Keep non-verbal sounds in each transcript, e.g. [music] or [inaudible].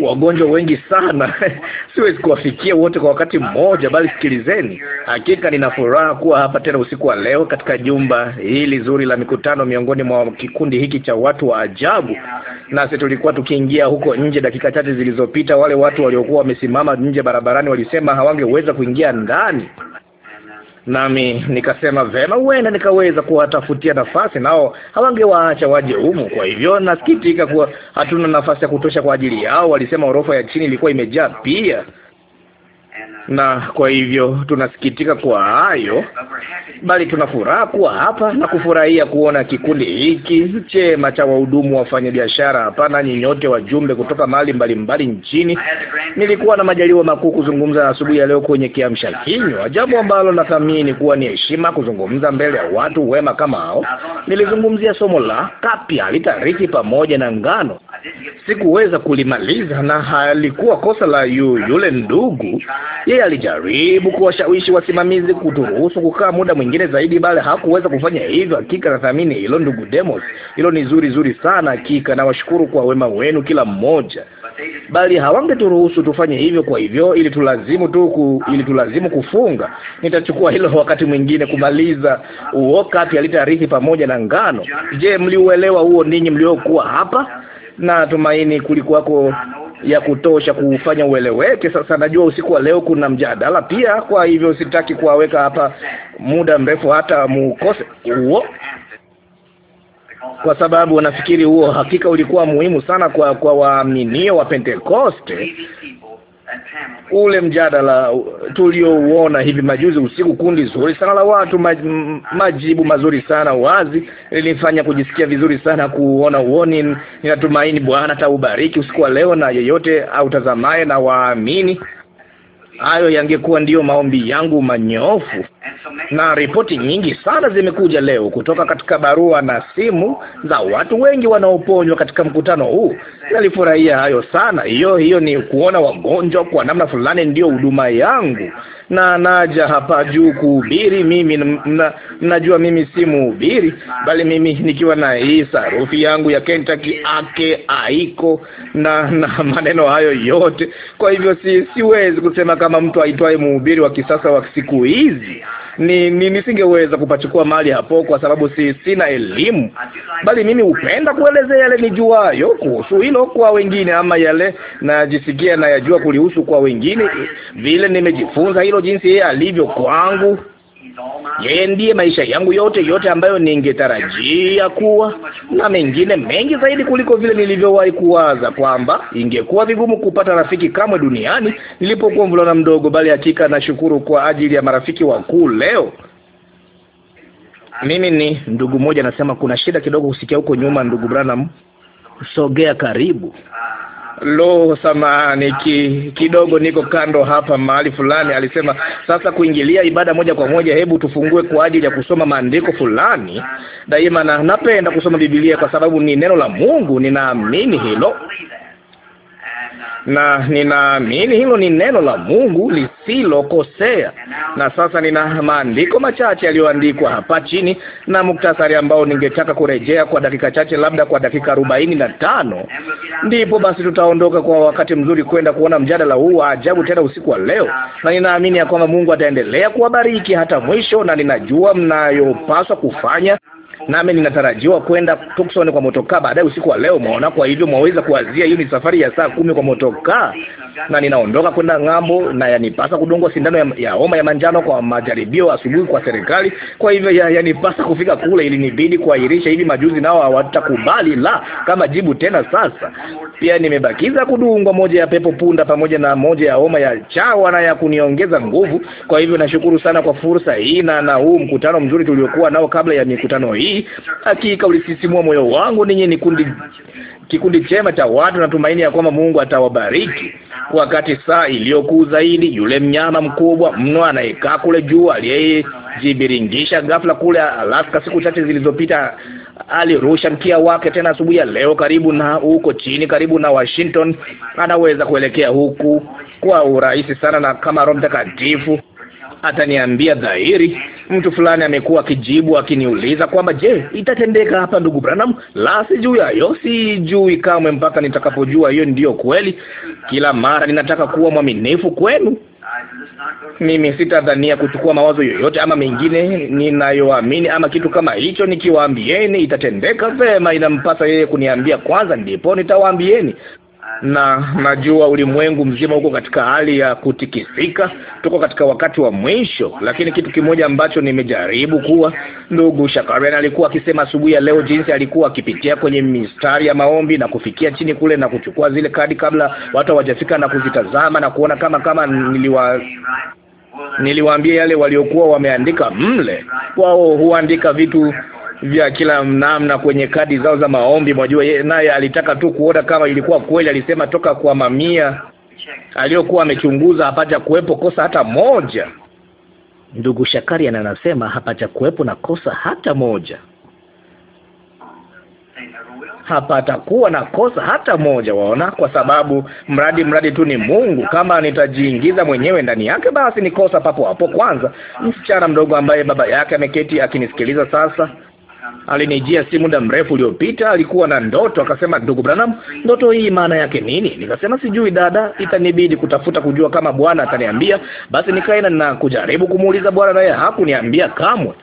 wagonjwa wengi sana [laughs] siwezi kuwafikia wote kwa wakati mmoja, bali sikilizeni. Hakika nina furaha kuwa hapa tena usiku wa leo katika jumba hili zuri la mikutano, miongoni mwa kikundi hiki cha watu wa ajabu. Nasi tulikuwa tukiingia huko nje dakika chache zilizopita, wale watu waliokuwa wamesimama nje barabarani walisema hawangeweza kuingia ndani. Nami nikasema vema, huenda nikaweza kuwatafutia nafasi, nao hawangewaacha waje humu. Kwa hivyo nasikitika kuwa hatuna nafasi ya kutosha kwa ajili yao. Walisema orofa ya chini ilikuwa imejaa pia, na kwa hivyo tunasikitika kwa hayo, bali tuna furaha kuwa hapa na kufurahia kuona kikundi hiki chema cha wahudumu biashara hapa na nyinyote wajumbe kutoka mahali mbalimbali nchini. Nilikuwa na majaliwa makuu kuzungumza asubuhi ya leo kwenye kiamsha kinywa, jambo ambalo nathamini kuwa ni heshima kuzungumza mbele ya watu wema kama hao. Nilizungumzia somo la kapya alitariki pamoja na ngano. Sikuweza kulimaliza, na halikuwa kosa la yu yule ndugu. Yeye alijaribu kuwashawishi wasimamizi kuturuhusu kukaa muda mwingi lingine zaidi, bali hakuweza kufanya hivyo. Hakika nathamini hilo, ndugu Demos, hilo ni zuri zuri sana. Hakika nawashukuru kwa wema wenu kila mmoja, bali hawangeturuhusu tufanye hivyo. Kwa hivyo ili tulazimu tu ku, ili tulazimu kufunga. Nitachukua hilo wakati mwingine kumaliza uokati alitarithi pamoja na ngano. Je, mliuelewa huo ninyi mliokuwa hapa? na tumaini kulikuwako ya kutosha kuufanya ueleweke. Sasa najua usiku wa leo kuna mjadala pia, kwa hivyo sitaki kuwaweka hapa muda mrefu hata muukose huo, kwa sababu unafikiri huo hakika ulikuwa muhimu sana kwa kwa waaminio wa Pentekoste ule mjadala tuliouona hivi majuzi usiku, kundi zuri sana la watu, maj, majibu mazuri sana wazi, ilinifanya kujisikia vizuri sana kuona uoni. Ninatumaini Bwana ataubariki usiku wa leo na yeyote autazamaye na waamini. Hayo yangekuwa ndiyo maombi yangu manyofu. Na ripoti nyingi sana zimekuja leo kutoka katika barua na simu za watu wengi wanaoponywa katika mkutano huu. Nalifurahia hayo sana. Hiyo hiyo ni kuona wagonjwa, kwa namna fulani ndiyo huduma yangu, na naja hapa juu kuhubiri. Mimi mna, mnajua mimi si mhubiri, bali mimi nikiwa na hii sarufi yangu ya Kentucky ake aiko na, na maneno hayo yote. Kwa hivyo si, siwezi kusema kama mtu aitwaye mhubiri wa kisasa wa siku hizi ni, ni nisingeweza kupachukua mali hapo kwa sababu si, sina elimu, bali mimi hupenda kuelezea yale nijuayo kuhusu hilo kwa wengine, ama yale najisikia nayajua kulihusu kwa wengine, vile nimejifunza hilo, jinsi yeye alivyo kwangu. Yeye ndiye maisha yangu yote, yote ambayo ningetarajia kuwa na mengine mengi zaidi kuliko vile nilivyowahi kuwaza kwamba ingekuwa vigumu kupata rafiki kamwe duniani nilipokuwa mvulana mdogo, bali hakika nashukuru kwa ajili ya marafiki wakuu leo. Mimi ni ndugu mmoja anasema kuna shida kidogo kusikia huko nyuma. Ndugu Branham, sogea karibu. Lo, samahani ki, kidogo niko kando hapa mahali fulani. Alisema sasa kuingilia ibada moja kwa moja, hebu tufungue kwa ajili ya kusoma maandiko fulani daima, na napenda kusoma Biblia kwa sababu ni neno la Mungu, ninaamini hilo na ninaamini hilo ni neno la Mungu lisilokosea. Na sasa nina maandiko machache yaliyoandikwa hapa chini na muktasari ambao ningetaka kurejea kwa dakika chache, labda kwa dakika arobaini na tano, ndipo basi tutaondoka kwa wakati mzuri kwenda kuona mjadala huu wa ajabu tena usiku wa leo, na ninaamini ya kwamba Mungu ataendelea kuwabariki hata mwisho, na ninajua mnayopaswa kufanya nami ninatarajiwa kwenda Tucson kwa motokaa baadaye usiku wa leo, mwaona. Kwa hivyo mwaweza kuwazia hiyo ni safari ya saa kumi kwa motokaa, na ninaondoka kwenda ng'ambo, na yanipasa kudungwa sindano ya, homa ya ya manjano kwa majaribio asubuhi kwa serikali. Kwa hivyo yanipasa ya, kufika kule, ili nibidi kuahirisha hivi majuzi, nao hawatakubali la kama jibu tena. Sasa pia nimebakiza kudungwa moja ya pepo punda pamoja na moja ya homa ya chawa na ya kuniongeza nguvu. Kwa hivyo nashukuru sana kwa fursa hii na na huu mkutano mzuri tuliokuwa nao kabla ya mikutano hii hakika ulisisimua moyo wangu. Ninyi ni kundi kikundi chema cha watu. Natumaini ya kwamba Mungu atawabariki wakati saa iliyokuu zaidi. Yule mnyama mkubwa mno anayekaa kule juu, aliyejibiringisha ghafla kule Alaska siku chache zilizopita, alirusha mkia wake tena asubuhi ya leo, karibu na huko chini, karibu na Washington. Anaweza kuelekea huku kwa urahisi sana, na kama Roho Mtakatifu ataniambia dhahiri. Mtu fulani amekuwa akijibu akiniuliza kwamba je, itatendeka hapa ndugu Branham? La, sijui hayo, sijui kamwe mpaka nitakapojua hiyo ndiyo kweli. Kila mara ninataka kuwa mwaminifu kwenu. Mimi sitadhania kuchukua mawazo yoyote ama mengine ninayoamini ama kitu kama hicho. Nikiwaambieni itatendeka vema, inampasa yeye kuniambia kwanza, ndipo nitawaambieni na najua ulimwengu mzima uko katika hali ya kutikisika. Tuko katika wakati wa mwisho, lakini kitu kimoja ambacho nimejaribu kuwa, ndugu Shakarian alikuwa akisema asubuhi ya leo, jinsi alikuwa akipitia kwenye mistari ya maombi na kufikia chini kule na kuchukua zile kadi kabla watu hawajafika na kuzitazama na kuona kama kama niliwa niliwaambia yale waliokuwa wameandika mle. Wao huandika vitu vya kila namna kwenye kadi zao za maombi. Mwajua, naye alitaka tu kuona kama ilikuwa kweli. Alisema toka kwa mamia aliyokuwa amechunguza hapata kuwepo kosa hata moja. Ndugu shakari anasema hapata kuwepo na kosa hata moja, hapatakuwa na kosa hata moja. Waona, kwa sababu mradi mradi tu ni Mungu. Kama nitajiingiza mwenyewe ndani yake, basi ni kosa papo hapo. Kwanza msichana mdogo ambaye baba yake ameketi akinisikiliza sasa alinijia si muda mrefu uliopita. Alikuwa na ndoto, akasema, ndugu Branham, ndoto hii maana yake nini? Nikasema, sijui dada, itanibidi kutafuta kujua kama Bwana ataniambia. Basi nikaenda na kujaribu kumuuliza Bwana, naye hakuniambia kamwe.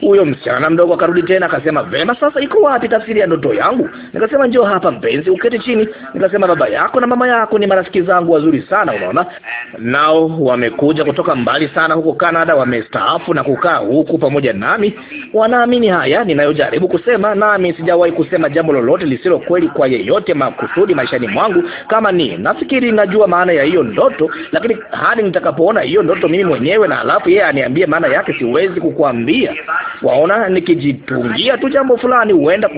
Huyo msichana mdogo akarudi tena akasema, vema, sasa iko wapi tafsiri ya ndoto yangu? Nikasema, njoo hapa mpenzi, uketi chini. Nikasema, baba yako na mama yako ni marafiki zangu wazuri sana, unaona, nao wamekuja kutoka mbali sana huko Canada, wamestaafu na kukaa huku pamoja nami, wanaamini haya ninayojaribu kusema, nami sijawahi kusema jambo lolote lisilo kweli kwa yeyote makusudi maishani mwangu. Kama ni nafikiri najua maana ya hiyo ndoto, lakini hadi nitakapoona hiyo ndoto mimi mwenyewe na alafu yeye aniambie maana yake, siwezi kukuambia kujifungia. Waona, nikijitungia tu jambo fulani, huenda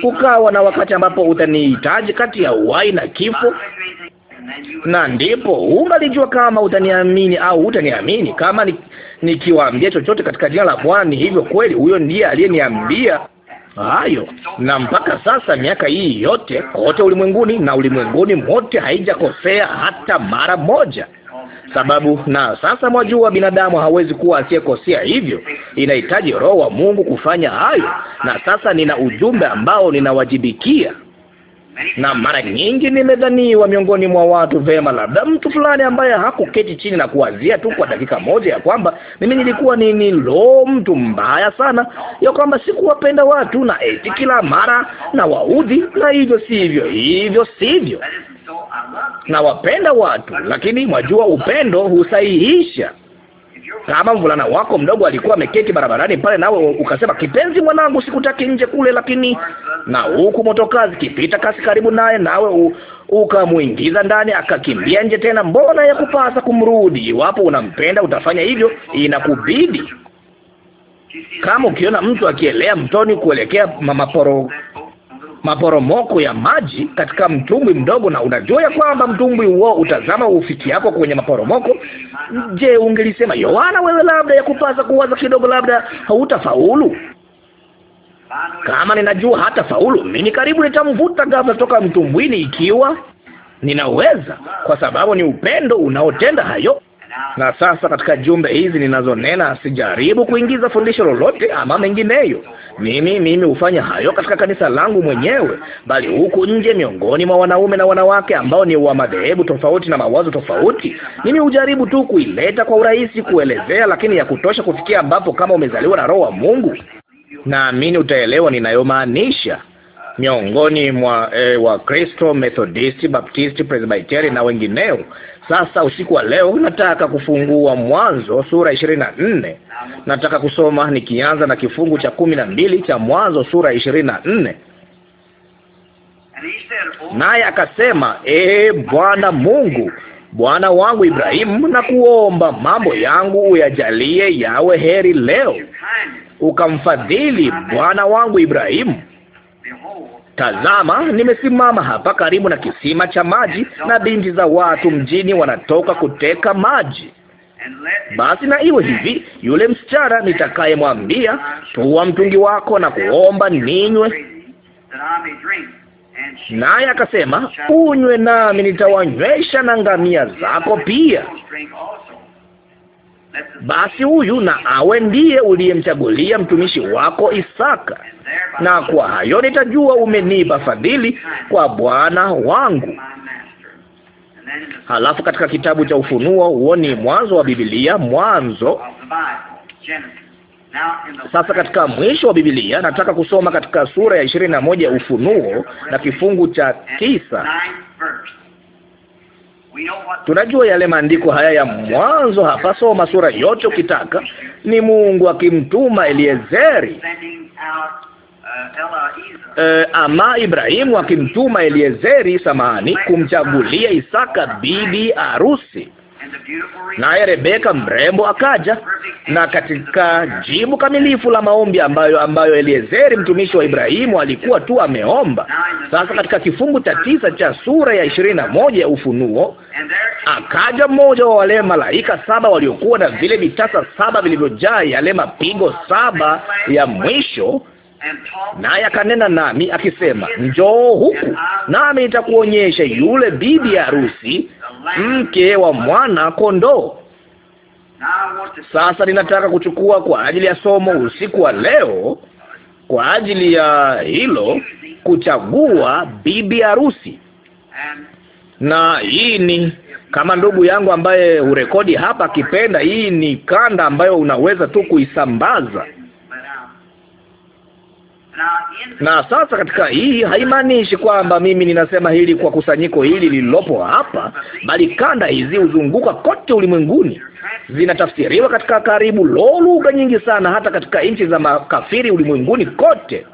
kukawa na wakati ambapo utanihitaji kati ya uhai na kifo na ndipo ungalijua kama utaniamini au utaniamini. Kama nikiwaambia ni chochote katika jina la Bwana, ni hivyo kweli. Huyo ndiye aliyeniambia hayo, na mpaka sasa miaka hii yote kote ulimwenguni na ulimwenguni mote haijakosea hata mara moja sababu na sasa mwajua, binadamu hawezi kuwa asiyekosea, hivyo inahitaji Roho wa Mungu kufanya hayo. Na sasa nina ujumbe ambao ninawajibikia na mara nyingi nimedhaniwa miongoni mwa watu vema, labda mtu fulani ambaye hakuketi chini na kuwazia tu kwa dakika moja ya kwamba mimi nilikuwa nini, lo, mtu mbaya sana, ya kwamba sikuwapenda watu na eti kila mara na waudhi, na hivyo sivyo, hivyo sivyo nawapenda watu, lakini mwajua upendo husahihisha. Kama mvulana wako mdogo alikuwa ameketi barabarani pale, nawe ukasema, kipenzi mwanangu, sikutaki nje kule, lakini na huku motokazi kipita kasi karibu naye, nawe ukamwingiza ndani, akakimbia nje tena, mbona ya kupasa kumrudi? Iwapo unampenda utafanya hivyo, inakubidi. Kama ukiona mtu akielea mtoni kuelekea mamaporo maporomoko ya maji katika mtumbwi mdogo, na unajua ya kwamba mtumbwi huo utazama ufikiapo kwenye maporomoko. Je, ungelisema Yohana, wewe labda ya kupasa kuwaza kidogo, labda hautafaulu kama ninajua hata faulu mimi, karibu nitamvuta ghafla toka mtumbwini, ikiwa ninaweza, kwa sababu ni upendo unaotenda hayo. Na sasa katika jumbe hizi ninazonena, sijaribu kuingiza fundisho lolote ama mengineyo. Mimi mimi hufanya hayo katika kanisa langu mwenyewe, bali huku nje miongoni mwa wanaume na wanawake ambao ni wa madhehebu tofauti na mawazo tofauti, mimi hujaribu tu kuileta kwa urahisi, kuelezea, lakini ya kutosha kufikia ambapo kama umezaliwa na Roho wa Mungu, naamini utaelewa ninayomaanisha miongoni mwa eh, Wakristo, Methodisti, Baptisti, Presbiteri na wengineo. Sasa usiku wa leo nataka kufungua Mwanzo sura ishirini na nne. Nataka kusoma nikianza na kifungu cha kumi na mbili cha Mwanzo sura ishirini na nne. Naye akasema, Ee Bwana Mungu, bwana wangu Ibrahimu, na kuomba mambo yangu uyajalie yawe heri leo, ukamfadhili bwana wangu Ibrahimu. Tazama, nimesimama hapa karibu na kisima cha maji, na binti za watu mjini wanatoka kuteka maji. Basi na iwe hivi, yule msichana nitakayemwambia tuwa mtungi wako na kuomba ninywe, naye akasema unywe, nami nitawanywesha na ngamia zako pia basi huyu na awe ndiye uliyemchagulia mtumishi wako Isaka, na kwa hayo nitajua umenipa fadhili kwa Bwana wangu. Halafu katika kitabu cha Ufunuo, huo ni mwanzo wa Biblia, mwanzo. Sasa katika mwisho wa Biblia nataka kusoma katika sura ya ishirini na moja ya Ufunuo na kifungu cha tisa Tunajua yale maandiko haya ya mwanzo hapa, soma sura yote ukitaka. Ni Mungu akimtuma Eliezeri E, ama Ibrahimu akimtuma Eliezeri, samahani, kumchagulia Isaka bibi harusi. Naye Rebeka mrembo akaja, na katika jibu kamilifu la maombi ambayo ambayo Eliezeri mtumishi wa Ibrahimu alikuwa tu ameomba. Sasa katika kifungu cha tisa cha sura ya ishirini na moja ya Ufunuo, akaja mmoja wa wale malaika saba waliokuwa na vile vitasa saba vilivyojaa yale mapigo saba ya mwisho naye akanena nami akisema, njoo huku, nami nitakuonyesha yule bibi harusi mke wa mwana kondoo. Sasa ninataka kuchukua kwa ajili ya somo usiku wa leo, kwa ajili ya hilo kuchagua bibi harusi, na hii ni kama ndugu yangu ambaye hurekodi hapa akipenda, hii ni kanda ambayo unaweza tu kuisambaza na sasa katika hii haimaanishi kwamba mimi ninasema hili kwa kusanyiko hili lililopo hapa, bali kanda hizi huzunguka kote ulimwenguni, zinatafsiriwa katika karibu lo lugha nyingi sana, hata katika nchi za makafiri ulimwenguni kote.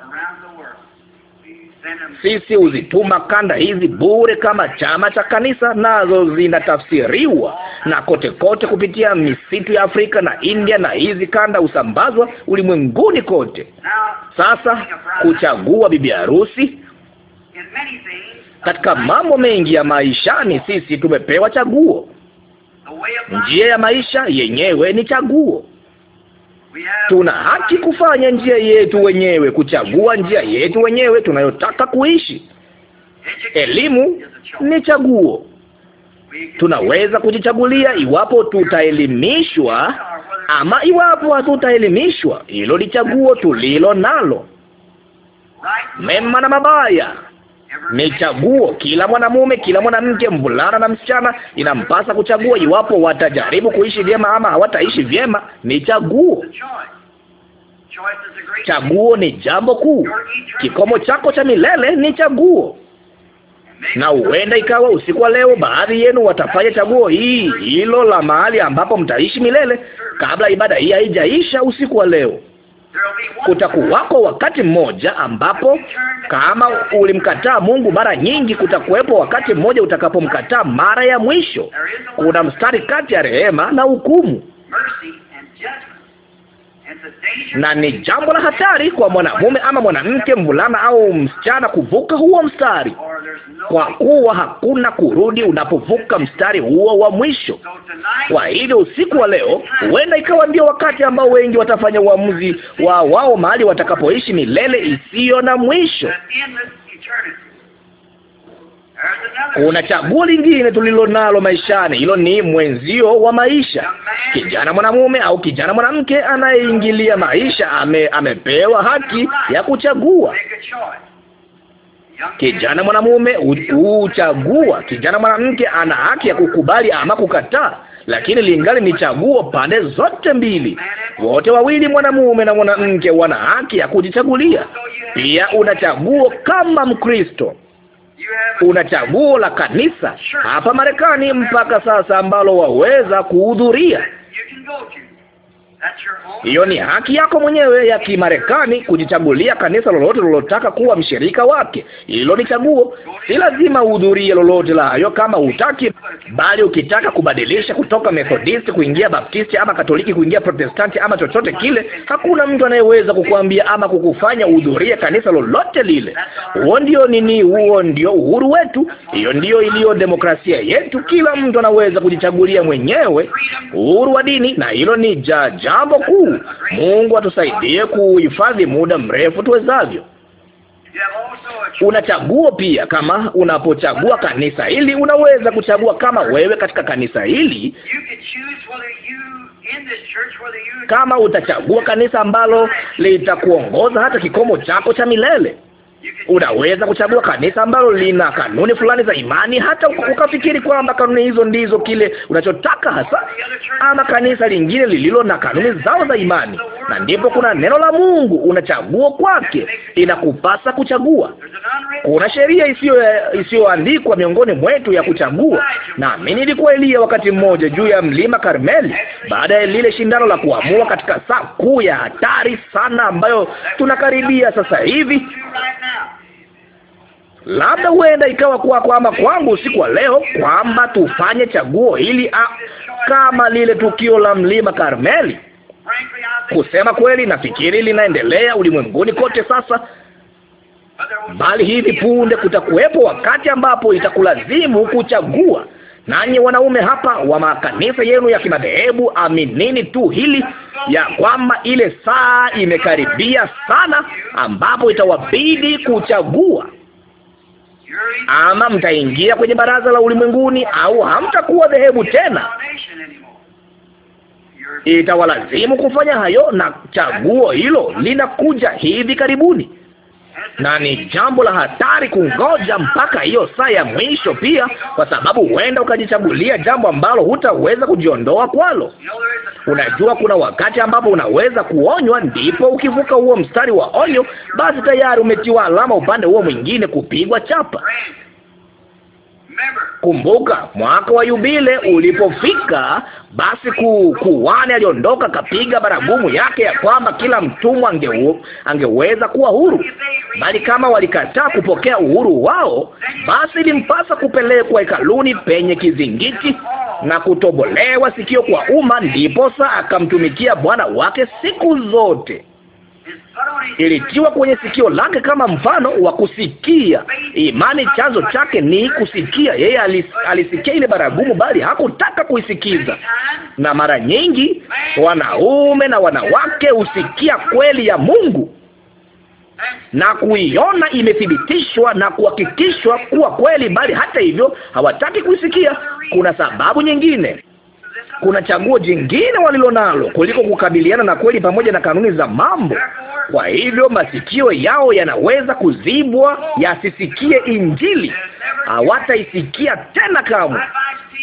Sisi huzituma kanda hizi bure kama chama cha kanisa, nazo zinatafsiriwa na kote kote kupitia misitu ya Afrika na India, na hizi kanda husambazwa ulimwenguni kote. Sasa kuchagua bibi harusi katika mambo mengi ya maishani, sisi tumepewa chaguo. Njia ya maisha yenyewe ni chaguo. Tuna haki kufanya njia yetu wenyewe, kuchagua njia yetu wenyewe tunayotaka kuishi. Elimu ni chaguo. Tunaweza kujichagulia iwapo tutaelimishwa ama iwapo hatutaelimishwa. Hilo ni chaguo tulilo nalo, mema na mabaya ni chaguo. Kila mwanamume, kila mwanamke, mvulana na msichana, inampasa kuchagua iwapo watajaribu kuishi vyema ama hawataishi vyema. Ni chaguo. Chaguo ni jambo kuu. Kikomo chako cha milele ni chaguo, na huenda ikawa usiku wa leo baadhi yenu watafanya chaguo hii hilo la mahali ambapo mtaishi milele kabla ibada hii haijaisha usiku wa leo. Kutakuwako wakati mmoja ambapo kama ulimkataa Mungu mara nyingi, kutakuwepo wakati mmoja utakapomkataa mara ya mwisho. Kuna mstari kati ya rehema na hukumu na ni jambo la hatari kwa mwanamume ama mwanamke, mvulana au msichana kuvuka huo mstari, kwa kuwa hakuna kurudi unapovuka mstari huo wa mwisho. Kwa hivyo usiku wa leo huenda ikawa ndio wakati ambao wengi watafanya uamuzi wa wao mahali watakapoishi milele isiyo na mwisho. Kuna chaguo lingine tulilonalo maishani, hilo ni mwenzio wa maisha. Kijana mwanamume au kijana mwanamke anayeingilia maisha ame, amepewa haki ya kuchagua. Kijana mwanamume huchagua, kijana mwanamke ana haki ya kukubali ama kukataa, lakini lingali ni chaguo pande zote mbili. Wote wawili, mwanamume na mwanamke, wana haki ya kujichagulia. Pia una chaguo kama Mkristo una chaguo la kanisa hapa Marekani mpaka sasa ambalo waweza kuhudhuria hiyo ni haki yako mwenyewe ya Kimarekani kujichagulia kanisa lolote lolotaka kuwa mshirika wake. Hilo ni chaguo, si lazima uhudhurie lolote la hayo kama utaki, bali ukitaka kubadilisha kutoka Methodisti kuingia Baptisti ama Katoliki kuingia Protestanti ama chochote kile, hakuna mtu anayeweza kukuambia ama kukufanya uhudhurie kanisa lolote lile. Huo ndio nini? Huo ndio uhuru wetu, hiyo ndio iliyo demokrasia yetu. Kila mtu anaweza kujichagulia mwenyewe uhuru wa dini, na hilo ni jaja jambo kuu. Mungu atusaidie kuhifadhi muda mrefu tuwezavyo. Unachagua pia, kama unapochagua kanisa hili, unaweza kuchagua kama wewe katika kanisa hili kama utachagua kanisa ambalo litakuongoza hata kikomo chako cha milele. Unaweza kuchagua kanisa ambalo lina kanuni fulani za imani, hata ukafikiri kwamba kanuni hizo ndizo kile unachotaka hasa, ama kanisa lingine lililo na kanuni zao za imani. Na ndipo kuna neno la Mungu, unachagua kwake, inakupasa kuchagua. Kuna sheria isiyo isiyoandikwa miongoni mwetu ya kuchagua. Naamini ilikuwa Elia wakati mmoja juu ya mlima Karmeli, baada ya lile shindano la kuamua katika saa kuu ya hatari sana ambayo tunakaribia sasa hivi. Labda huenda ikawa kuwa kwamba kwangu usiku wa leo kwamba tufanye chaguo hili a, kama lile tukio la mlima Karmeli. Kusema kweli, nafikiri linaendelea ulimwenguni kote sasa, bali hivi punde kutakuwepo wakati ambapo itakulazimu kuchagua Nanyi wanaume hapa wa makanisa yenu ya kimadhehebu, aminini tu hili ya kwamba ile saa imekaribia sana, ambapo itawabidi kuchagua ama mtaingia kwenye baraza la ulimwenguni au hamtakuwa dhehebu tena. Itawalazimu kufanya hayo, na chaguo hilo linakuja hivi karibuni na ni jambo la hatari kungoja mpaka hiyo saa ya mwisho pia, kwa sababu huenda ukajichagulia jambo ambalo hutaweza kujiondoa kwalo. Unajua, kuna wakati ambapo unaweza kuonywa, ndipo ukivuka huo mstari wa onyo, basi tayari umetiwa alama upande huo mwingine, kupigwa chapa. Kumbuka mwaka wa yubile ulipofika, basi ku, kuwani aliondoka akapiga baragumu yake ya kwamba kila mtumwa ange, angeweza kuwa huru, bali kama walikataa kupokea uhuru wao, basi ilimpasa kupelekwa hekaluni penye kizingiti na kutobolewa sikio kwa umma, ndipo saa akamtumikia bwana wake siku zote ilitiwa kwenye sikio lake kama mfano wa kusikia. Imani chanzo chake ni kusikia. Yeye alisikia ile baragumu, bali hakutaka kuisikiza. Na mara nyingi wanaume na wanawake husikia kweli ya Mungu na kuiona imethibitishwa na kuhakikishwa kuwa kweli, bali hata hivyo hawataki kuisikia. Kuna sababu nyingine kuna chaguo jingine walilonalo kuliko kukabiliana na kweli pamoja na kanuni za mambo. Kwa hivyo masikio yao yanaweza kuzibwa yasisikie Injili, hawataisikia tena kamwe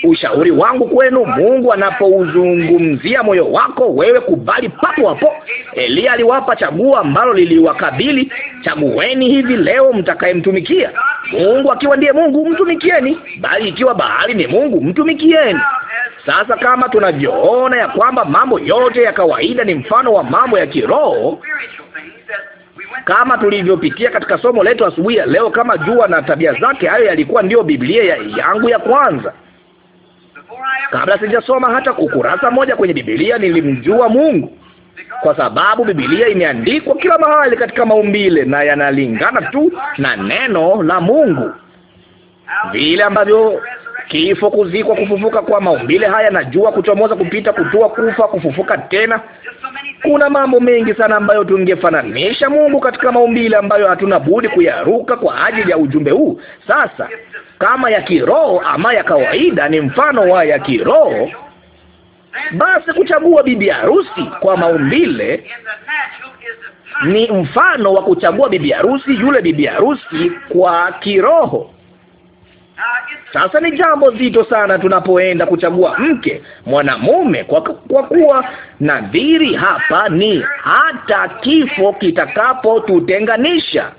ushauri wangu kwenu, Mungu anapouzungumzia moyo wako, wewe kubali papo hapo. Eliya aliwapa chaguo ambalo liliwakabili, chagueni hivi leo mtakayemtumikia. Mungu akiwa ndiye Mungu, mtumikieni, bali ikiwa bahari ni Mungu, mtumikieni. Sasa kama tunavyoona ya kwamba mambo yote ya kawaida ni mfano wa mambo ya kiroho kama tulivyopitia katika somo letu asubuhi ya leo, kama jua na tabia zake, hayo yalikuwa ndiyo Biblia ya yangu ya kwanza kabla sijasoma hata ukurasa moja kwenye Biblia nilimjua Mungu, kwa sababu Biblia imeandikwa kila mahali katika maumbile na yanalingana tu na neno la Mungu, vile ambavyo kifo, kuzikwa, kufufuka kwa maumbile haya na jua kuchomoza, kupita, kutua, kufa, kufufuka tena. Kuna mambo mengi sana ambayo tungefananisha Mungu katika maumbile ambayo hatuna budi kuyaruka kwa ajili ya ujumbe huu. Sasa kama ya kiroho ama ya kawaida, ni mfano wa ya kiroho. Basi kuchagua bibi harusi kwa maumbile ni mfano wa kuchagua bibi harusi, yule bibi harusi kwa kiroho. Sasa ni jambo zito sana tunapoenda kuchagua mke mwanamume, kwa, kwa kuwa nadhiri hapa ni hata kifo kitakapotutenganisha.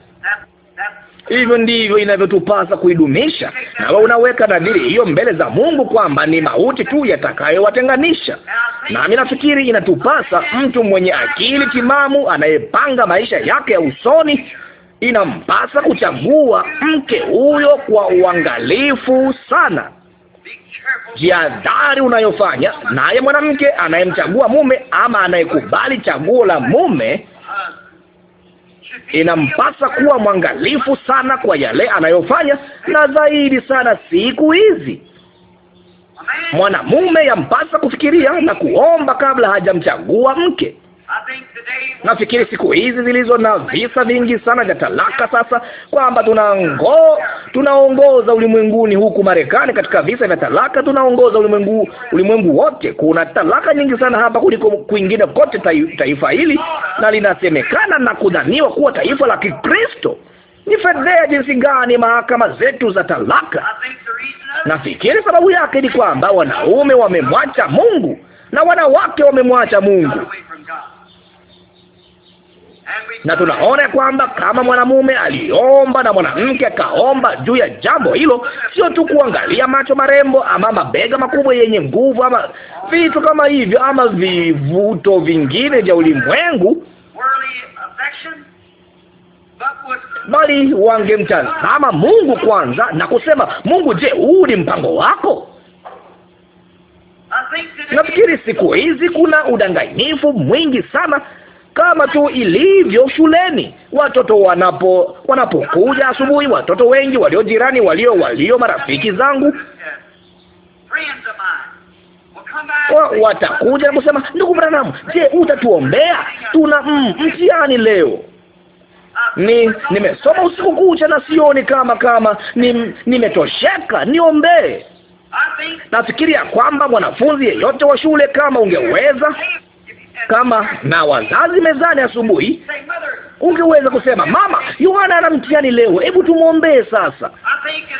Hivyo ndivyo inavyotupasa kuidumisha, nawe unaweka nadhiri hiyo mbele za Mungu kwamba ni mauti tu yatakayowatenganisha. Nami nafikiri inatupasa mtu mwenye akili timamu anayepanga maisha yake ya usoni inampasa kuchagua mke huyo kwa uangalifu sana. jiadhari unayofanya naye mwanamke anayemchagua mume ama anayekubali chaguo la mume inampasa kuwa mwangalifu sana kwa yale anayofanya, na zaidi sana siku hizi mwanamume yampasa kufikiria na kuomba kabla hajamchagua mke. Nafikiri siku hizi zilizo na visa vingi sana vya talaka, sasa kwamba tunango tunaongoza ulimwenguni huku Marekani katika visa vya talaka, tunaongoza ulimwengu ulimwengu wote. Kuna talaka nyingi sana hapa kuliko kwingine kote taifa hili, na linasemekana na kudhaniwa kuwa taifa la Kikristo. Ni fedhea jinsi gani mahakama zetu za talaka! Nafikiri sababu yake ni kwamba wanaume wamemwacha Mungu na wanawake wamemwacha Mungu na tunaona kwamba kama mwanamume aliomba na mwanamke akaomba juu ya jambo hilo, sio tu kuangalia macho marembo ama mabega makubwa yenye nguvu ama vitu kama hivyo ama vivuto vingine vya ulimwengu, bali wangemtazama Mungu kwanza na kusema, Mungu, je, huu ni mpango wako? Nafikiri siku hizi kuna udanganyifu mwingi sana kama tu ilivyo shuleni. Watoto wanapo wanapokuja asubuhi, watoto wengi walio jirani, walio walio marafiki zangu wa, watakuja na kusema, ndugu Branham, je, utatuombea? Tuna mm, mtihani leo ni nimesoma usiku kucha na sioni kama kama nimetosheka, ni niombee. Nafikiri ya kwamba mwanafunzi yeyote wa shule kama ungeweza kama na wazazi mezani asubuhi ungeweza kusema mama, Yohana ana mtihani leo, hebu tumwombee sasa.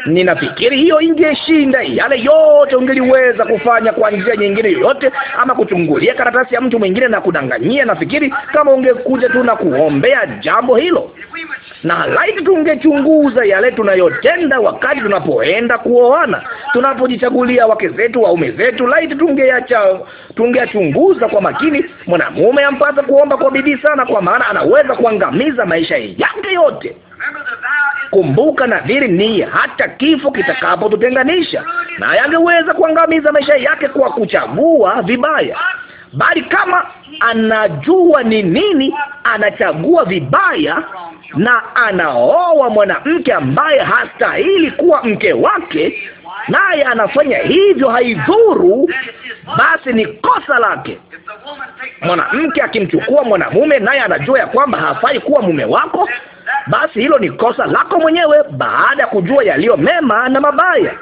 Ninafikiri hiyo ingeshinda yale yote ungeliweza kufanya kwa njia nyingine yoyote, ama kuchungulia karatasi ya mtu mwingine na kudanganyia. Nafikiri kama ungekuja tu na kuombea jambo hilo, na laiti tungechunguza yale tunayotenda wakati tunapoenda kuoana, tunapojichagulia wake zetu, waume zetu, laiti tungeacha tungeachunguza kwa makini. Mwanamume ampasa kuomba kwa bidii sana, kwa maana anaweza kuanga kuangamiza maisha yake yote. Kumbuka nadhiri ni hata kifo kitakapotutenganisha, naye angeweza kuangamiza maisha yake kwa kuchagua vibaya, bali kama anajua ni nini, anachagua vibaya na anaoa mwanamke ambaye hastahili kuwa mke wake, naye anafanya hivyo, haidhuru, basi ni kosa lake. Mwanamke akimchukua mwanamume naye anajua ya kwamba hafai kuwa mume wako, basi hilo ni kosa lako mwenyewe, baada ya kujua yaliyo mema na mabaya.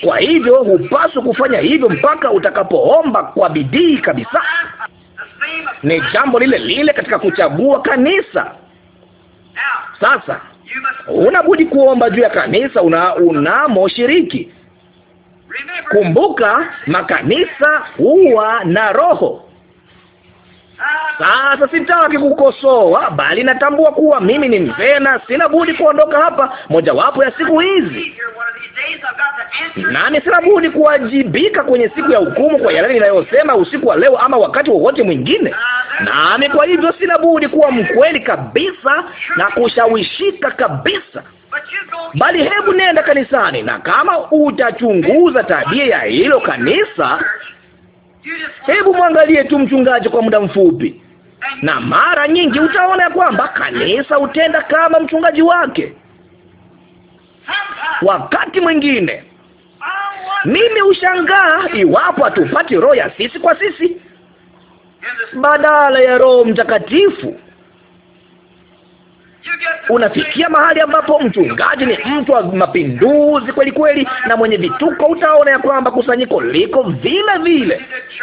Kwa hivyo hupaswi kufanya hivyo mpaka utakapoomba kwa bidii kabisa. Ni jambo lile lile katika kuchagua kanisa. Sasa unabudi kuomba juu ya kanisa una unamoshiriki. Kumbuka, makanisa huwa na roho sasa sitaki kukosoa, bali natambua kuwa mimi ni mzee na sina budi kuondoka hapa mojawapo ya siku hizi, nami sina budi kuwajibika kwenye siku ya hukumu kwa yale ninayosema usiku wa leo ama wakati wowote mwingine. Nami kwa hivyo sina budi kuwa mkweli kabisa na kushawishika kabisa bali hebu nenda kanisani, na kama utachunguza tabia ya hilo kanisa, hebu mwangalie tu mchungaji kwa muda mfupi na mara nyingi utaona ya kwamba kanisa hutenda kama mchungaji wake. Wakati mwingine mimi ushangaa iwapo hatupati roho ya sisi kwa sisi badala ya Roho Mtakatifu unafikia mahali ambapo mchungaji ni mtu wa mapinduzi kweli kweli, na mwenye vituko, utaona ya kwamba kusanyiko liko vile vile.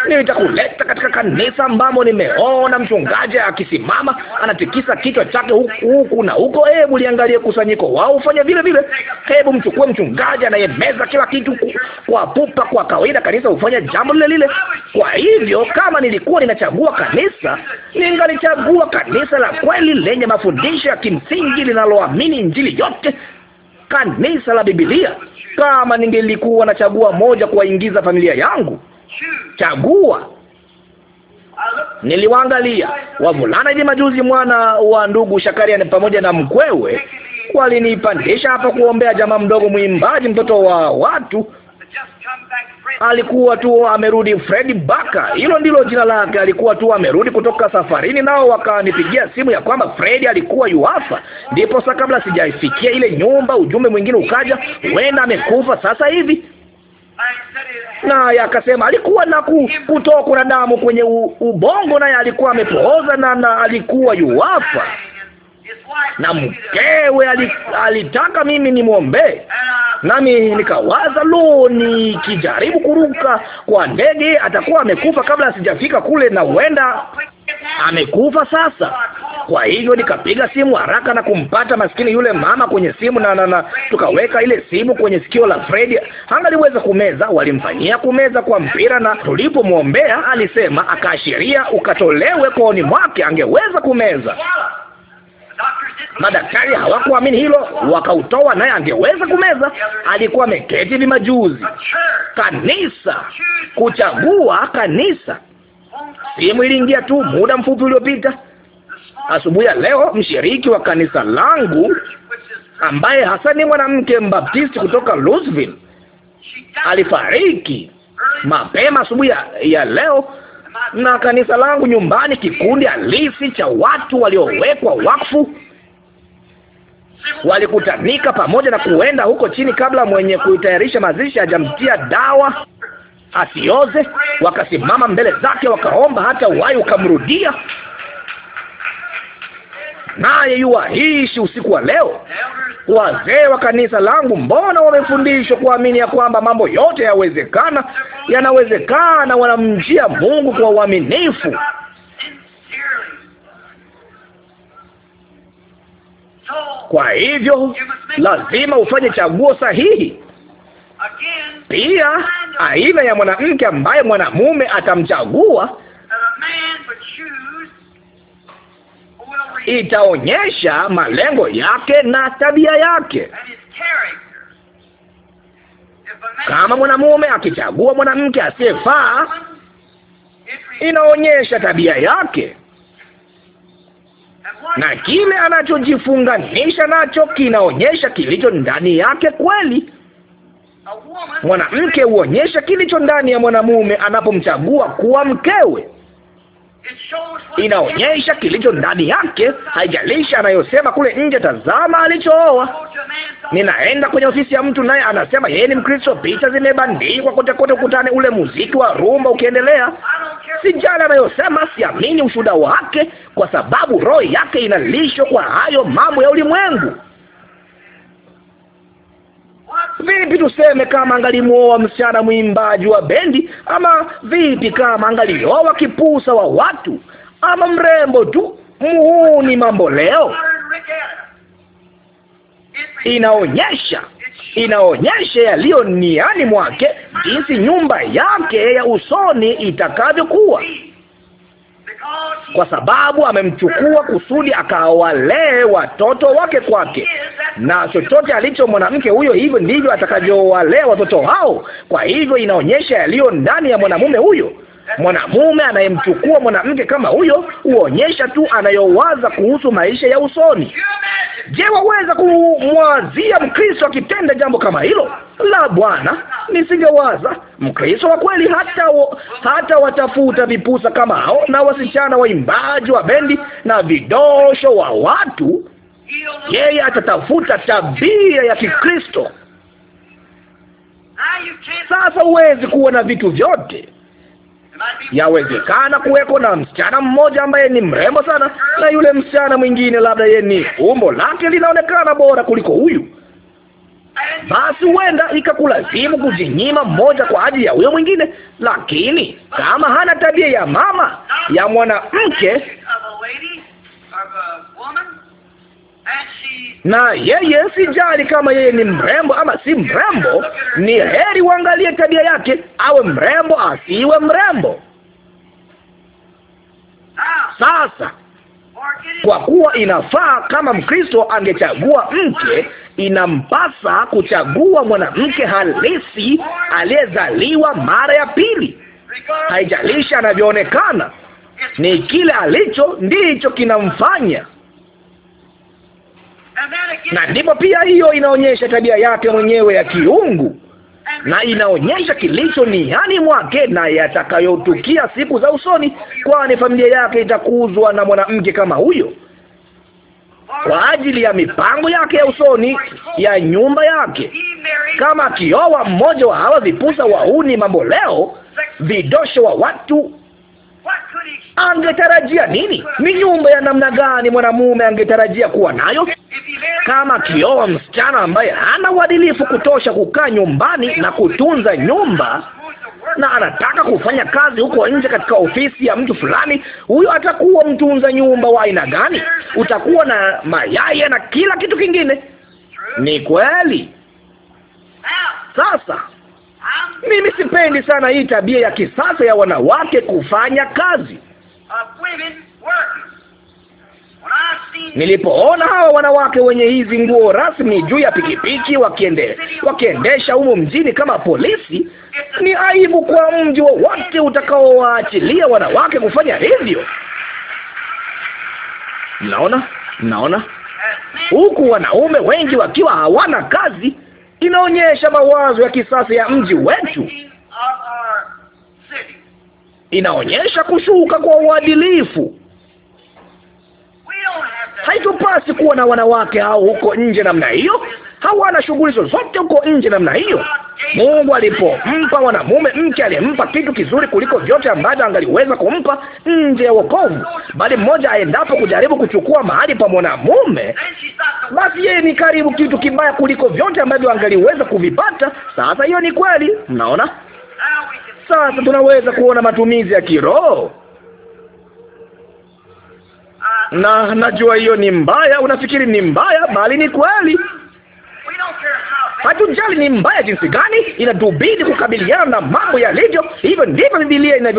Nitakuleta katika kanisa ambamo nimeona mchungaji akisimama anatikisa kichwa chake huku huku na huko. Hebu liangalie kusanyiko wao, ufanya vile vile. Hebu mchukue mchungaji anayemeza kila kitu kwa pupa, kwa kawaida kanisa hufanya jambo lile lile. Kwa hivyo kama nilikuwa ninachagua kanisa, ningalichagua kanisa la kweli lenye mafundisho ya kimsingi msingi linaloamini Injili yote, kanisa la Biblia. Kama ningelikuwa nachagua moja kuwaingiza familia yangu, chagua Niliwaangalia wavulana hivi majuzi, mwana wa ndugu Shakariani pamoja na mkwewe walinipandisha hapa kuombea jamaa mdogo mwimbaji, mtoto wa watu alikuwa tu amerudi. Fredi Baka, hilo ndilo jina lake. Alikuwa tu amerudi kutoka safarini, nao wakanipigia simu ya kwamba Fredi alikuwa yuafa. Ndipo sasa, kabla sijaifikia ile nyumba, ujumbe mwingine ukaja, huenda amekufa sasa hivi naye akasema alikuwa na kutokwa na damu kwenye u, ubongo, naye alikuwa amepooza na, na alikuwa yuwafa na mkewe alitaka mimi nimwombee, nami nikawaza, lo, nikijaribu kuruka kwa ndege atakuwa amekufa kabla sijafika kule, na huenda amekufa sasa. Kwa hivyo nikapiga simu haraka na kumpata maskini yule mama kwenye simu na, na, na tukaweka ile simu kwenye sikio la Fred. Angaliweza kumeza, walimfanyia kumeza kwa mpira, na tulipomwombea alisema, akaashiria ukatolewe kooni mwake, angeweza kumeza. Madaktari hawakuamini hilo, wakautoa naye angeweza kumeza. Alikuwa ameketi vimajuzi. Kanisa, kuchagua kanisa. Simu iliingia tu muda mfupi uliopita asubuhi ya leo. Mshiriki wa kanisa langu ambaye hasa ni mwanamke mbaptisti kutoka Louisville alifariki mapema asubuhi ya, ya leo na kanisa langu nyumbani, kikundi halisi cha watu waliowekwa wakfu walikutanika pamoja na kuenda huko chini kabla mwenye kuitayarisha mazishi hajamtia dawa asioze. Wakasimama mbele zake wakaomba hata uhai ukamrudia, naye yuwaishi usiku wa leo. Wazee wa kanisa langu, mbona wamefundishwa kuamini ya kwamba mambo yote yawezekana, yanawezekana, wanamjia Mungu kwa uaminifu. Kwa hivyo lazima ufanye chaguo sahihi. Pia aina ya mwanamke ambaye mwanamume atamchagua itaonyesha malengo yake na tabia yake. Kama mwanamume akichagua mwanamke asiyefaa, inaonyesha tabia yake na kile anachojifunganisha nacho kinaonyesha kilicho ndani yake kweli. Mwanamke huonyesha kilicho ndani ya mwanamume anapomchagua kuwa mkewe. Inaonyesha kilicho ndani yake, haijalishi anayosema kule nje. Tazama alichooa ninaenda kwenye ofisi ya mtu naye anasema yeye ni Mkristo, picha zimebandikwa kote kote ukutani, ule muziki wa rumba ukiendelea. Sijali anayosema, siamini ushuhuda wake, kwa sababu roho yake inalishwa kwa hayo mambo ya ulimwengu. Vipi tuseme kama angalimwoa msichana mwimbaji wa bendi, ama vipi kama angalioa kipusa wa watu, ama mrembo tu muhuni mambo leo inaonyesha inaonyesha yaliyo niani mwake, jinsi nyumba yake ya usoni itakavyokuwa, kwa sababu amemchukua kusudi akawalee watoto wake kwake, na chochote alicho mwanamke huyo, hivyo ndivyo atakavyowalea watoto hao. Kwa hivyo inaonyesha yaliyo ndani ya mwanamume huyo. Mwanamume anayemchukua mwanamke kama huyo huonyesha tu anayowaza kuhusu maisha ya usoni. Je, waweza kumwazia Mkristo akitenda jambo kama hilo? La, Bwana, nisingewaza. Mkristo wa kweli hata, wa, hata watafuta vipusa kama hao na wasichana waimbaji wa bendi na vidosho wa watu. Yeye atatafuta tabia ya Kikristo. Sasa huwezi kuwa na vitu vyote. Yawezekana kuweko na msichana mmoja ambaye ni mrembo sana, na yule msichana mwingine labda yeye ni umbo lake linaonekana bora kuliko huyu, basi huenda ikakulazimu kujinyima mmoja kwa ajili ya huyo mwingine. Lakini kama hana tabia ya mama ya mwanamke na yeye sijali kama yeye ni mrembo ama si mrembo. Ni heri uangalie tabia yake, awe mrembo asiwe mrembo. Sasa kwa kuwa inafaa, kama Mkristo angechagua mke, inampasa kuchagua mwanamke halisi aliyezaliwa mara ya pili. Haijalishi anavyoonekana, ni kile alicho ndicho kinamfanya na ndipo pia hiyo inaonyesha tabia yake mwenyewe ya kiungu na inaonyesha kilicho ndani mwake na yatakayotukia siku za usoni, kwani familia yake itakuzwa na mwanamke kama huyo kwa ajili ya mipango yake ya usoni ya nyumba yake. Kama akioa mmoja wa hawa vipusa wauni leo vidosho wa watu Angetarajia nini? Ni nyumba ya namna gani mwanamume angetarajia kuwa nayo? Kama akioa msichana ambaye hana uadilifu kutosha kukaa nyumbani na kutunza nyumba na anataka kufanya kazi huko nje katika ofisi ya mtu fulani, huyo atakuwa mtunza nyumba wa aina gani? Utakuwa na mayaya na kila kitu kingine. Ni kweli. Sasa mimi sipendi sana hii tabia ya kisasa ya wanawake kufanya kazi. Nilipoona hawa wanawake wenye hizi nguo rasmi juu ya pikipiki wakiende, wakiendesha humu mjini kama polisi, ni aibu kwa mji wowote utakaowaachilia wanawake kufanya hivyo. Mnaona, mnaona, huku wanaume wengi wakiwa hawana kazi kinaonyesha mawazo ya kisasa ya mji wetu, inaonyesha kushuka kwa uadilifu. Haitupasi kuwa na wanawake hao huko nje namna hiyo hawana shughuli zozote huko nje namna hiyo. Mungu alipompa mwanamume mke, alimpa kitu kizuri kuliko vyote ambavyo angaliweza kumpa nje ya wokovu, bali mmoja aendapo kujaribu kuchukua mahali pa mwanamume, basi yeye ni karibu kitu kibaya kuliko vyote ambavyo angaliweza kuvipata. Sasa hiyo ni kweli, mnaona? Sasa tunaweza kuona matumizi ya kiroho na najua hiyo ni mbaya, unafikiri ni mbaya, bali ni kweli. Hatujali ni mbaya jinsi gani, inatubidi kukabiliana na mambo yalivyo. Hivyo ndivyo Biblia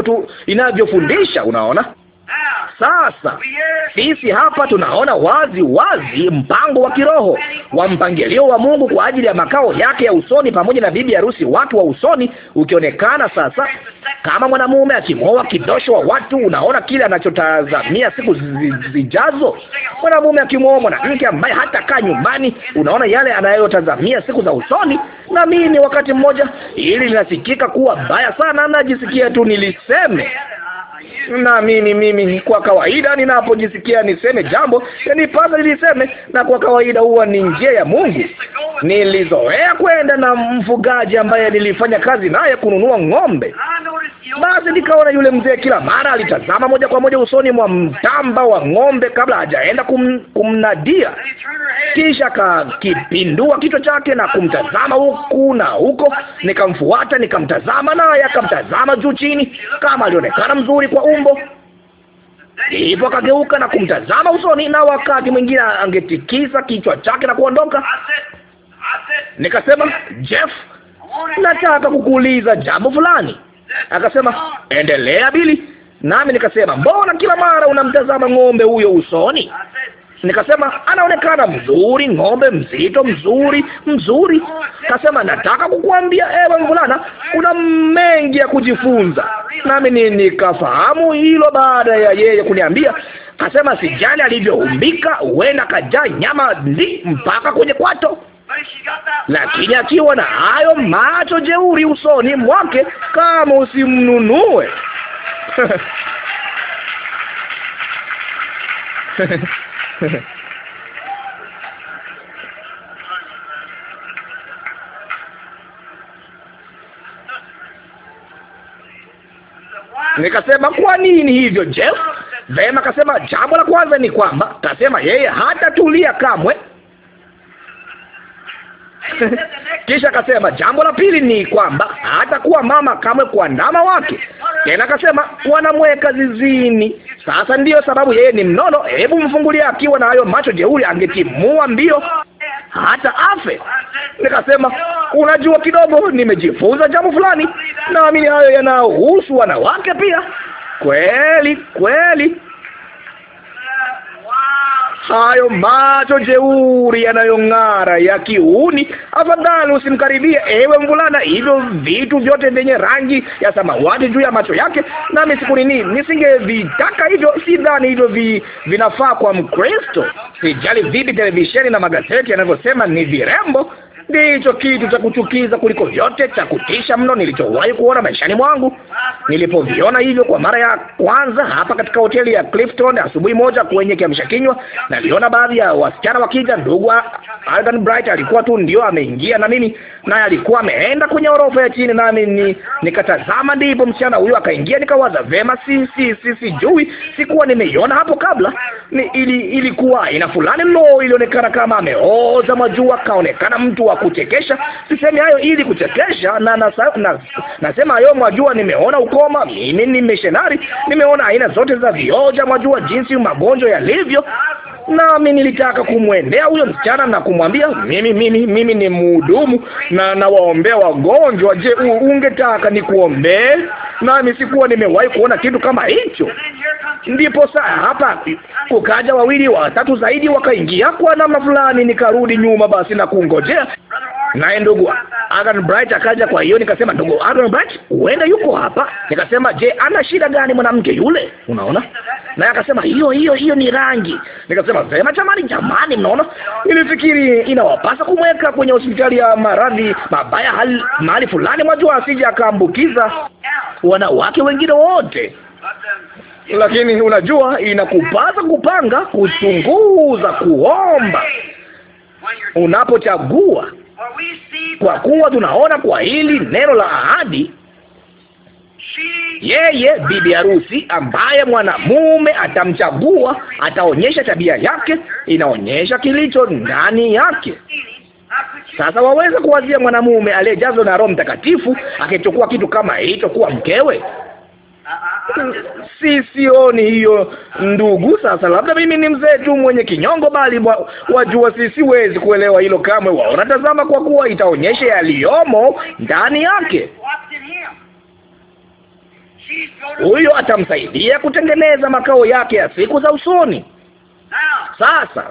inavyofundisha. Unaona sasa sisi hapa tunaona wazi wazi mpango wa kiroho wa mpangilio wa Mungu kwa ajili ya makao yake ya usoni pamoja na bibi harusi watu wa usoni ukionekana sasa. Kama mwanamume akimwoa kidosho wa watu, unaona kile anachotazamia siku zijazo. Mwanamume akimwoa mwanamke ambaye hata kaa nyumbani, unaona yale anayotazamia siku za usoni. Na mimi wakati mmoja, ili linasikika kuwa baya sana, najisikia tu niliseme na mimi mimi, kwa kawaida ninapojisikia niseme jambo yanipasa niliseme, na kwa kawaida huwa ni njia ya Mungu. Nilizoea kwenda na mfugaji ambaye nilifanya kazi naye kununua ng'ombe, basi nikaona yule mzee kila mara alitazama moja kwa moja usoni mwa mtamba wa ng'ombe kabla hajaenda kum, kumnadia, kisha akakipindua kichwa chake na kumtazama huku na huko. Nikamfuata, nikamtazama, naye akamtazama juu chini. Kama alionekana mzuri kwa tumbo. Ndipo akageuka na kumtazama usoni, na wakati mwingine angetikisa kichwa chake na kuondoka. Nikasema, Jeff, nataka kukuuliza jambo fulani. Akasema, endelea Bili. Nami nikasema, mbona kila mara unamtazama ng'ombe huyo usoni? Nikasema anaonekana mzuri, ng'ombe mzito, mzuri mzuri. Kasema nataka kukuambia ewe mvulana, kuna mengi ya kujifunza. Nami ni nikafahamu hilo baada ya yeye kuniambia. Kasema sijali alivyoumbika, huenda kajaa nyama ndi mpaka kwenye kwato lakini akiwa na hayo macho jeuri usoni mwake, kama usimnunue [laughs] [laughs] Nikasema, kwa nini hivyo Jeff? Vema, kasema, jambo la kwanza ni kwamba, kasema yeye hatatulia kamwe. [laughs] Kisha akasema jambo la pili ni kwamba hatakuwa mama kamwe kwa ndama wake. Tena akasema wanamweka zizini. Sasa ndiyo sababu yeye ni mnono. Hebu mfungulie, akiwa na hayo macho jeuri angetimua mbio hata afe. Nikasema, unajua, kidogo nimejifunza jambo fulani. Naamini hayo yanahusu wanawake pia. Kweli kweli, hayo macho jeuri yanayong'ara ya kiuni. Afadhali usimkaribie, ewe mvulana, hivyo vitu vyote vyenye rangi ya samawati juu ya macho yake. Nami misinge nisingevitaka hivyo. si dhani hivyo vi, vinafaa kwa Mkristo. Sijali vipi televisheni na magazeti yanavyosema ni virembo ndicho kitu cha kuchukiza kuliko vyote cha kutisha mno nilichowahi kuona maishani mwangu. Nilipoviona hivyo kwa mara ya kwanza hapa katika hoteli ya Clifton asubuhi moja kwenye kiamsha kinywa, naliona baadhi ya wasichana wakija. Ndugu Alden Bright alikuwa tu ndio ameingia na mimi, naye alikuwa ameenda kwenye orofa ya chini, nami ni nikatazama, ndipo msichana huyo akaingia. Nikawaza vema, si si si sijui, sikuwa nimeiona hapo kabla. Ni, ili, ilikuwa ina fulani, lo, ilionekana kama ameoza majua, kaonekana mtu wa kuchekesha. Sisemi hayo ili kuchekesha, na, na, na nasema hayo, mwajua, nimeona ukoma, mimi ni mishenari, nimeona aina zote za vioja, mwajua jinsi magonjwa yalivyo nami nilitaka kumwendea huyo msichana na kumwambia mimi, mimi, mimi ni mhudumu na nawaombea wagonjwa. Je, ungetaka nikuombee? Nami sikuwa nimewahi kuona kitu kama hicho. Ndipo saa hapa kukaja wawili watatu zaidi, wakaingia kwa namna fulani. Nikarudi nyuma basi na kungojea naye ndugu Agan Bright akaja. Kwa hiyo nikasema, ndugu Agan Bright huenda yuko hapa. Nikasema, je, ana shida gani mwanamke yule? Unaona, naye akasema, hiyo hiyo hiyo ni rangi. Nikasema, vema, jamani, jamani, mnaona, nilifikiri inawapasa kumweka kwenye hospitali ya maradhi mabaya hali mahali fulani, mwajua, asije akaambukiza wanawake wengine wote lakini unajua, inakupasa kupanga, kuchunguza, kuomba unapochagua kwa kuwa tunaona kwa hili neno la ahadi yeye bibi harusi ambaye mwanamume atamchagua ataonyesha tabia yake, inaonyesha kilicho ndani yake. Sasa waweza kuwazia mwanamume aliyejazwa na Roho Mtakatifu akichukua kitu kama hicho kuwa mkewe? si sioni hiyo ndugu. Sasa labda mimi ni mzee tu mwenye kinyongo, bali wajua, si siwezi kuelewa hilo kamwe. Waona, tazama, kwa kuwa itaonyesha yaliyomo ndani yake. Huyo atamsaidia kutengeneza makao yake ya siku za usoni. Sasa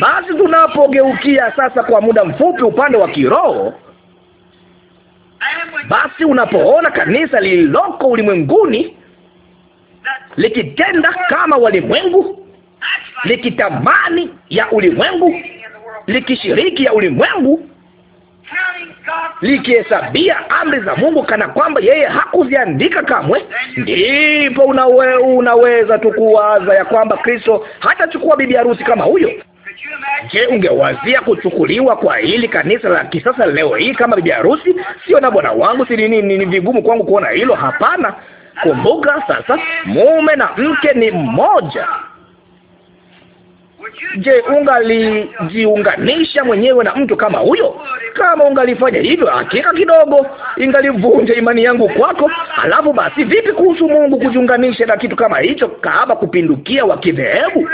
basi, tunapogeukia sasa kwa muda mfupi upande wa kiroho basi unapoona kanisa lililoko ulimwenguni likitenda kama walimwengu, likitamani ya ulimwengu, likishiriki ya ulimwengu, likihesabia amri za Mungu kana kwamba yeye hakuziandika kamwe, ndipo unawe, unaweza tu kuwaza ya kwamba Kristo hatachukua bibi harusi kama huyo. Je, ungewazia kuchukuliwa kwa hili kanisa la kisasa leo hii kama bibi harusi? Sio na bwana wangu, si ni vigumu kwangu kuona hilo. Hapana. Kumbuka sasa, mume na mke ni mmoja. Je, ungalijiunganisha mwenyewe na mtu kama huyo? Kama ungalifanya hivyo, hakika kidogo ingalivunja imani yangu kwako. Alafu basi, vipi kuhusu Mungu kujiunganisha na kitu kama hicho, kahaba kupindukia wa kidhehebu?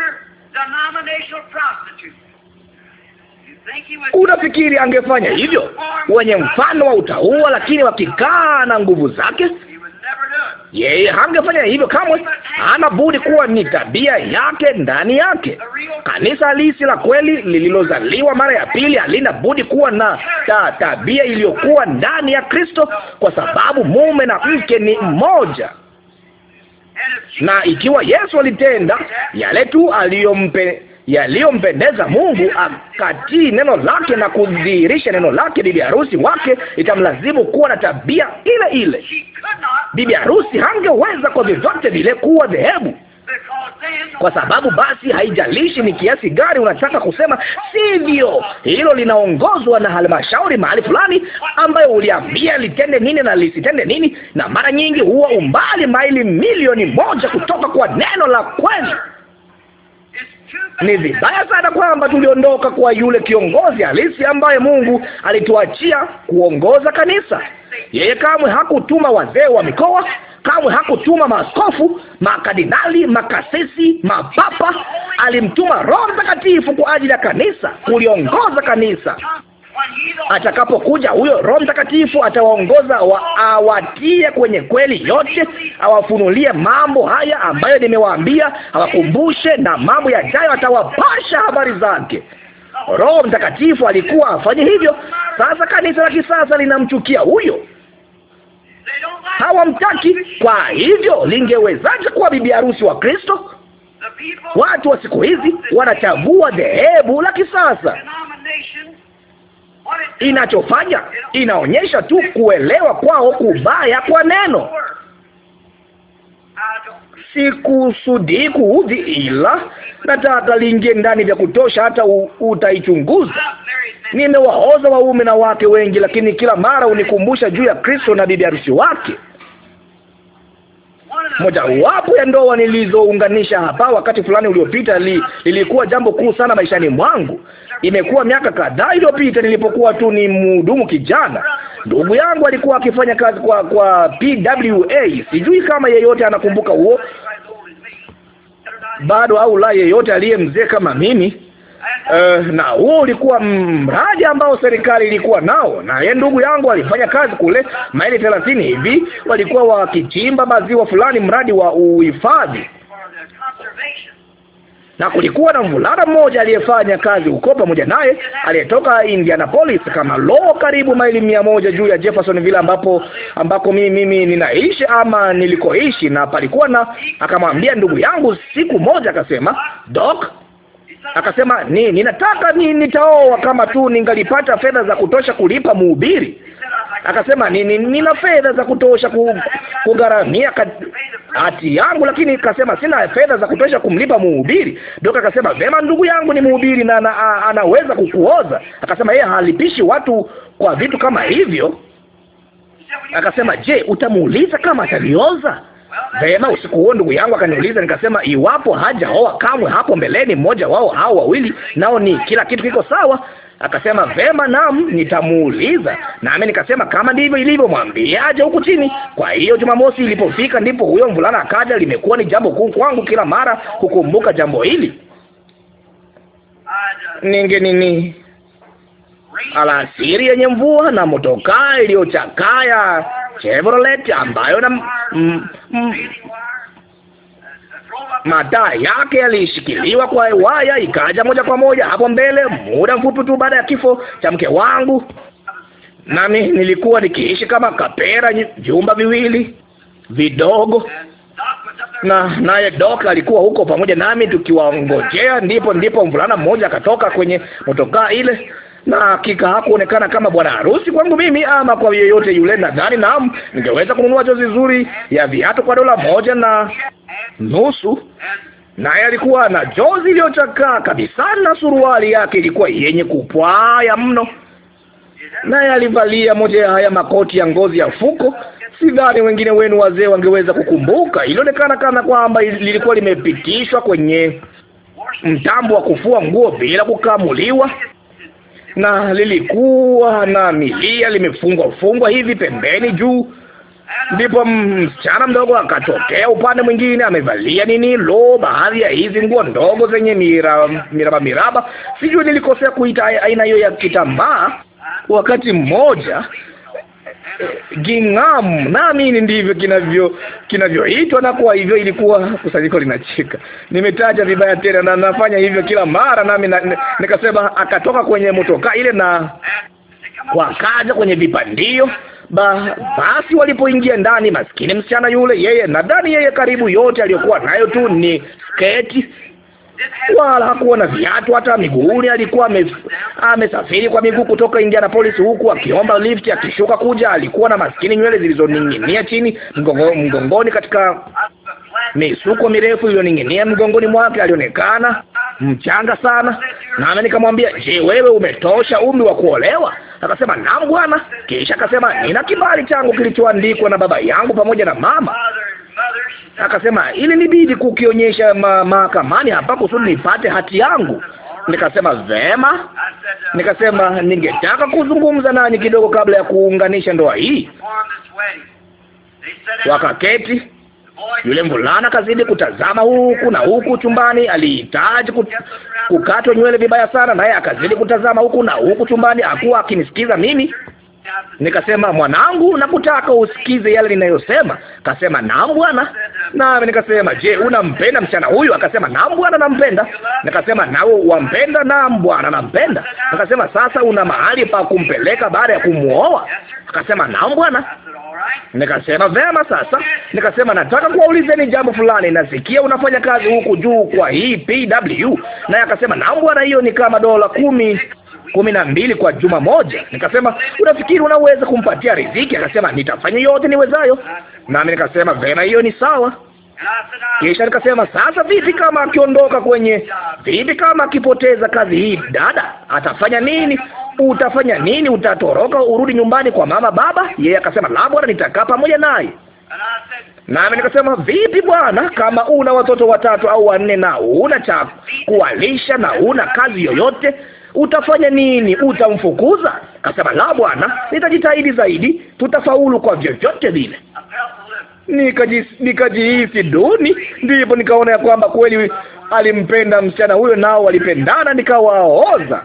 Unafikiri angefanya hivyo? Wenye mfano wa utaua lakini wakikaa na nguvu zake yeye hangefanya hivyo kamwe. Ana budi kuwa ni tabia yake ndani yake. Kanisa halisi la kweli lililozaliwa mara ya pili halina budi kuwa na ta tabia iliyokuwa ndani ya Kristo, kwa sababu mume na mke ni mmoja. Na ikiwa Yesu alitenda yale tu aliyompe yaliyompendeza Mungu, akatii neno lake na kudhihirisha neno lake, bibi harusi wake itamlazimu kuwa na tabia ile ile. Bibi harusi hangeweza kwa vyovyote vile kuwa dhehebu kwa sababu basi, haijalishi ni kiasi gani unataka kusema, sivyo? Hilo linaongozwa na halmashauri mahali fulani, ambayo uliambia litende nini na lisitende nini, na mara nyingi huwa umbali maili milioni moja kutoka kwa neno la kweli. Ni vibaya sana kwamba tuliondoka kwa yule kiongozi halisi ambaye Mungu alituachia kuongoza kanisa. Yeye kamwe hakutuma wazee wa mikoa, kamwe hakutuma maaskofu, makadinali makasisi, mapapa. Alimtuma Roho Mtakatifu kwa ajili ya kanisa, kuliongoza kanisa. Atakapokuja huyo Roho Mtakatifu atawaongoza wa, awatie kwenye kweli yote, awafunulie mambo haya ambayo nimewaambia, awakumbushe na mambo yajayo, atawapasha habari zake. Roho Mtakatifu alikuwa afanye hivyo. Sasa kanisa la kisasa linamchukia huyo, hawamtaki. Kwa hivyo lingewezaje kuwa bibi harusi wa Kristo? Watu wa siku hizi wanachagua dhehebu la kisasa. Inachofanya inaonyesha tu kuelewa kwao kubaya kwa neno. Sikusudii kuudhi, ila nataka liingie ndani vya kutosha, hata utaichunguza. Nimewaoza waume na wake wengi, lakini kila mara unikumbusha juu ya Kristo na bibi harusi wake. Mojawapo ya ndoa nilizounganisha hapa wakati fulani uliopita li, lilikuwa jambo kuu sana maishani mwangu. Imekuwa miaka kadhaa iliyopita nilipokuwa tu ni mhudumu kijana. Ndugu yangu alikuwa akifanya kazi kwa kwa PWA. Sijui kama yeyote anakumbuka huo bado au la, yeyote aliye mzee kama mimi. Uh, na huo ulikuwa mradi ambao serikali ilikuwa nao, na yeye ndugu yangu alifanya kazi kule maili thelathini hivi. Walikuwa wakichimba maziwa fulani, mradi wa uhifadhi na kulikuwa na mvulana mmoja aliyefanya kazi huko pamoja naye aliyetoka Indianapolis, kama loo, karibu maili mia moja juu ya Jeffersonville, ambapo ambako mimi mimi ninaishi ama nilikoishi, na palikuwa na akamwambia ndugu yangu siku moja, akasema Doc, Akasema ni ninataka ni nitaoa kama tu ningalipata fedha za kutosha kulipa mhubiri. Akasema ni nina fedha za kutosha kugharamia hati yangu, lakini akasema sina fedha za kutosha kumlipa mhubiri. Doka akasema vema, ndugu yangu ni mhubiri na, na a, anaweza kukuoza. Akasema yeye halipishi watu kwa vitu kama hivyo. Akasema je, utamuuliza kama atanioza? Vema, usiku huo ndugu yangu akaniuliza, nikasema iwapo hajaoa kamwe hapo mbeleni mmoja wao hao wawili, nao ni kila kitu kiko sawa. Akasema vema, naam, nitamuuliza. Nami nikasema kama ndivyo ilivyo, mwambie aje huku chini. Kwa hiyo Jumamosi ilipofika, ndipo huyo mvulana akaja. Limekuwa ni jambo kuu kwangu kila mara kukumbuka jambo hili. Ninge nini alasiri yenye mvua na motokaa iliyochakaya Chevrolet ambayo na madaa yake yalishikiliwa kwa waya, ikaja moja kwa moja hapo mbele, muda mfupi tu baada ya kifo cha mke wangu. Nami nilikuwa nikiishi kama kapera, vyumba viwili vidogo, na naye Doc alikuwa huko pamoja nami tukiwaongojea. Ndipo ndipo mvulana mmoja akatoka kwenye motokaa ile na hakika hakuonekana kama bwana harusi kwangu mimi ama kwa yeyote yule. Nadhani naam, ningeweza kununua jozi nzuri ya viatu kwa dola moja na nusu naye alikuwa na jozi iliyochakaa kabisa na suruali yake ilikuwa yenye kupwaya mno, naye alivalia moja ya haya makoti ya ngozi ya fuko. Sidhani wengine wenu wazee wangeweza kukumbuka. Ilionekana kana kwamba lilikuwa limepitishwa kwenye mtambo wa kufua nguo bila kukamuliwa na lilikuwa na milia limefungwa fungwa hivi pembeni juu. Ndipo msichana mdogo akatokea upande mwingine, amevalia nini, lo, baadhi ya hizi nguo ndogo zenye mira, miraba miraba. Sijui nilikosea kuita aina hiyo ya kitambaa. Wakati mmoja gingam Naamini ndivyo kinavyo kinavyoitwa, na kwa hivyo ilikuwa kusanyiko linachika Nimetaja vibaya tena, na nafanya hivyo kila mara. Nami na, nikasema akatoka kwenye motoka ile na wakaja kwenye vipandio ba basi, walipoingia ndani, maskini msichana yule, yeye nadhani yeye karibu yote aliyokuwa nayo tu ni sketi wala hakuwa na viatu hata miguuni. Alikuwa amesafiri kwa miguu kutoka Indianapolis, huku akiomba lift, akishuka kuja. Alikuwa na maskini nywele zilizoning'inia chini mgongo, mgongoni katika misuko mirefu iliyoning'inia mgongoni mwake. Alionekana mchanga sana, nami nikamwambia, je, wewe umetosha umri wa kuolewa? Akasema, naam bwana. Kisha akasema, nina kibali changu kilichoandikwa na baba yangu pamoja na mama. Akasema ili nibidi kukionyesha mahakamani hapa kusudi nipate hati yangu. Nikasema vema, nikasema ningetaka kuzungumza nanyi kidogo kabla ya kuunganisha ndoa hii. Wakaketi. Yule mvulana kazidi kutazama huku na huku chumbani. Alihitaji kukatwa nywele vibaya sana, naye akazidi kutazama huku na huku chumbani, hakuwa akinisikiza mimi. Nikasema mwanangu, nakutaka usikize yale ninayosema. Kasema naam bwana. Nami nikasema, je, unampenda msichana huyu? Akasema, naam bwana, nampenda. Nikasema, nawe wampenda? Naam bwana, nampenda. Nikasema, sasa una mahali pa kumpeleka baada ya kumwoa? Akasema, naam bwana. Nikasema, vema. Sasa nikasema, nataka kuwaulizeni jambo fulani. Nasikia unafanya kazi huku juu kwa hii PW, naye akasema, naam bwana, hiyo ni kama dola kumi kumi na mbili kwa juma moja. Nikasema, unafikiri unaweza kumpatia riziki? Akasema, nitafanya yote niwezayo. Nami nikasema, vema, hiyo ni sawa. Kisha nikasema, sasa vipi kama akiondoka kwenye, vipi kama akipoteza kazi hii, dada atafanya nini? Utafanya nini? Utatoroka urudi nyumbani kwa mama baba? Yeye akasema, la bwana, nitakaa pamoja naye. Nami nikasema vipi bwana, kama una watoto watatu au wanne na una cha kuwalisha na una kazi yoyote, utafanya nini? Utamfukuza? Akasema, la bwana, nitajitahidi zaidi, tutafaulu kwa vyovyote vile. Nikajihisi duni, ndipo nikaona ya kwamba kweli alimpenda msichana huyo, nao walipendana, nikawaoza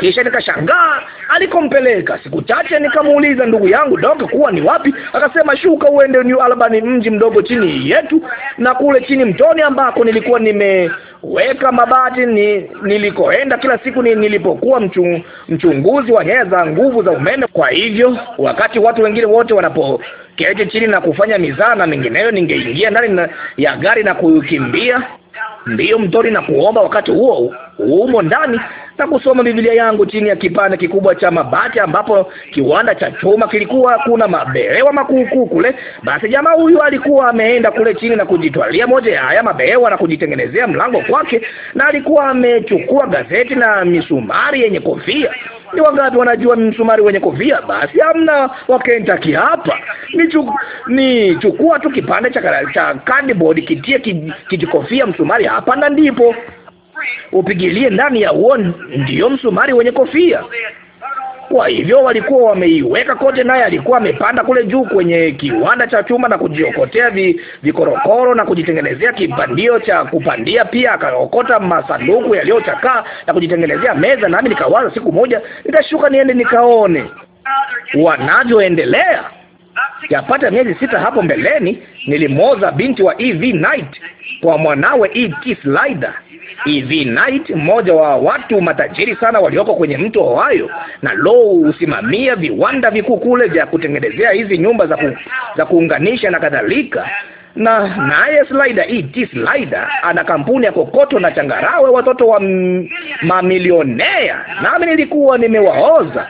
kisha nikashangaa alikompeleka. Siku chache nikamuuliza ndugu yangu Doka kuwa ni wapi, akasema shuka uende New Albany, mji mdogo chini yetu, na kule chini mtoni ambako nilikuwa nimeweka mabati ni, nilikoenda kila siku ni, nilipokuwa mchung, mchunguzi wa nyaya za nguvu za umeme. Kwa hivyo wakati watu wengine wote wanapoketi chini na kufanya mizaa na mingineyo ningeingia ndani ya gari na kukimbia mbio mtoni na kuomba wakati huo humo ndani na kusoma Biblia yangu chini ya kipande kikubwa cha mabati ambapo kiwanda cha chuma kilikuwa, kuna mabehewa makuukuu kule. Basi jamaa huyu alikuwa ameenda kule chini na kujitwalia moja ya haya mabehewa na kujitengenezea mlango kwake, na alikuwa amechukua gazeti na misumari yenye kofia. Ni wangapi wanajua msumari wenye kofia? Basi hamna wakentaki hapa. Ni, ni chukua tu kipande cha cha cardboard kitie kijikofia msumari hapa, na ndipo upigilie ndani ya huo ndiyo msumari wenye kofia. Kwa hivyo walikuwa wameiweka kote, naye alikuwa amepanda kule juu kwenye kiwanda cha chuma na kujiokotea vi, vikorokoro na kujitengenezea kibandio cha kupandia. Pia akaokota masanduku yaliyochakaa na kujitengenezea meza. Nami nikawaza siku moja nitashuka niende nikaone wanavyoendelea yapata miezi sita hapo mbeleni, nilimwoza binti wa EV Knight kwa mwanawe E.T. Slider. EV Knight, mmoja wa watu matajiri sana walioko kwenye mto Ohio, na lo, usimamia viwanda vikuu kule vya kutengenezea hizi nyumba za, ku, za kuunganisha na kadhalika na naye Slider ET Slider ana kampuni ya kokoto na changarawe, watoto wa mamilionea, nami nilikuwa nimewaoza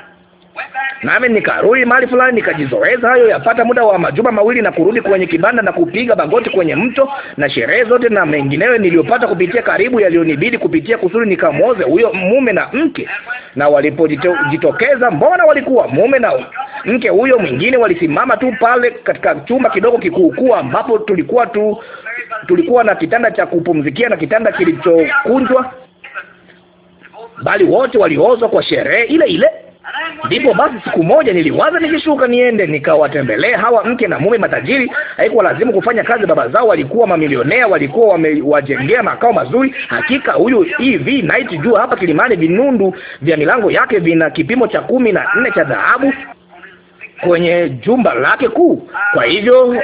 nami nikarudi mahali fulani nikajizoeza hayo, yapata muda wa majuma mawili, na kurudi kwenye kibanda na kupiga bagoti kwenye mto, na sherehe zote na mengineyo niliyopata kupitia, karibu yaliyonibidi kupitia kusudi nikamwoze huyo mume na mke. Na walipojitokeza, mbona walikuwa mume na mke huyo mwingine, walisimama tu pale katika chumba kidogo kikuukuu ambapo tulikuwa tu tulikuwa na kitanda cha kupumzikia na kitanda kilichokunjwa, bali wote waliozwa kwa sherehe ile ile. Ndipo basi siku moja niliwaza nikishuka niende nikawatembelee hawa mke na mume matajiri. Haikuwa lazima kufanya kazi, baba zao walikuwa mamilionea, walikuwa wamewajengea makao mazuri. Hakika huyu EV Night jua hapa Kilimani, vinundu vya milango yake vina kipimo cha kumi na nne cha dhahabu kwenye jumba lake kuu. Kwa hivyo uh,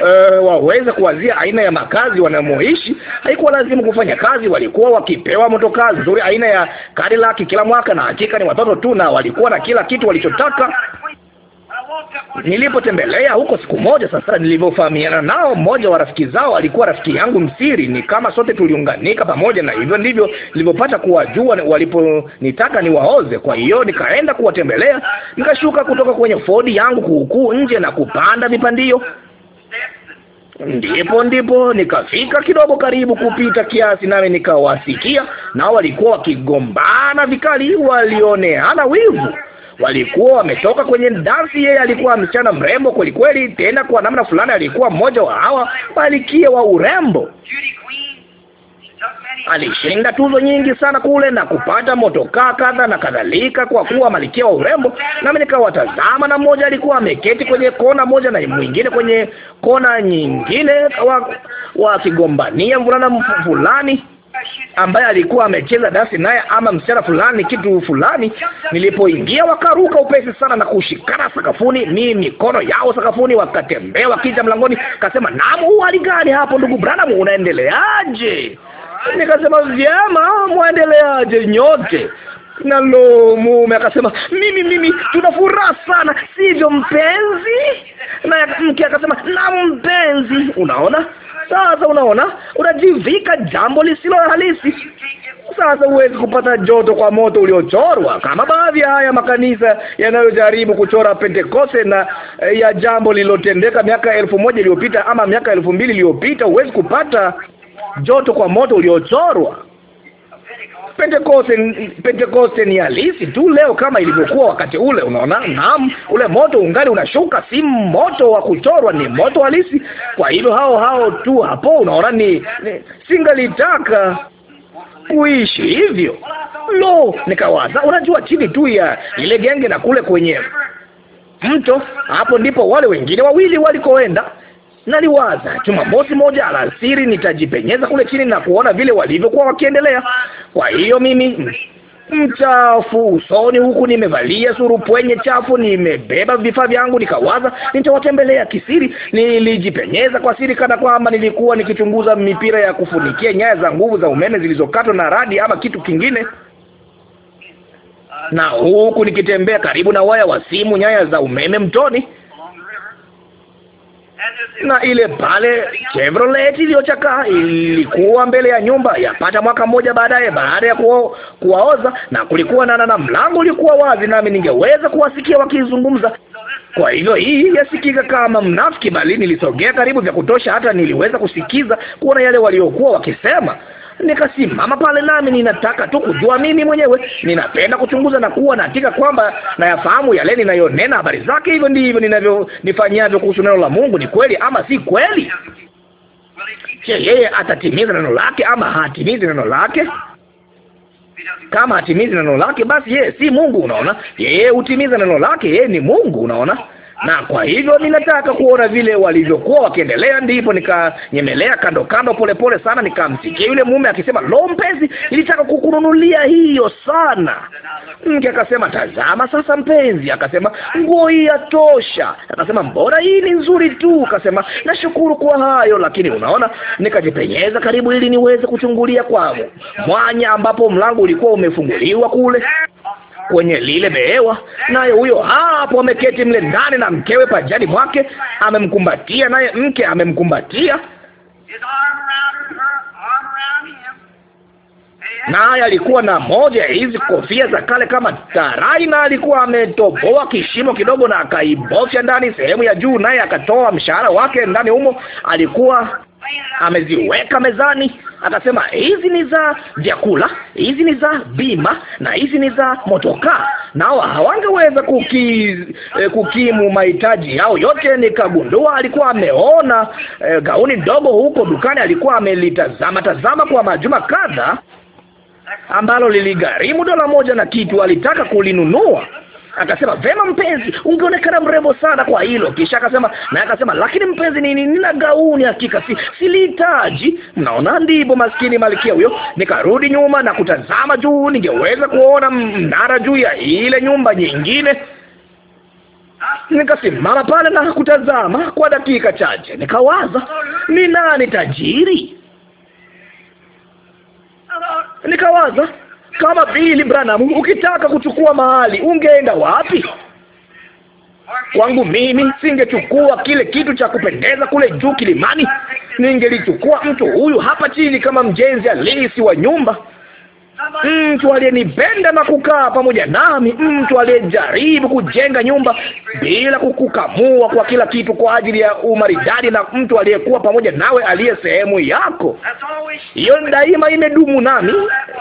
waweza kuwazia aina ya makazi wanamoishi. Haikuwa lazima kufanya kazi, walikuwa wakipewa motokazi nzuri aina ya Cadillac kila mwaka, na hakika ni watoto tu, na walikuwa na kila kitu walichotaka nilipotembelea huko siku moja sasa, nilivyofahamiana nao, mmoja wa rafiki zao alikuwa rafiki yangu msiri, ni kama sote tuliunganika pamoja, na hivyo ndivyo nilivyopata kuwajua waliponitaka niwaoze. Kwa hiyo nikaenda kuwatembelea, nikashuka kutoka kwenye fodi yangu kuukuu nje na kupanda vipandio ndipo ndipo nikafika kidogo karibu kupita kiasi, nami nikawasikia, nao walikuwa wakigombana vikali, walioneana wivu walikuwa wametoka kwenye dansi. Yeye alikuwa msichana mrembo kwelikweli, tena kwa namna fulani alikuwa mmoja wa hawa malikia wa urembo. Alishinda tuzo nyingi sana kule na kupata motokaa kadha na kadhalika, kwa kuwa malikia wa urembo. Nami nikawatazama, na mmoja alikuwa ameketi kwenye kona moja na mwingine kwenye kona nyingine, wakigombania wa mvulana fulani ambaye alikuwa amecheza dasi naye ama msichana fulani kitu fulani. Nilipoingia wakaruka upesi sana na kushikana sakafuni, mi mikono yao sakafuni, wakatembea wakija mlangoni. Kasema, naam, huu hali gani hapo ndugu Branham, unaendeleaje? Nikasema, vyema, mwaendeleaje nyote? lo mume akasema, mimi mimi, tuna furaha sana, sivyo mpenzi? Naye mke akasema, na mpenzi. Unaona sasa unaona, unajivika jambo lisilo halisi. Sasa huwezi kupata joto kwa moto uliochorwa, kama baadhi ya haya makanisa yanayojaribu kuchora Pentekoste na eh, ya jambo lililotendeka miaka elfu moja iliyopita ama miaka elfu mbili iliyopita. Huwezi kupata joto kwa moto uliochorwa. Pentekoste, Pentekoste ni halisi tu leo kama ilivyokuwa wakati ule. Unaona, naam, ule moto ungali unashuka, si moto wa kuchorwa, ni moto halisi. Kwa hivyo hao hao tu hapo, unaona, ni, ni singalitaka kuishi hivyo. Lo, nikawaza, unajua, chini tu ya ile genge na kule kwenye mto, hapo ndipo wale wengine wawili walikoenda Naliwaza Jumamosi moja alasiri nitajipenyeza kule chini na kuona vile walivyokuwa wakiendelea. Kwa hiyo mimi mchafu usoni, huku nimevalia surupwenye chafu, nimebeba vifaa vyangu, nikawaza nitawatembelea kisiri. Nilijipenyeza kwa siri, kana kwamba nilikuwa nikichunguza mipira ya kufunikia nyaya za nguvu za umeme zilizokatwa na radi ama kitu kingine na huku nikitembea karibu na waya wa simu, nyaya za umeme mtoni na ile pale Chevrolet iliyochakaa ilikuwa mbele ya nyumba, yapata mwaka mmoja baadaye, baada ya kuo, kuwaoza, na kulikuwa na, na, na mlango ulikuwa wazi, nami ningeweza kuwasikia wakizungumza. Kwa hivyo hii yasikika kama mnafiki, bali nilisogea karibu vya kutosha, hata niliweza kusikiza kuona yale waliokuwa wakisema. Nikasimama pale, nami ninataka tu kujua mimi mwenyewe. Ninapenda kuchunguza na kuwa na hakika kwamba nayafahamu yale ninayonena habari zake. Hivyo ndivyo ninavyonifanyavyo kuhusu neno la Mungu. Ni kweli ama si kweli? Je, yeye atatimiza neno lake ama hatimizi neno lake? Kama hatimizi neno lake, basi yeye si Mungu. Unaona, yeye hutimiza neno lake. Yeye ni Mungu. Unaona, na kwa hivyo ninataka kuona vile walivyokuwa wakiendelea. Ndipo nikanyemelea kando kando, polepole pole sana, nikamsikia yule mume akisema, lo, mpenzi, ilitaka kukununulia hiyo sana. Mke akasema, tazama sasa mpenzi. Akasema, nguo hii yatosha. Akasema, mbona hii ni nzuri tu. Akasema, nashukuru kwa hayo, lakini unaona, nikajipenyeza karibu ili niweze kuchungulia kwa mwanya ambapo mlango ulikuwa umefunguliwa kule kwenye lile behewa, naye huyo hapo ameketi mle ndani na mkewe pajani mwake, amemkumbatia naye mke amemkumbatia naye alikuwa na moja ya hizi kofia za kale kama tarai, na alikuwa ametoboa kishimo kidogo na akaibofya ndani sehemu ya juu, naye akatoa mshahara wake ndani humo. Alikuwa ameziweka mezani, akasema hizi ni za vyakula, hizi ni za bima na hizi ni za motokaa. Nao hawangeweza kuki, eh, kukimu mahitaji yao yote. Nikagundua alikuwa ameona eh, gauni ndogo huko dukani, alikuwa amelitazama tazama kwa majuma kadhaa, ambalo liligharimu dola moja na kitu, alitaka kulinunua Akasema, vema mpenzi, ungeonekana mrembo sana kwa hilo. Kisha akasema na akasema, lakini mpenzi, nini, nina gauni hakika si silihitaji. Mnaona, ndipo maskini malkia huyo. Nikarudi nyuma na kutazama juu, ningeweza kuona mnara juu ya ile nyumba nyingine. Nikasimama pale na kutazama kwa dakika chache, nikawaza, ni nani tajiri? Nikawaza kama Billy Branham, ukitaka kuchukua mahali ungeenda wapi? Kwangu mimi singechukua kile kitu cha kupendeza kule juu kilimani, ningelichukua mtu huyu hapa chini, kama mjenzi halisi wa nyumba mtu aliyenipenda na kukaa pamoja nami, mtu aliyejaribu kujenga nyumba bila kukukamua kwa kila kitu kwa ajili ya umaridadi, na mtu aliyekuwa pamoja nawe, aliye sehemu yako. Hiyo daima imedumu nami,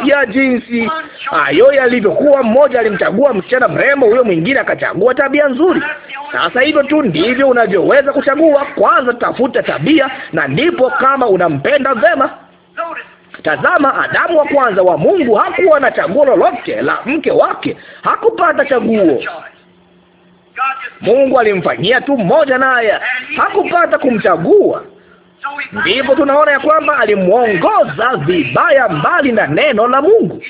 ya jinsi hayo yalivyokuwa. Mmoja alimchagua msichana mrembo, huyo mwingine akachagua tabia nzuri. Sasa hivyo tu ndivyo unavyoweza kuchagua. Kwanza tafuta tabia, na ndipo kama unampenda vema Tazama, Adamu wa kwanza wa Mungu hakuwa na chaguo lolote la mke wake, hakupata chaguo. Mungu alimfanyia tu mmoja, naye hakupata kumchagua. Ndipo tunaona ya kwamba alimwongoza vibaya mbali na neno la Mungu.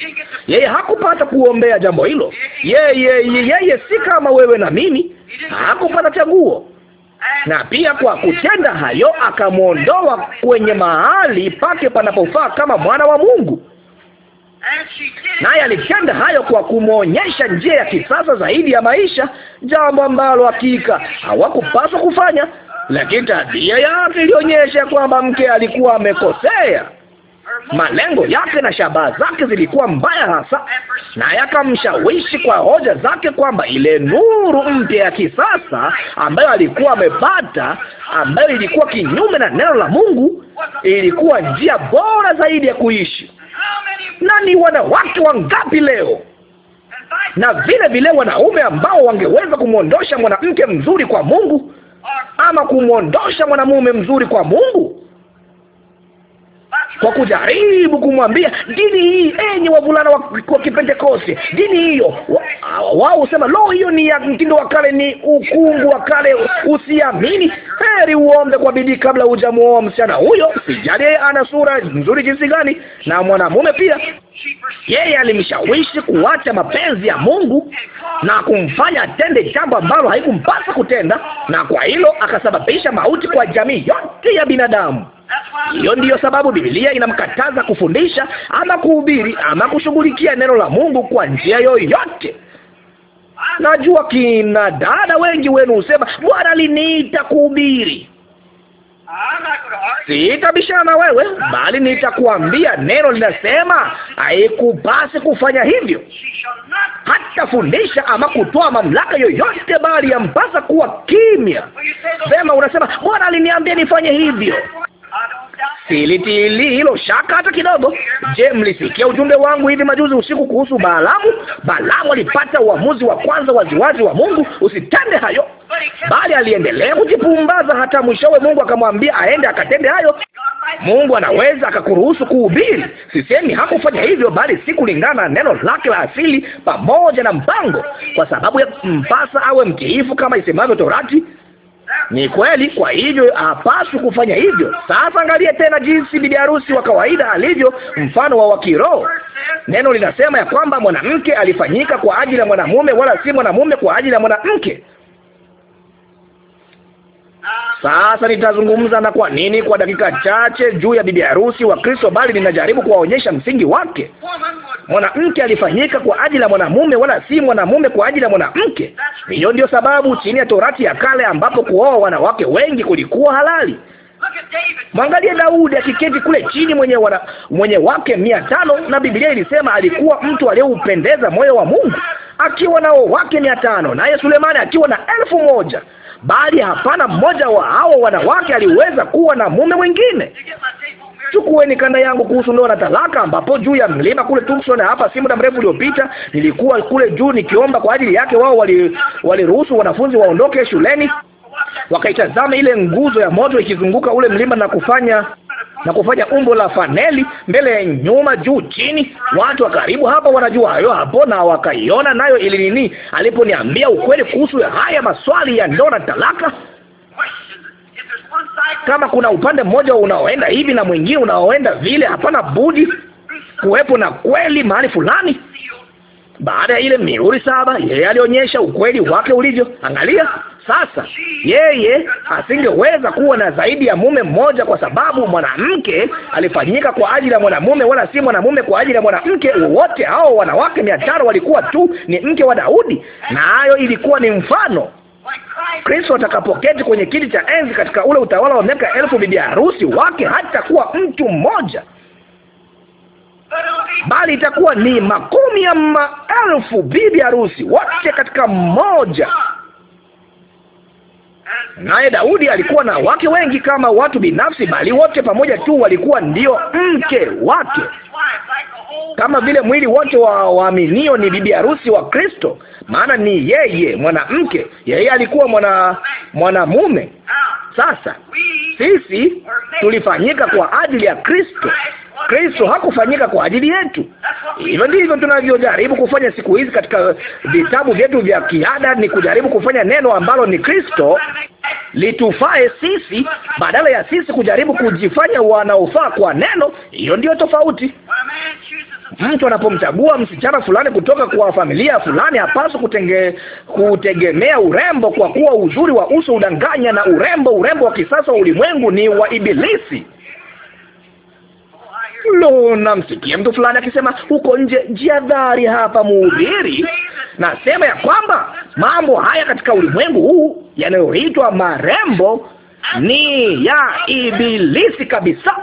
Yeye hakupata kuombea jambo hilo. Yeye yeye si kama wewe na mimi, hakupata chaguo na pia kwa kutenda hayo akamwondoa kwenye mahali pake panapofaa kama mwana wa Mungu. Naye alitenda hayo kwa kumwonyesha njia ya kisasa zaidi ya maisha, jambo ambalo hakika hawakupaswa kufanya, lakini tabia yake ilionyesha kwamba mke alikuwa amekosea malengo yake na shabaha zake zilikuwa mbaya hasa, naye akamshawishi kwa hoja zake kwamba ile nuru mpya ya kisasa ambayo alikuwa amepata, ambayo ilikuwa kinyume na neno la Mungu, ilikuwa njia bora zaidi ya kuishi. Na ni wanawake wangapi leo na vile vile wanaume ambao wangeweza kumwondosha mwanamke mzuri kwa Mungu ama kumwondosha mwanamume mzuri kwa Mungu kwa kujaribu kumwambia dini hii, enye wavulana wa, wa Kipentekoste, dini hiyo wao husema lo, hiyo ni ya mtindo wa kale, ni ukungu wa kale, usiamini. Heri uombe kwa bidii kabla hujamuoa msichana huyo, sijali yeye ana sura nzuri jinsi gani. Na mwanamume pia, yeye alimshawishi kuacha mapenzi ya Mungu na kumfanya atende jambo ambalo haikumpasa kutenda, na kwa hilo akasababisha mauti kwa jamii yote ya binadamu. Hiyo ndiyo sababu Biblia inamkataza kufundisha ama kuhubiri ama kushughulikia neno la Mungu kwa njia yoyote. Najua kina dada wengi wenu husema Bwana aliniita kuhubiri. Sitabishana na wewe, bali nitakuambia neno linasema haikupasi kufanya hivyo. Hatafundisha ama kutoa mamlaka yoyote, bali yampasa kuwa kimya. Sema unasema Bwana aliniambia nifanye hivyo silitili hilo shaka hata kidogo. Je, mlisikia ujumbe wangu hivi majuzi usiku kuhusu Balaamu? Balaamu alipata uamuzi wa kwanza waziwazi wa Mungu, usitende hayo, bali aliendelea kujipumbaza hata mwishowe Mungu akamwambia aende akatende hayo. Mungu anaweza akakuruhusu kuhubiri. Sisemi hakufanya hivyo, bali si kulingana na neno lake la asili pamoja na mpango, kwa sababu ya mpasa awe mtiifu kama isemavyo Torati. Ni kweli. Kwa hivyo hapaswi kufanya hivyo. Sasa angalia tena jinsi bibi harusi wa kawaida alivyo, mfano wa wakiroho. Neno linasema ya kwamba mwanamke alifanyika kwa ajili ya mwanamume, wala si mwanamume kwa ajili ya mwanamke. Sasa nitazungumza na kwa nini kwa dakika chache juu ya bibi harusi wa Kristo, bali ninajaribu kuwaonyesha msingi wake. Mwanamke alifanyika kwa ajili ya mwanamume, wala si mwanamume kwa ajili ya mwanamke. Hiyo ndio sababu chini ya Torati ya kale, ambapo kuoa wanawake wengi kulikuwa halali. Mwangalie Daudi akiketi kule chini mwenye, wana, mwenye wake mia tano na Biblia ilisema alikuwa mtu aliyeupendeza moyo wa Mungu akiwa nao wake mia tano naye Sulemani akiwa na elfu moja bali hapana mmoja wa hao wanawake aliweza kuwa na mume mwingine chukueni kanda yangu kuhusu ndoa na talaka, ambapo juu ya mlima kule Tucson hapa si muda mrefu uliopita nilikuwa kule juu nikiomba kwa ajili yake. Wao waliruhusu wali wanafunzi waondoke shuleni, wakaitazama ile nguzo ya moto ikizunguka ule mlima na kufanya na kufanya umbo la faneli mbele, nyuma, juu, chini. Watu wa karibu hapa wanajua hayo hapo, na wakaiona nayo ili nini, aliponiambia ukweli kuhusu haya maswali ya ndoa na talaka kama kuna upande mmoja unaoenda hivi na mwingine unaoenda vile, hapana budi kuwepo na kweli mahali fulani. Baada ya ile mihuri saba, yeye alionyesha ukweli wake ulivyo. Angalia sasa, yeye asingeweza kuwa na zaidi ya mume mmoja, kwa sababu mwanamke alifanyika kwa ajili ya mwanamume, wala si mwanamume kwa ajili ya mwanamke. Wote hao wanawake mia tano walikuwa tu ni mke wa Daudi, nayo hayo ilikuwa ni mfano Kristo atakapoketi kwenye kiti cha enzi katika ule utawala wa miaka elfu, bibi harusi wake hatakuwa mtu mmoja, bali itakuwa ni makumi ya maelfu bibi harusi wote katika mmoja. Naye Daudi alikuwa na wake wengi kama watu binafsi, bali wote pamoja tu walikuwa ndio mke wake, kama vile mwili wote wa waaminio ni bibi harusi wa Kristo maana ni yeye mwanamke, yeye alikuwa mwana mwanamume. Sasa sisi tulifanyika kwa ajili ya Kristo. Kristo hakufanyika kwa ajili yetu. Hivyo ndivyo tunavyojaribu kufanya siku hizi katika vitabu vyetu vya kiada, ni kujaribu kufanya neno ambalo ni Kristo litufae sisi, badala ya sisi kujaribu kujifanya wanaofaa kwa neno. Hiyo ndiyo tofauti. Mtu anapomchagua msichana fulani kutoka kwa familia fulani, hapaswi kutenge, kutegemea urembo, kwa kuwa uzuri wa uso udanganya, na urembo urembo wa kisasa wa ulimwengu ni wa Ibilisi. Lo, namsikia mtu fulani akisema huko nje, jiadhari hapa mhubiri. Nasema ya kwamba mambo haya katika ulimwengu huu yanayoitwa marembo ni ya Ibilisi kabisa.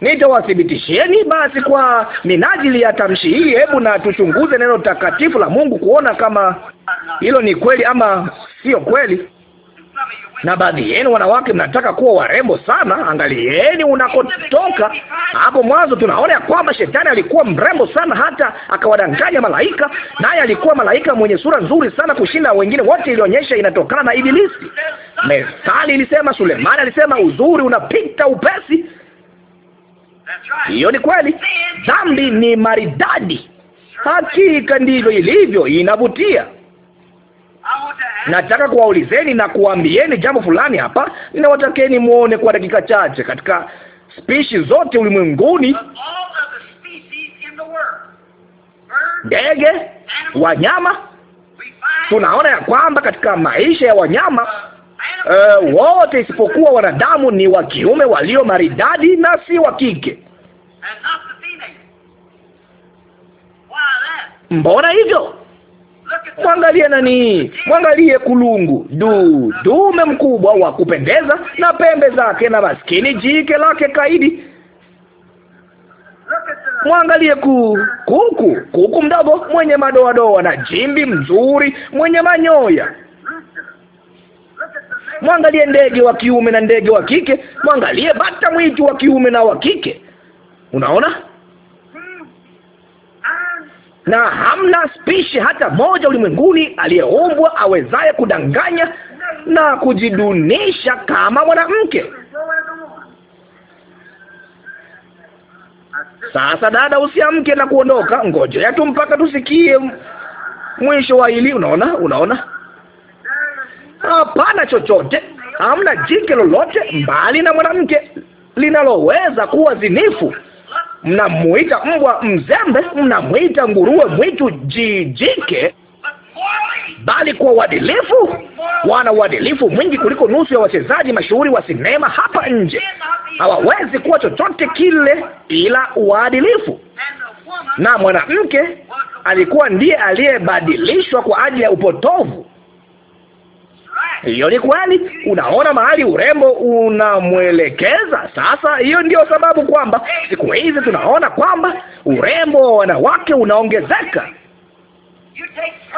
Nitawathibitisheni basi. Kwa minajili ya tamshi hii, hebu na tuchunguze neno takatifu la Mungu kuona kama hilo ni kweli ama sio kweli. Na baadhi yenu wanawake mnataka kuwa warembo sana, angalieni unakotoka. Hapo mwanzo tunaona ya kwamba shetani alikuwa mrembo sana, hata akawadanganya malaika, naye alikuwa malaika mwenye sura nzuri sana kushinda wengine wote. Ilionyesha inatokana na Ibilisi. Methali ilisema, Sulemani alisema, uzuri unapita upesi hiyo ni kweli, dhambi ni maridadi. Hakika ndivyo ilivyo, inavutia. Nataka kuwaulizeni na kuwaambieni jambo fulani hapa, ninawatakeni muone kwa dakika chache. Katika spishi zote ulimwenguni, ndege, wanyama, tunaona ya kwamba katika maisha ya wanyama uh, wote isipokuwa wanadamu ni wa kiume walio maridadi na si wa kike. Mbona hivyo? Mwangalie nani, mwangalie kulungu du dume mkubwa wa kupendeza na pembe zake, na maskini jike lake kaidi. Mwangalie ku kuku, kuku mdogo mwenye madoadoa na jimbi mzuri mwenye manyoya Mwangalie ndege wa kiume na ndege wa kike, mwangalie bata mwitu wa kiume na wa kike. Unaona, na hamna spishi hata moja ulimwenguni aliyeumbwa awezaye kudanganya na kujidunisha kama mwanamke. Sasa dada, usiamke na kuondoka, ngoja tu mpaka tusikie mwisho wa hili. Unaona, unaona hapana chochote, hamna jike lolote mbali na mwanamke linaloweza kuwa zinifu. Mnamuita mbwa mzembe, mnamuita nguruwe mwitu jijike, bali kwa uadilifu, wana uadilifu mwingi kuliko nusu ya wachezaji mashuhuri wa sinema hapa nje. Hawawezi kuwa chochote kile ila uadilifu. Na mwanamke alikuwa ndiye aliyebadilishwa kwa ajili ya upotovu. Hiyo ni kweli. Unaona mahali urembo unamwelekeza sasa. Hiyo ndio sababu kwamba siku hizi tunaona kwamba urembo wa wanawake unaongezeka.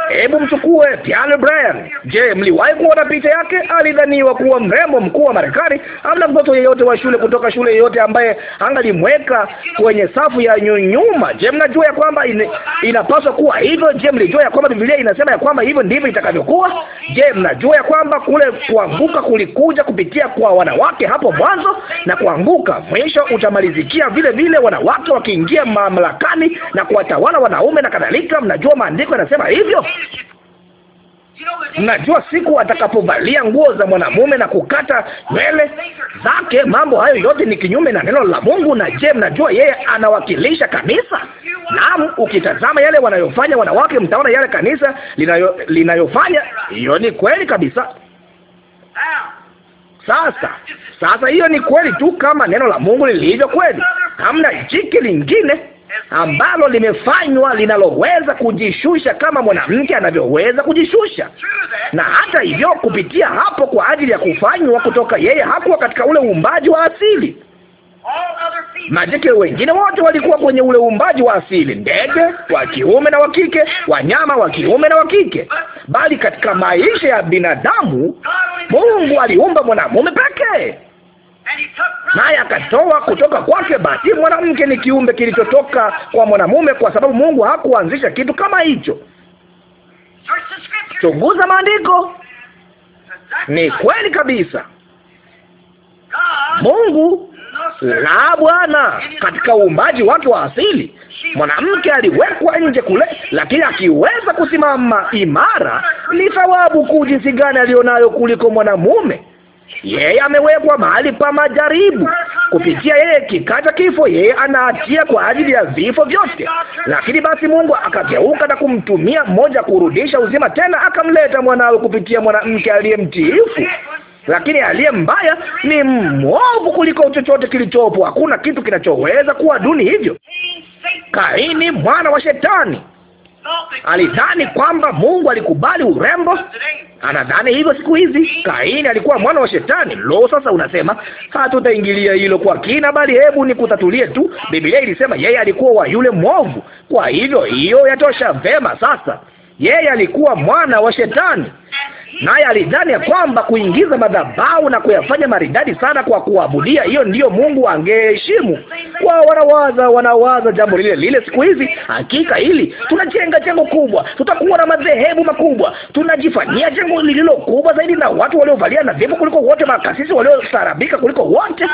Hebu mchukue Piano Brian. Je, mliwahi kuona picha yake? Alidhaniwa kuwa mrembo mkuu wa Marekani. Hamna mtoto yeyote wa shule kutoka shule yeyote ambaye angalimweka kwenye safu ya nyuma. Je, mnajua ya kwamba ina, inapaswa kuwa hivyo? Je, mlijua ya kwamba Biblia inasema ya kwamba hivyo ndivyo itakavyokuwa? Je, mnajua ya kwamba kule kuanguka kulikuja kupitia kwa wanawake hapo mwanzo, na kuanguka mwisho utamalizikia vile vile wanawake wakiingia mamlakani na kuwatawala wanaume na kadhalika. Mnajua maandiko yanasema hivyo. Mnajua siku atakapovalia nguo za mwanamume na kukata nywele zake, mambo hayo yote ni kinyume na neno la Mungu. Na je, mnajua yeye anawakilisha kanisa? Naam, ukitazama yale wanayofanya wanawake, mtaona yale kanisa linayo, linayofanya. Hiyo ni kweli kabisa. Sasa sasa, hiyo ni kweli tu kama neno la Mungu lilivyo kweli. Hamna jike lingine ambalo limefanywa linaloweza kujishusha kama mwanamke anavyoweza kujishusha, na hata hivyo kupitia hapo kwa ajili ya kufanywa kutoka yeye. Hakuwa katika ule uumbaji wa asili. Majike wengine wote walikuwa kwenye ule uumbaji wa asili, ndege wa kiume na wa kike, wanyama wa kiume na wa kike, bali katika maisha ya binadamu Mungu aliumba mwanamume pekee naye akatoa kutoka kwake. Basi mwanamke ni kiumbe kilichotoka kwa mwanamume, kwa sababu Mungu hakuanzisha kitu kama hicho. Chunguza maandiko, ni kweli kabisa. Mungu la Bwana katika uumbaji wake wa asili, mwanamke aliwekwa nje kule, lakini akiweza kusimama imara. Ni thawabu kuu jinsi gani alionayo kuliko mwanamume. Yeye amewekwa mahali pa majaribu. Kupitia yeye kikata kifo, yeye anaatia kwa ajili ya vifo vyote. Lakini basi Mungu akageuka na kumtumia mmoja kurudisha uzima tena, akamleta mwanawe kupitia mwanamke aliyemtiifu lakini aliye mbaya ni mwovu kuliko chochote kilichopo. Hakuna kitu kinachoweza kuwa duni hivyo. Kaini mwana wa Shetani Alidhani kwamba Mungu alikubali urembo, anadhani hivyo siku hizi. Kaini alikuwa mwana wa Shetani. Lo, sasa unasema hatutaingilia hilo kwa kina, bali hebu nikutatulie tu. Biblia ilisema yeye alikuwa wa yule mwovu, kwa hivyo hiyo yatosha. Vema, sasa yeye alikuwa mwana wa Shetani naye alidhani ya kwamba kuingiza madhabahu na kuyafanya maridadi sana kwa kuabudia, hiyo ndiyo Mungu angeheshimu. kwa wanawaza wanawaza jambo lile lile siku hizi. Hakika hili tunajenga jengo kubwa, tutakuwa na madhehebu makubwa, tunajifanyia jengo lililo kubwa zaidi na watu waliovalia nadhifu kuliko wote, makasisi waliostaarabika kuliko wote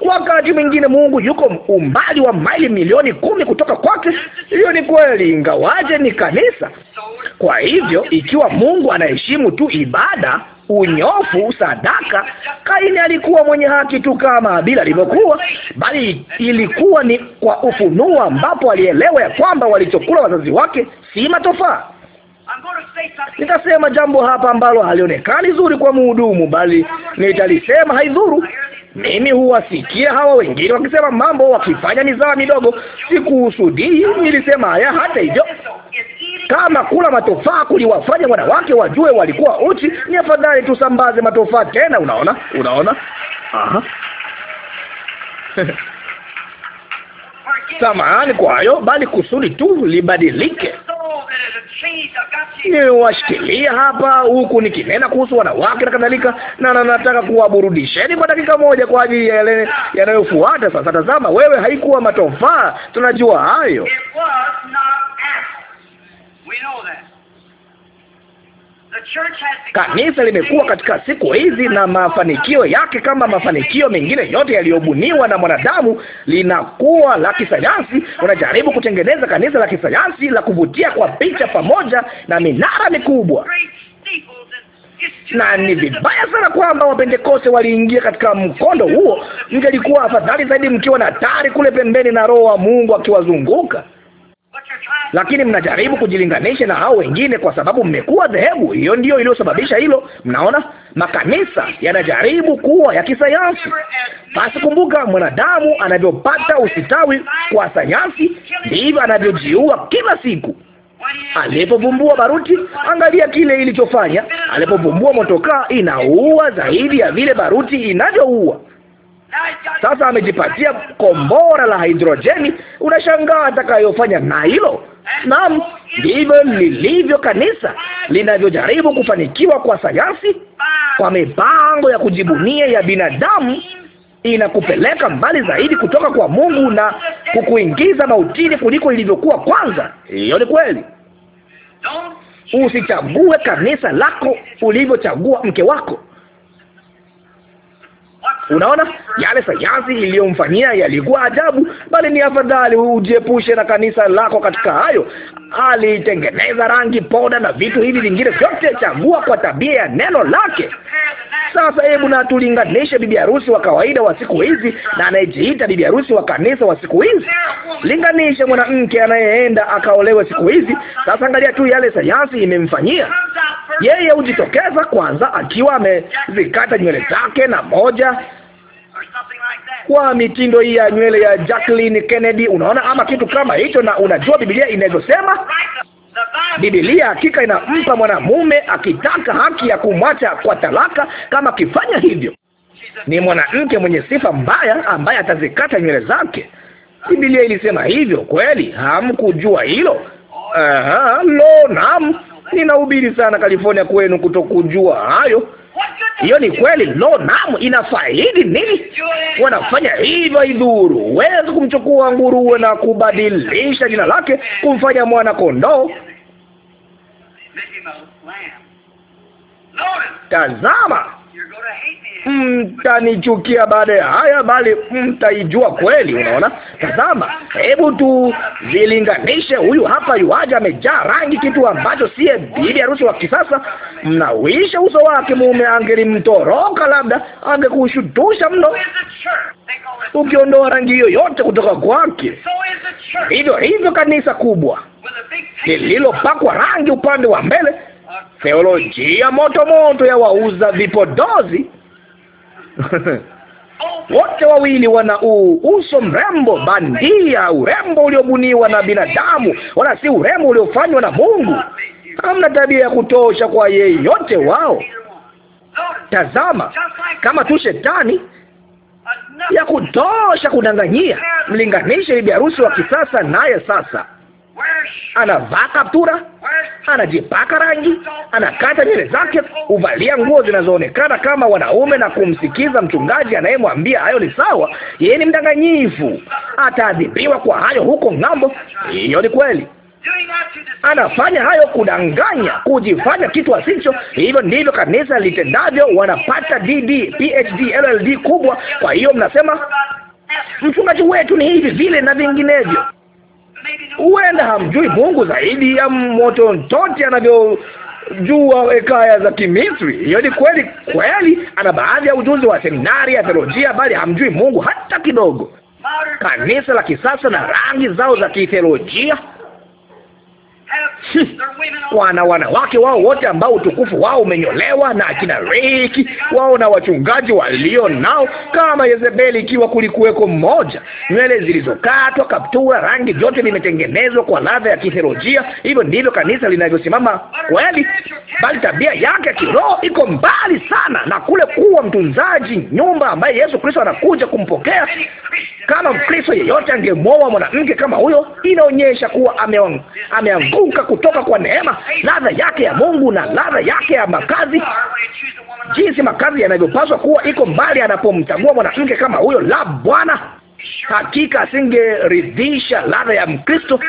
Wakati mwingine Mungu yuko umbali wa maili milioni kumi kutoka kwake. Hiyo ni kweli, ingawaje ni kanisa. Kwa hivyo, ikiwa Mungu anaheshimu tu ibada, unyofu, sadaka, Kaini alikuwa mwenye haki tu kama abila alivyokuwa, bali ilikuwa ni kwa ufunuo ambapo alielewa ya kwamba walichokula wazazi wake si matofaa. Nitasema jambo hapa ambalo halionekani zuri kwa mhudumu, bali nitalisema haidhuru. Mimi huwasikia hawa wengine wakisema mambo, wakifanya mizaa midogo. Sikuhusudii, nilisema haya. Hata hivyo, kama kula matofaa kuliwafanya wanawake wajue walikuwa uchi, ni afadhali tusambaze matofaa tena. Unaona, unaona, aha [laughs] samahani kwa hayo, bali kusudi tu libadilike. Niwashikilia hapa huku nikinena kuhusu wanawake na kadhalika, na nataka kuwaburudisheni kwa dakika moja kwa ajili ya yale yanayofuata. Sasa tazama, wewe, haikuwa matofaa, tunajua hayo. Kanisa limekuwa katika siku hizi na mafanikio yake, kama mafanikio mengine yote yaliyobuniwa na mwanadamu, linakuwa la kisayansi. Unajaribu kutengeneza kanisa la kisayansi la kuvutia kwa picha pamoja na minara mikubwa na ni vibaya sana kwamba Wapentekoste waliingia katika mkondo huo. Ingelikuwa afadhali zaidi mkiwa na tari kule pembeni na Roho wa Mungu akiwazunguka lakini mnajaribu kujilinganisha na hao wengine kwa sababu mmekuwa dhehebu. Hiyo ndiyo iliyosababisha hilo. Mnaona, makanisa yanajaribu kuwa ya kisayansi. Basi kumbuka, mwanadamu anavyopata usitawi kwa sayansi, ndivyo anavyojiua kila siku. Alipovumbua baruti, angalia kile ilichofanya. Alipovumbua motokaa, inaua zaidi ya vile baruti inavyoua. Sasa amejipatia kombora la hidrojeni. Unashangaa atakayofanya na hilo. Naam, ndivyo lilivyo kanisa linavyojaribu kufanikiwa kwa sayansi, kwa mipango ya kujibunia ya binadamu inakupeleka mbali zaidi kutoka kwa Mungu na kukuingiza mautini kuliko ilivyokuwa kwanza. Hiyo ni kweli. Usichague kanisa lako ulivyochagua mke wako. Unaona, yale sayansi iliyomfanyia yalikuwa ajabu, bali ni afadhali ujiepushe na kanisa lako katika hayo. Alitengeneza rangi, poda na vitu hivi vingine vyote. Chagua kwa tabia ya neno lake. Sasa hebu na tulinganishe bibi harusi wa kawaida wa siku hizi na anayejiita bibi harusi wa kanisa wa siku hizi. Linganishe mwanamke anayeenda akaolewe siku hizi. Sasa angalia tu yale sayansi imemfanyia yeye. Hujitokeza kwanza akiwa amezikata nywele zake na moja kwa mitindo hii ya nywele ya Jacqueline Kennedy, unaona, ama kitu kama hicho. Na unajua Biblia inavyosema Biblia hakika inampa mwanamume akitaka haki ya kumwacha kwa talaka. Kama akifanya hivyo, ni mwanamke mwenye sifa mbaya ambaye atazikata nywele zake. Biblia ilisema hivyo kweli? Hamkujua hilo? Aha, lo, naam. Ninahubiri sana California kwenu kutokujua hayo. Hiyo ni kweli. Lo, naam. Inafaidi nini? Wanafanya hivyo idhuru. Huwezi kumchukua nguruwe na kubadilisha jina lake kumfanya mwana kondoo. Tazama! mtanichukia baada ya haya, bali mtaijua kweli. Unaona, tazama, hebu tuzilinganishe. Huyu hapa yuaja amejaa rangi, kitu ambacho siye bibi harusi wa kisasa. Mnawisha uso wake, mume angelimtoroka, labda angekushutusha mno, ukiondoa rangi yoyote kutoka kwake. Hivyo hivyo kanisa kubwa lililopakwa rangi upande wa mbele theolojia moto moto ya wauza vipodozi [laughs] wote wawili wana u, uso mrembo bandia, urembo uliobuniwa na binadamu, wala si urembo uliofanywa na Mungu. Hamna tabia ya kutosha kwa yeyote wao. Tazama, kama tu shetani ya kutosha kudanganyia. Mlinganishe bibi harusi wa kisasa naye sasa anavaa kaptura, anajipaka rangi, anakata nywele zake, huvalia nguo zinazoonekana kama wanaume na kumsikiza mchungaji anayemwambia hayo ni sawa. Yeye ni mdanganyifu, ataadhibiwa kwa hayo huko ng'ambo. Hiyo ni kweli. Anafanya hayo kudanganya, kujifanya kitu asicho. Hivyo ndivyo kanisa litendavyo. Wanapata DD, PhD, LLD kubwa. Kwa hiyo mnasema mchungaji wetu ni hivi vile na vinginevyo. Huenda hamjui Mungu zaidi ya moto ntote anavyojua hekaya za Kimisri. Hiyo ni kweli kweli. Ana baadhi ya ujuzi wa seminari ya theolojia, bali hamjui Mungu hata kidogo. Kanisa la kisasa na rangi zao za kitheolojia wana wanawake wao wote ambao utukufu wao umenyolewa na akina Reki wao na wachungaji walio nao, kama Yezebeli, ikiwa kulikuweko mmoja, nywele zilizokatwa, kaptura, rangi, vyote vimetengenezwa kwa ladha ya kitheolojia. Hivyo ndivyo kanisa linavyosimama kweli, bali tabia yake ya kiroho iko mbali sana na kule kuwa mtunzaji nyumba ambaye Yesu Kristo anakuja kumpokea. Kama Mkristo yeyote angemwoa mwanamke kama huyo, inaonyesha kuwa ameanguka kutoka kwa neema, ladha yake ya Mungu na ladha yake ya makazi, jinsi makazi yanavyopaswa kuwa iko mbali anapomchagua mwanamke kama huyo. La, Bwana Hakika asingeridhisha ladha ya Mkristo.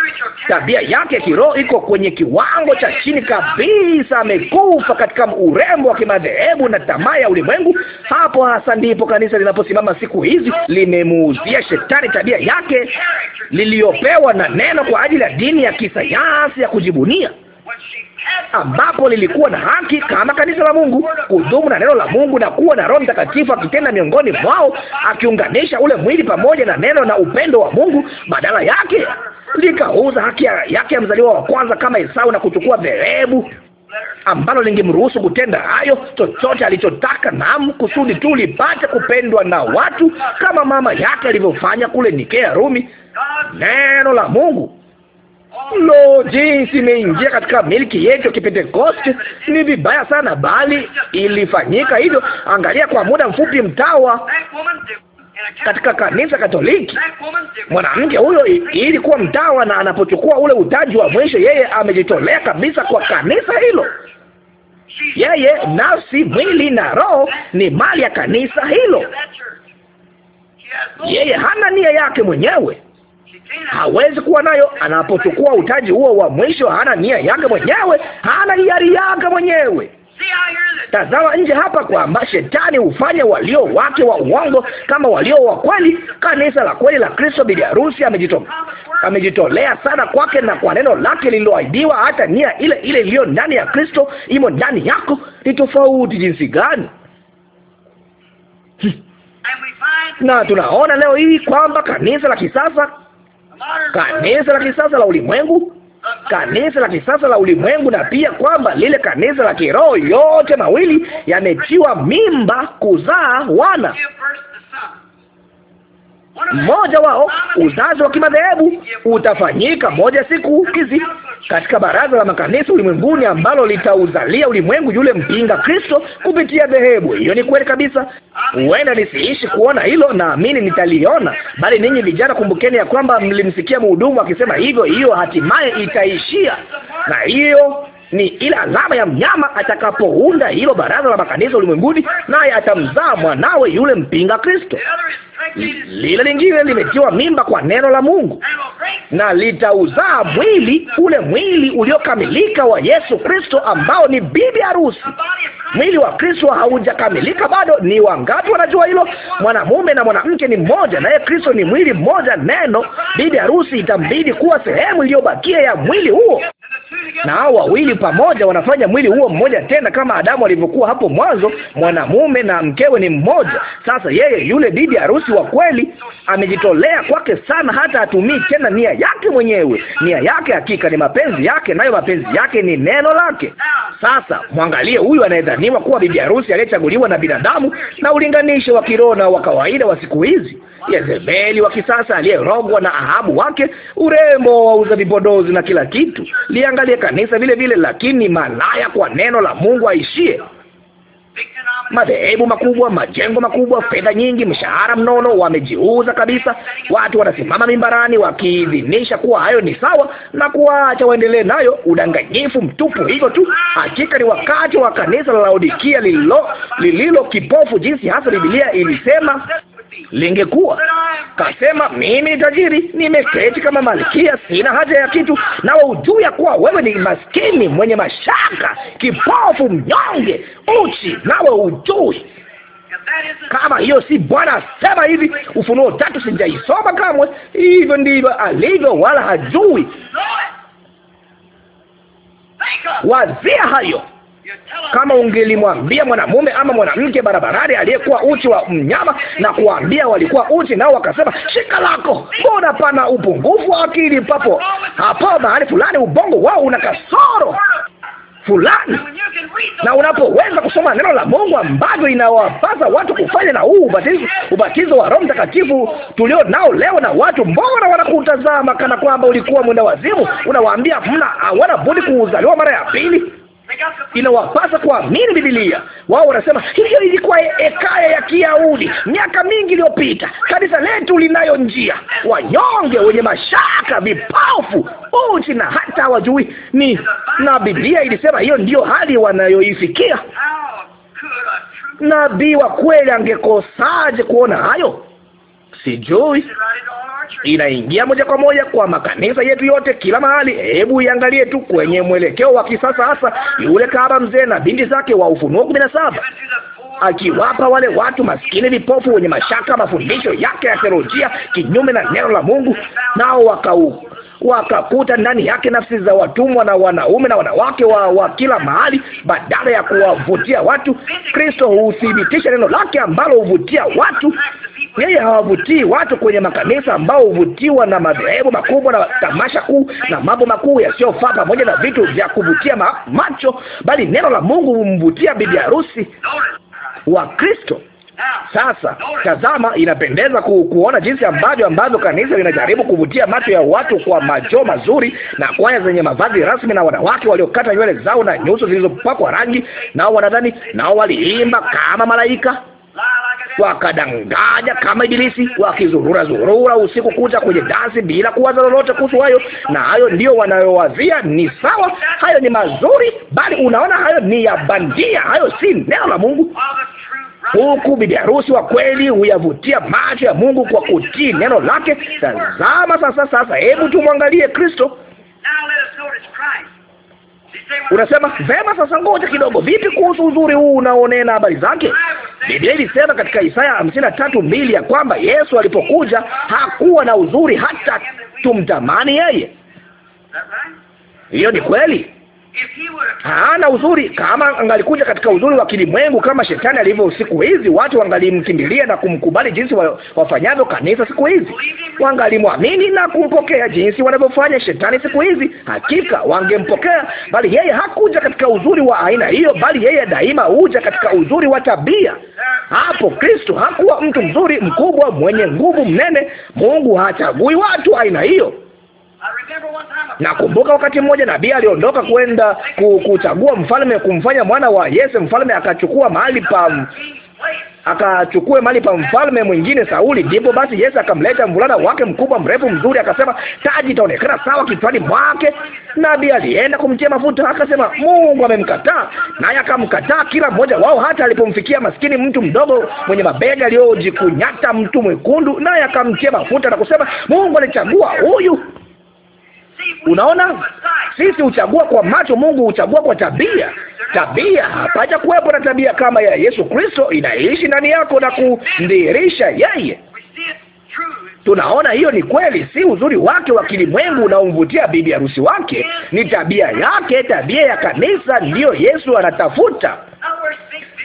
Tabia yake ya kiroho iko kwenye kiwango cha chini kabisa. Amekufa katika urembo wa kimadhehebu na tamaa ya ulimwengu. Hapo hasa ndipo kanisa linaposimama siku hizi, limemuuzia shetani tabia yake liliyopewa na neno kwa ajili ya dini ya kisayansi ya kujibunia ambapo lilikuwa na haki kama kanisa la Mungu, kudumu na neno la Mungu na kuwa na Roho Mtakatifu akitenda miongoni mwao, akiunganisha ule mwili pamoja na neno na upendo wa Mungu. Badala yake likauza haki yake ya mzaliwa wa kwanza kama Esau na kuchukua dhehebu ambalo lingemruhusu kutenda hayo chochote alichotaka, naam, kusudi tu lipate kupendwa na watu kama mama yake alivyofanya kule Nikea Rumi. Neno la Mungu Lo, jinsi imeingia katika milki yetu ya Kipentekoste ni vibaya sana, bali ilifanyika hivyo. Angalia kwa muda mfupi mtawa katika kanisa Katoliki, mwanamke huyo ilikuwa mtawa, na anapochukua ule utaji wa mwisho, yeye amejitolea kabisa kwa kanisa hilo. Yeye nafsi, mwili na roho ni mali ya kanisa hilo. Yeye hana nia yake mwenyewe hawezi kuwa nayo anapochukua utaji huo wa mwisho. Hana nia yake mwenyewe, hana hiari yake mwenyewe. Tazama nje hapa kwamba shetani hufanya walio wake wa uongo kama walio wa kweli. Kanisa la kweli la Kristo, bibi harusi amejito amejitolea sana kwake na kwa neno lake lililoahidiwa. Hata nia ile ile iliyo ndani ya Kristo imo ndani yako. Ni tofauti jinsi gani! Hmm. na tunaona leo hii kwamba kanisa la kisasa kanisa la kisasa la ulimwengu, kanisa la kisasa la ulimwengu, na pia kwamba lile kanisa la kiroho, yote mawili yametiwa mimba kuzaa wana mmoja wao, uzazi wa kimadhehebu utafanyika moja siku hizi katika baraza la makanisa ulimwenguni, ambalo litauzalia ulimwengu yule mpinga Kristo kupitia dhehebu hiyo. Ni kweli kabisa. Huenda nisiishi kuona hilo, naamini nitaliona. Bali ninyi vijana, kumbukeni ya kwamba mlimsikia mhudumu akisema hivyo, hiyo hatimaye itaishia, na hiyo ni ile alama ya mnyama atakapounda hilo baraza la makanisa ulimwenguni, naye atamzaa mwanawe yule mpinga Kristo. Lile lingine limetiwa mimba kwa neno la Mungu na litauzaa mwili, ule mwili uliokamilika wa Yesu Kristo, ambao ni bibi harusi. Mwili wa Kristo haujakamilika bado. Ni wangapi wanajua hilo? Mwanamume na mwanamke ni mmoja, naye Kristo ni mwili mmoja. Neno bibi harusi itambidi kuwa sehemu iliyobakia ya mwili huo na hao wawili pamoja wanafanya mwili huo mmoja tena, kama Adamu alivyokuwa hapo mwanzo, mwanamume na mkewe ni mmoja. Sasa yeye yule bibi harusi wa kweli amejitolea kwake sana, hata atumii tena nia yake mwenyewe. Nia yake hakika ni mapenzi yake, nayo mapenzi yake ni neno lake. Sasa mwangalie huyu anayedhaniwa kuwa bibi harusi aliyechaguliwa na binadamu na ulinganisho wa kiroho na wa kawaida wa siku hizi. Yezebeli wa kisasa aliyerogwa na Ahabu wake, urembo wa uza vipodozi na kila kitu. Liangalie kanisa vile vile, lakini malaya kwa neno la Mungu aishie madhehebu makubwa, majengo makubwa, fedha nyingi, mshahara mnono. Wamejiuza kabisa. Watu wanasimama mimbarani wakiidhinisha kuwa hayo ni sawa na kuwaacha waendelee nayo. Udanganyifu mtupu, hivyo tu. Hakika ni wakati wa kanisa la Laodikia lililo lililo kipofu, jinsi hasa Biblia ilisema lingekuwa kasema, mimi tajiri, nimeketi kama malkia, sina haja ya kitu, na waujuu ya kuwa wewe ni maskini, mwenye mashaka, kipofu, mnyonge, uchi, nawe ujui kama hiyo si Bwana asema hivi. Ufunuo tatu sijaisoma kamwe. Hivyo ndivyo alivyo, wala hajui. Wazia hayo. Kama ungelimwambia mwanamume ama mwanamke barabarani aliyekuwa uchi wa mnyama na kuambia walikuwa uchi, nao wakasema shika lako, mbona pana upungufu wa akili papo hapo mahali fulani, ubongo wao una kasoro fulani na unapoweza kusoma neno la Mungu ambavyo inawapasa watu kufanya, na huu ubatizo, ubatizo wa Roho Mtakatifu tulio nao leo, na watu mbona wanakutazama kana kwamba ulikuwa mwenda wazimu. Unawaambia mna hawana budi kuuzaliwa mara ya pili inawapasa kuamini bibilia Wao wanasema hiyo ilikuwa hekaya ya Kiyahudi miaka mingi iliyopita. Kanisa letu linayo njia, wanyonge, wenye mashaka, vipofu, uchi na hata hawajui ni, na Biblia ilisema hiyo ndiyo hali wanayoifikia. Nabii wa kweli angekosaje kuona hayo? Sijui inaingia moja kwa moja kwa makanisa yetu yote kila mahali. Hebu iangalie tu kwenye mwelekeo wa kisasa, hasa yule kahaba mzee na binti zake wa Ufunuo kumi na saba akiwapa wale watu maskini vipofu wenye mashaka mafundisho yake ya theolojia kinyume na neno la Mungu, nao wakau wakakuta ndani yake nafsi za watumwa na wanaume na wanawake wa, wa kila mahali. Badala ya kuwavutia watu, Kristo huthibitisha neno lake ambalo huvutia watu. Yeye hawavutii watu kwenye makanisa ambao huvutiwa na madhehebu makubwa na tamasha kuu na mambo makuu yasiyofaa pamoja na vitu vya kuvutia ma macho, bali neno la Mungu humvutia bibi harusi wa Kristo. Sasa tazama, inapendeza ku, kuona jinsi ambavyo ambavyo kanisa linajaribu kuvutia macho ya watu kwa majoo mazuri na kwaya zenye mavazi rasmi na wanawake waliokata nywele zao na nyuso zilizopakwa rangi, nao wanadhani nao waliimba kama malaika wakadanganya kama Ibilisi, wakizurura zurura usiku kucha kwenye dansi bila kuwaza lolote kuhusu hayo, na hayo ndiyo wanayowazia. Ni sawa, hayo ni mazuri, bali unaona, hayo ni ya bandia, hayo si neno la Mungu huku bibi harusi wa kweli huyavutia macho ya Mungu kwa kutii neno lake. Tazama sasa, sasa, hebu tumwangalie Kristo. Unasema vema, sasa ngoja kidogo. Vipi kuhusu uzuri huu unaonena habari zake? Biblia ilisema katika Isaya hamsini na tatu mbili ya kwamba Yesu alipokuja hakuwa na uzuri hata tumtamani yeye. Hiyo ni kweli hana uzuri. Kama angalikuja katika uzuri wa kilimwengu kama shetani alivyo siku hizi, watu wangalimkimbilia na kumkubali jinsi wa, wafanyavyo kanisa siku hizi, wangalimwamini na kumpokea jinsi wanavyofanya shetani siku hizi. Hakika wangempokea, bali yeye hakuja katika uzuri wa aina hiyo, bali yeye daima huja katika uzuri wa tabia. Hapo Kristo hakuwa mtu mzuri, mkubwa, mwenye nguvu, mnene. Mungu hachagui watu aina hiyo. Nakumbuka wakati mmoja nabii aliondoka kwenda kuchagua mfalme, kumfanya mwana wa Yese mfalme, akachukua mahali pa akachukue mali pa mfalme mwingine Sauli. Ndipo basi Yesu akamleta mvulana wake mkubwa mrefu mzuri, akasema taji itaonekana sawa kichwani mwake. Nabii alienda kumtia mafuta, akasema Mungu amemkataa, naye akamkataa kila mmoja wao, hata alipomfikia maskini mtu mdogo mwenye mabega aliyojikunyata, mtu mwekundu, naye akamtia mafuta na kusema Mungu alichagua huyu. Unaona, sisi huchagua kwa macho, Mungu huchagua kwa tabia. Tabia hapaja kuwepo na tabia kama ya Yesu Kristo inaishi ndani yako na kudhihirisha yeye. Tunaona hiyo ni kweli, si uzuri wake wa kilimwengu unaomvutia bibi harusi wake, ni tabia yake. Tabia ya kanisa ndiyo Yesu anatafuta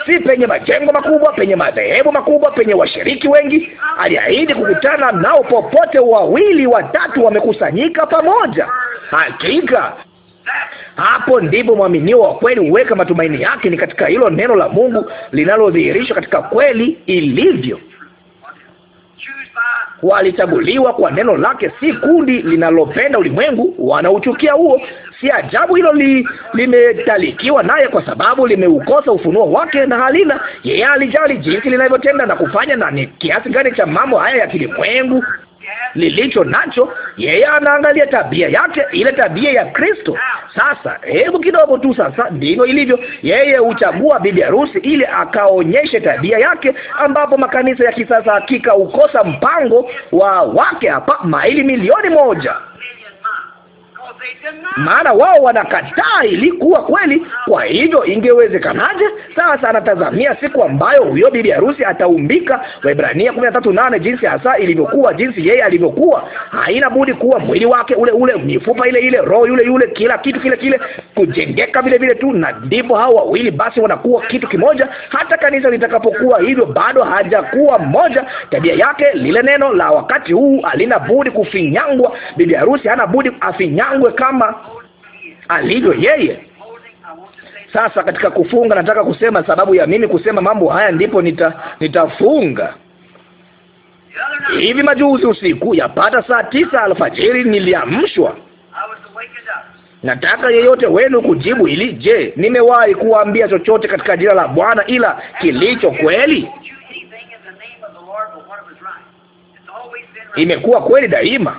si penye majengo makubwa, penye madhehebu makubwa, penye washiriki wengi. Aliahidi kukutana nao popote wawili watatu wamekusanyika pamoja. Hakika hapo ndipo mwaminio wa kweli huweka matumaini yake, ni katika hilo neno la Mungu linalodhihirishwa katika kweli ilivyo. Walichaguliwa kwa neno lake, si kundi linalopenda ulimwengu, wanauchukia huo, Si ajabu hilo li, limetalikiwa naye, kwa sababu limeukosa ufunuo wake na halina. Yeye alijali jinsi linavyotenda na kufanya na ni kiasi gani cha mambo haya ya kilimwengu lilicho nacho. Yeye anaangalia tabia yake, ile tabia ya Kristo. Sasa hebu kidogo tu, sasa ndivyo ilivyo. Yeye huchagua bibi harusi ili akaonyeshe tabia yake, ambapo makanisa ya kisasa hakika ukosa mpango wa wake hapa maili milioni moja maana wao wanakataa ili kuwa kweli. Kwa hivyo ingewezekanaje? Sasa anatazamia siku ambayo huyo bibi harusi ataumbika, Waebrania 13:8, jinsi hasa ilivyokuwa, jinsi yeye alivyokuwa haina budi kuwa mwili wake ule ule, mifupa ile ile, roho yule yule, kila kitu kile kile, kujengeka vile vile tu, na ndipo hao wawili basi wanakuwa kitu kimoja. Hata kanisa litakapokuwa hivyo, bado hajakuwa mmoja. Tabia yake, lile neno la wakati huu alina budi kufinyangwa. Bibi harusi hana budi afinyangwe kama alivyo yeye. Sasa katika kufunga, nataka kusema sababu ya mimi kusema mambo haya, ndipo nita nitafunga Hivi majuzi usiku, yapata saa tisa alfajiri, niliamshwa. Nataka yeyote wenu kujibu hili. Je, nimewahi kuambia chochote katika jina la Bwana ila kilicho kweli? Imekuwa kweli daima.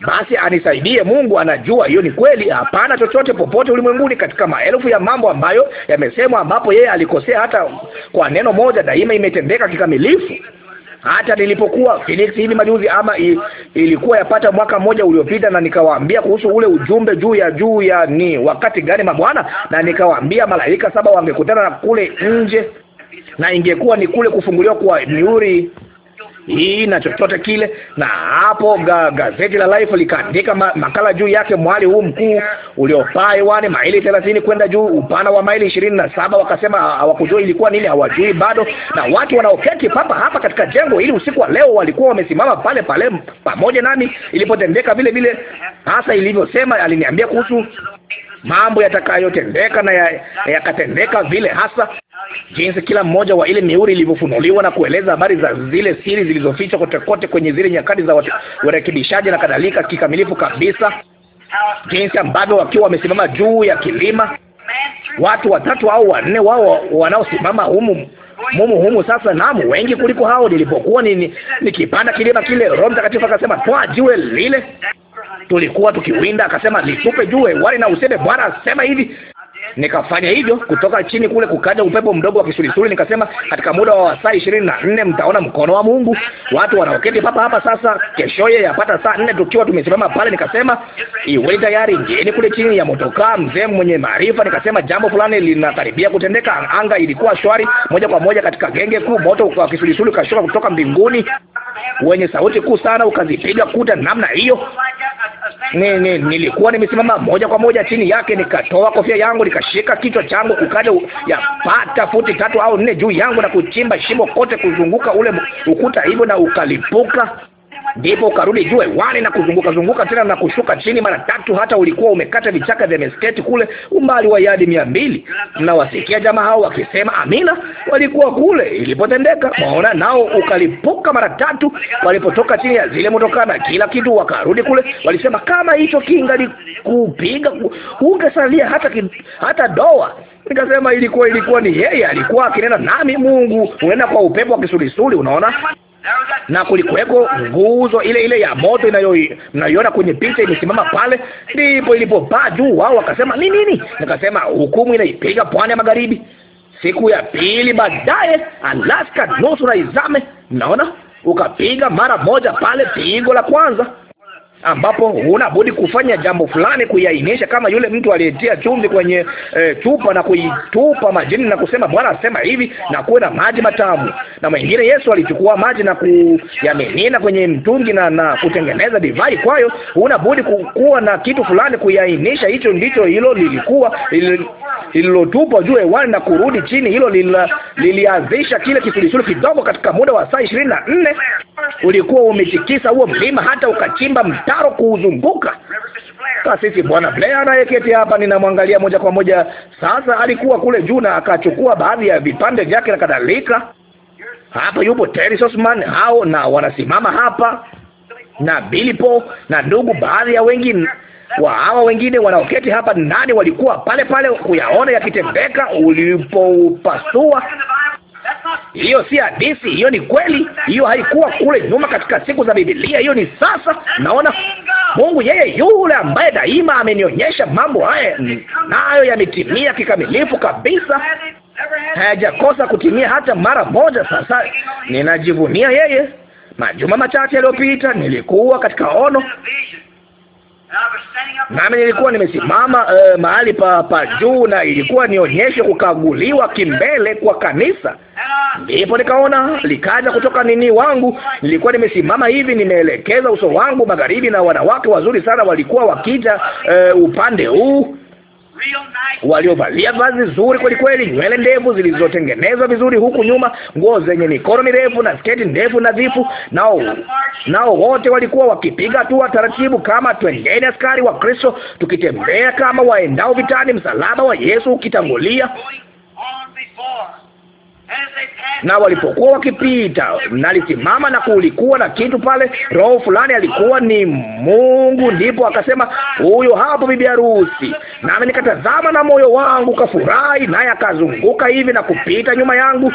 Basi anisaidie Mungu, anajua hiyo ni kweli. Hapana chochote popote ulimwenguni katika maelfu ya mambo ambayo yamesemwa, ambapo yeye alikosea hata kwa neno moja, daima imetendeka kikamilifu. Hata nilipokuwa Phoenix hivi majuzi, ama ilikuwa yapata mwaka mmoja uliopita, na nikawaambia kuhusu ule ujumbe juu ya juu ya ni wakati gani mabwana, na nikawaambia malaika saba wangekutana kule nje, na ingekuwa ni kule kufunguliwa kwa miuri hii na chochote kile. Na hapo ga, gazeti la Life likaandika ma, makala juu yake. Mwali huu mkuu uliopaa hewani maili thelathini kwenda juu, upana wa maili ishirini na saba. Wakasema hawakujua ilikuwa nini, hawajui bado. Na watu wanaoketi papa hapa katika jengo hili usiku wa leo walikuwa wamesimama pale pale pamoja nami ilipotendeka, vile vile hasa ilivyosema. Aliniambia kuhusu mambo yatakayotendeka na yakatendeka ya vile hasa jinsi kila mmoja wa ile mihuri ilivyofunuliwa na kueleza habari za zile siri zilizofichwa kote kote kwenye zile nyakati za warekebishaji na kadhalika, kikamilifu kabisa, jinsi ambavyo wakiwa wamesimama juu ya kilima, watu watatu au wanne wao wanaosimama humu mumu humu sasa, naam, wengi kuliko hao. Nilipokuwa nikipanda ni, kilima kile, Roho Mtakatifu akasema toa jiwe lile tulikuwa tukiwinda, akasema litupe juu hewani na useme Bwana asema hivi. Nikafanya hivyo kutoka chini kule, kukaja upepo mdogo wa kisulisuli. Nikasema katika muda wa saa ishirini na nne mtaona mkono wa Mungu. Watu wanaoketi papa hapa sasa, keshoye yapata saa nne tukiwa tumesimama pale, nikasema iweni tayari, ingieni kule chini ya motokaa. Mzee mwenye maarifa, nikasema jambo fulani linakaribia kutendeka. Anga ilikuwa shwari moja kwa moja katika genge kuu. Moto wa kisulisuli ukashuka kutoka mbinguni wenye sauti kuu sana, ukazipiga kuta namna hiyo ni, ni, nilikuwa nimesimama moja kwa moja chini yake, nikatoa kofia yangu, nikashika kichwa changu, ukaja yapata futi tatu au nne juu yangu na kuchimba shimo kote kuzunguka ule ukuta hivyo, na ukalipuka. Ndipo ukarudi juu hewani na kuzunguka zunguka tena na kushuka chini mara tatu, hata ulikuwa umekata vichaka vya mesketi kule umbali wa yadi mia mbili. Mnawasikia jamaa hao wakisema amina? Walikuwa kule ilipotendeka, maona nao ukalipuka mara tatu. Walipotoka chini ya zile motokaa na kila kitu, wakarudi kule, walisema kama hicho kupiga ungesalia hata, hata doa Nikasema ilikuwa ilikuwa ni yeye alikuwa akinena nami. Mungu unaenda kwa upepo wa kisulisuli, unaona na kulikuweko nguzo ile ile ya moto mnayoiona kwenye picha imesimama pale. Ndipo ilipopaa juu, wao wakasema ni nini? Nikasema hukumu inaipiga pwani ya magharibi. Siku ya pili baadaye, Alaska nusu na izame, naona ukapiga mara moja pale, pigo la kwanza ambapo huna budi kufanya jambo fulani kuiainisha, kama yule mtu aliyetia chumvi kwenye e, chupa na kuitupa majini na kusema Bwana asema hivi, na kuwe na maji matamu. Na mwingine Yesu alichukua maji na kuyamimina kwenye mtungi na, na kutengeneza divai kwayo. Huna budi kuwa na kitu fulani kuiainisha, hicho ndicho hilo lilikuwa lililotupwa juu hewani na kurudi chini. Hilo liliazisha kile kisulisuli kidogo katika muda wa saa ishirini na nne. Ulikuwa umetikisa huo mlima hata ukachimba mta mtaro kuuzunguka. Kasisi Bwana Blair anayeketi hapa, ninamwangalia moja kwa moja sasa. Alikuwa kule juu na akachukua baadhi ya vipande vyake na kadhalika. Hapa yupo Terry Osman, hao na wanasimama hapa na Billy Paul na ndugu, baadhi ya wengine wa hawa wengine wanaoketi hapa ndani walikuwa pale pale kuyaona yakitembeka ulipoupasua. Hiyo si hadithi, hiyo ni kweli. Hiyo haikuwa kule nyuma katika siku za Biblia, hiyo ni sasa. Naona Mungu yeye yule ambaye daima amenionyesha mambo haya, nayo yametimia kikamilifu kabisa, hayajakosa kutimia hata mara moja. Sasa ninajivunia yeye. Majuma machache yaliyopita nilikuwa katika ono nami nilikuwa nimesimama uh, mahali pa, pa juu na ilikuwa nionyeshe kukaguliwa kimbele kwa kanisa. Ndipo nikaona likaja kutoka nini wangu. Nilikuwa nimesimama hivi, nimeelekeza uso wangu magharibi, na wanawake wazuri sana walikuwa wakija uh, upande huu waliovalia vazi zuri kweli kweli, nywele ndefu zilizotengenezwa vizuri huku nyuma, nguo zenye mikono mirefu na sketi ndefu nadhifu. Nao nao wote walikuwa wakipiga hatua taratibu, kama twendeni askari wa Kristo, tukitembea kama waendao vitani, msalaba wa Yesu ukitangulia na walipokuwa wakipita, nalisimama na kulikuwa na kitu pale, roho fulani alikuwa ni Mungu. Ndipo akasema huyo hapo bibi harusi, nami nikatazama na moyo wangu kafurahi, naye akazunguka hivi na kupita nyuma yangu.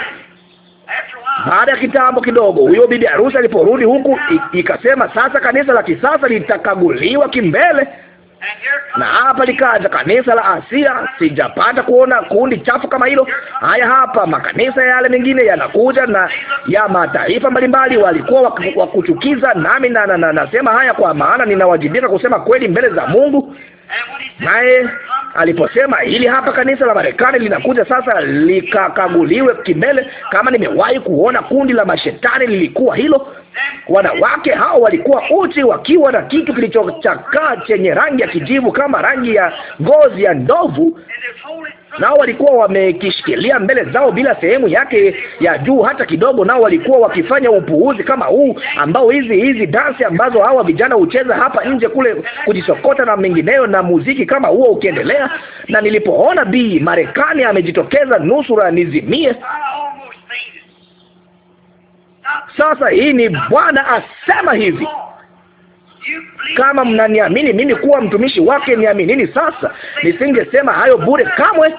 Baada ya kitambo kidogo, huyo bibi harusi aliporudi huku, ikasema sasa kanisa la kisasa litakaguliwa kimbele na hapa likaja kanisa la Asia. Sijapata kuona kundi chafu kama hilo. Haya hapa makanisa yale mengine yanakuja na ya mataifa mbalimbali, walikuwa wakuchukiza nami, na nasema haya kwa maana ninawajibika kusema kweli mbele za Mungu naye aliposema hili hapa kanisa la Marekani linakuja sasa likakaguliwe kimbele. Kama nimewahi kuona kundi la mashetani lilikuwa hilo. Wanawake hao walikuwa uchi wakiwa na kitu kilichochakaa chenye rangi ya kijivu kama rangi ya ngozi ya ndovu, nao walikuwa wamekishikilia mbele zao bila sehemu yake ya juu hata kidogo, nao walikuwa wakifanya upuuzi kama huu ambao hizi hizi dansi ambazo hawa vijana hucheza hapa nje kule, kujisokota na mengineyo, na muziki kama huo ukiendelea. Na nilipoona Bi Marekani amejitokeza, nusura nizimie. Sasa hii ni Bwana asema hivi kama mnaniamini mimi kuwa mtumishi wake, niaminini sasa. Nisingesema hayo bure kamwe.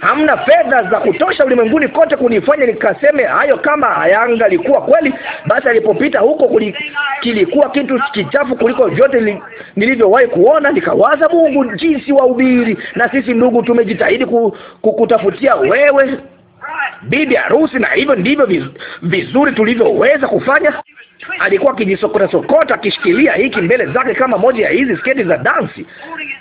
Hamna fedha za kutosha ulimwenguni kote kunifanya nikaseme hayo kama hayangalikuwa kweli. Basi alipopita huko kuli, kilikuwa kitu kichafu kuliko vyote nilivyowahi kuona. Nikawaza, Mungu, jinsi wa ubiri na sisi ndugu tumejitahidi kukutafutia wewe bibi harusi, na hivyo ndivyo vizuri tulivyoweza kufanya alikuwa akijisokota sokota akishikilia hiki mbele zake kama moja ya hizi sketi za dansi,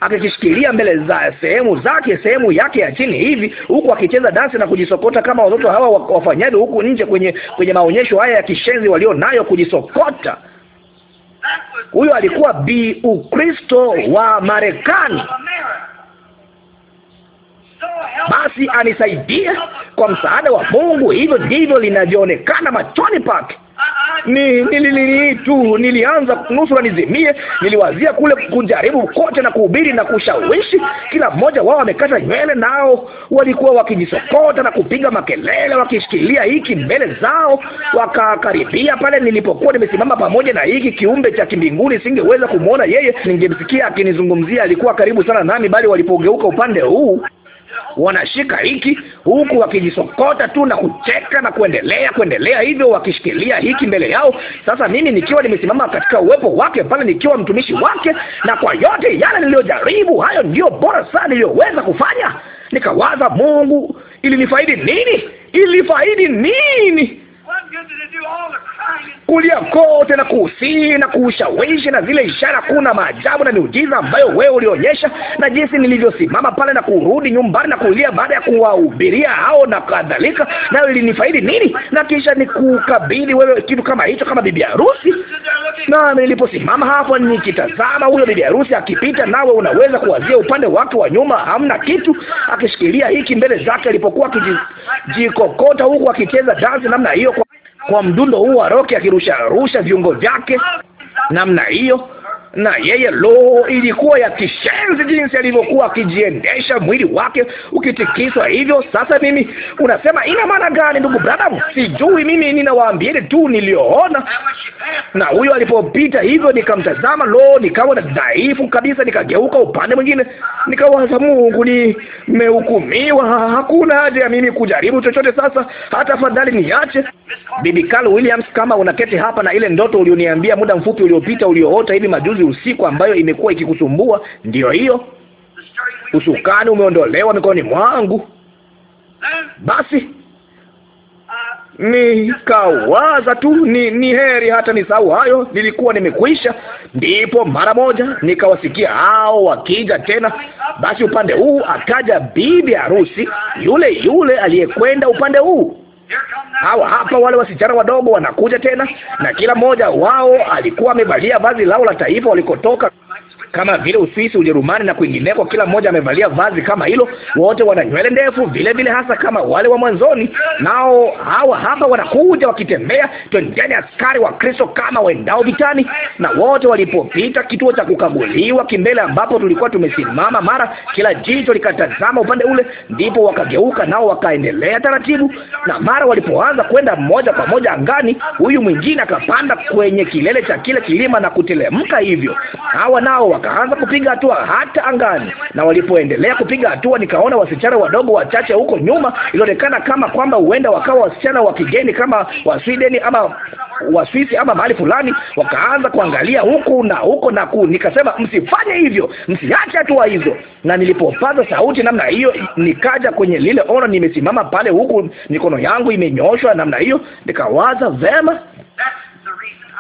akikishikilia mbele za sehemu zake sehemu yake ya chini hivi, huku akicheza dansi na kujisokota kama watoto hawa wafanyavyo huku nje kwenye kwenye maonyesho haya ya kishenzi walionayo, kujisokota. Huyo alikuwa bi Ukristo wa Marekani basi anisaidia kwa msaada wa Mungu. Hivyo ndivyo linavyoonekana machoni pake. Ni, ni, ni, ni tu nilianza nusura nizimie. Niliwazia kule kujaribu kote na kuhubiri na kushawishi. Kila mmoja wao amekata nywele, nao walikuwa wakijisokota na kupiga makelele, wakishikilia hiki mbele zao. Wakakaribia pale nilipokuwa nimesimama pamoja na hiki kiumbe cha kimbinguni. Singeweza kumwona yeye, ningemsikia akinizungumzia. Alikuwa karibu sana nami, bali walipogeuka upande huu wanashika hiki huku wakijisokota tu na kucheka na kuendelea kuendelea hivyo, wakishikilia hiki mbele yao. Sasa mimi nikiwa nimesimama katika uwepo wake pale, nikiwa mtumishi wake, na kwa yote yale niliyojaribu, hayo ndiyo bora sana niliyoweza kufanya. Nikawaza, Mungu, ilinifaidi nini? ilifaidi nini? kulia kote na kuusii na kuushawishi na zile ishara kuna maajabu na miujiza ambayo wewe ulionyesha, na jinsi nilivyosimama pale na kurudi nyumbani na kulia baada ya kuwahubiria hao na kadhalika, nayo ilinifaidi nini? Na kisha nikukabidhi wewe kitu kama hicho, kama bibi harusi. Na niliposimama hapo nikitazama huyo bibi harusi akipita, nawe unaweza kuwazia upande wake wa nyuma, hamna kitu, akishikilia hiki mbele zake, alipokuwa akijikokota huku akicheza dansi namna hiyo kwa kwa mdundo huu wa roki, akirusha rusha viungo vyake namna hiyo na yeye, lo, ilikuwa ya kishenzi jinsi alivyokuwa akijiendesha mwili wake ukitikiswa hivyo. Sasa mimi unasema ina maana gani, ndugu Branham? Sijui, mimi ninawaambieni tu niliyoona. Na huyo alipopita hivyo, nikamtazama, lo, nikawa na dhaifu kabisa, nikageuka upande mwingine, nikawaza, Mungu, nimehukumiwa. Hakuna haja ya mimi kujaribu chochote sasa, hata afadhali niache. Bibi Carl Williams, kama unaketi hapa na ile ndoto ulioniambia muda mfupi uliopita ulioota hivi majuzi hii usiku ambayo imekuwa ikikusumbua. Ndiyo hiyo, usukani umeondolewa mikononi mwangu. Basi nikawaza tu ni, ni heri hata nisahau hayo, nilikuwa nimekwisha. Ndipo mara moja nikawasikia hao wakija tena. Basi upande huu akaja bibi harusi yule yule aliyekwenda upande huu hawa hapa wale wasichana wadogo wanakuja tena, na kila mmoja wao alikuwa amevalia vazi lao la taifa walikotoka kama vile Uswisi, Ujerumani na kwingineko. Kila mmoja amevalia vazi kama hilo, wote wana nywele ndefu vile vile, hasa kama wale wa mwanzoni. Nao hawa hapa wanakuja wakitembea, twendeni askari wa Kristo kama waendao vitani. Na wote walipopita kituo cha kukaguliwa kimbele, ambapo tulikuwa tumesimama, mara kila jicho likatazama upande ule, ndipo wakageuka nao wakaendelea taratibu. Na mara walipoanza kwenda moja kwa moja angani, huyu mwingine akapanda kwenye kilele cha kile kilima na kutelemka hivyo. Hawa nao wakaanza kupiga hatua hata angani, na walipoendelea kupiga hatua, nikaona wasichana wadogo wachache huko nyuma. Ilionekana kama kwamba huenda wakawa wasichana wa kigeni kama Waswideni ama Waswisi ama mahali fulani, wakaanza kuangalia huku na huko na ku, nikasema msifanye hivyo, msiache hatua hizo. Na nilipopaza sauti namna hiyo, nikaja kwenye lile ono, nimesimama pale, huku mikono yangu imenyoshwa namna hiyo, nikawaza vema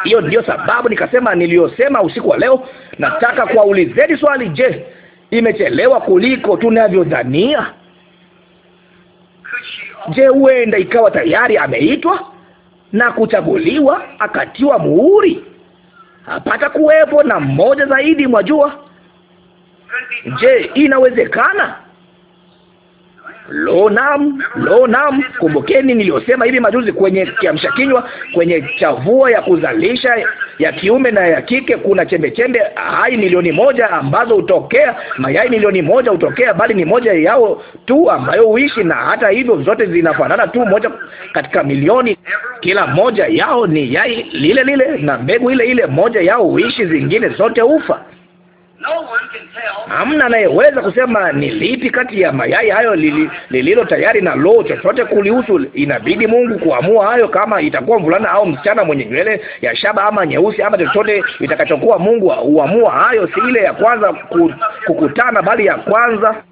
hiyo ndiyo sababu nikasema niliyosema usiku wa leo. Nataka kuwaulizeni swali. Je, imechelewa kuliko tunavyodhania? Je, huenda ikawa tayari ameitwa na kuchaguliwa akatiwa muhuri, hapata kuwepo na mmoja zaidi, mwajua? Je, inawezekana? Lo, naam, lo, naam. Kumbukeni niliyosema hivi majuzi kwenye kiamsha kinywa, kwenye chavua ya kuzalisha ya kiume na ya kike kuna chembechembe hai milioni moja ambazo hutokea, mayai milioni moja hutokea, bali ni moja yao tu ambayo huishi, na hata hivyo zote zinafanana tu, moja katika milioni. Kila moja yao ni yai lile lile na mbegu ile ile, moja yao huishi, zingine zote ufa. Hamna anayeweza kusema ni lipi kati ya mayai hayo lililo tayari na loo, chochote kulihusu. Inabidi Mungu kuamua hayo, kama itakuwa mvulana au msichana mwenye nywele ya shaba ama nyeusi ama chochote itakachokuwa. Mungu huamua hayo, si ile ya kwanza kukutana, bali ya kwanza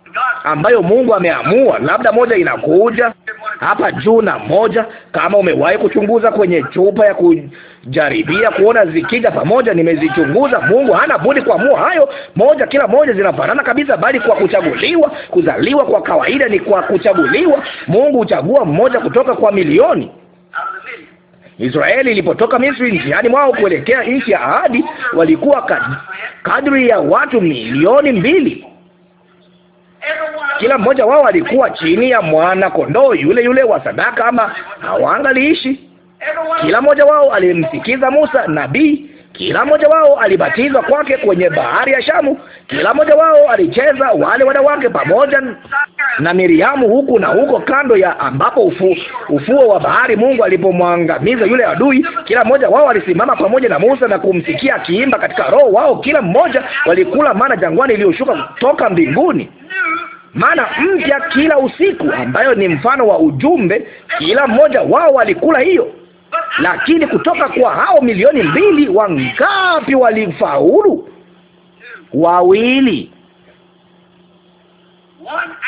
ambayo Mungu ameamua. Labda moja inakuja hapa juu na moja, kama umewahi kuchunguza kwenye chupa ya kujaribia kuona zikija pamoja. Nimezichunguza. Mungu hana budi kuamua hayo moja, kila moja zinafanana kabisa, bali kwa kuchaguliwa. Kuzaliwa kwa kawaida ni kwa kuchaguliwa. Mungu huchagua mmoja kutoka kwa milioni. Israeli ilipotoka Misri njiani mwao kuelekea nchi ya ahadi walikuwa kadri ya watu milioni mbili. Kila mmoja wao alikuwa chini ya mwana kondoo yule yule wa sadaka, ama hawaangaliishi. Kila mmoja wao alimsikiza Musa nabii kila mmoja wao alibatizwa kwake kwenye bahari ya Shamu. Kila mmoja wao alicheza wale wanawake pamoja na Miriamu huku na huko kando ya ambapo ufu, ufuo wa bahari Mungu alipomwangamiza yule adui. Kila mmoja wao alisimama pamoja na Musa na kumsikia akiimba katika roho wao. Kila mmoja walikula mana jangwani iliyoshuka kutoka mbinguni. Maana mpya kila usiku, ambayo ni mfano wa ujumbe. Kila mmoja wao walikula hiyo, lakini kutoka kwa hao milioni mbili, wangapi walifaulu? Wawili.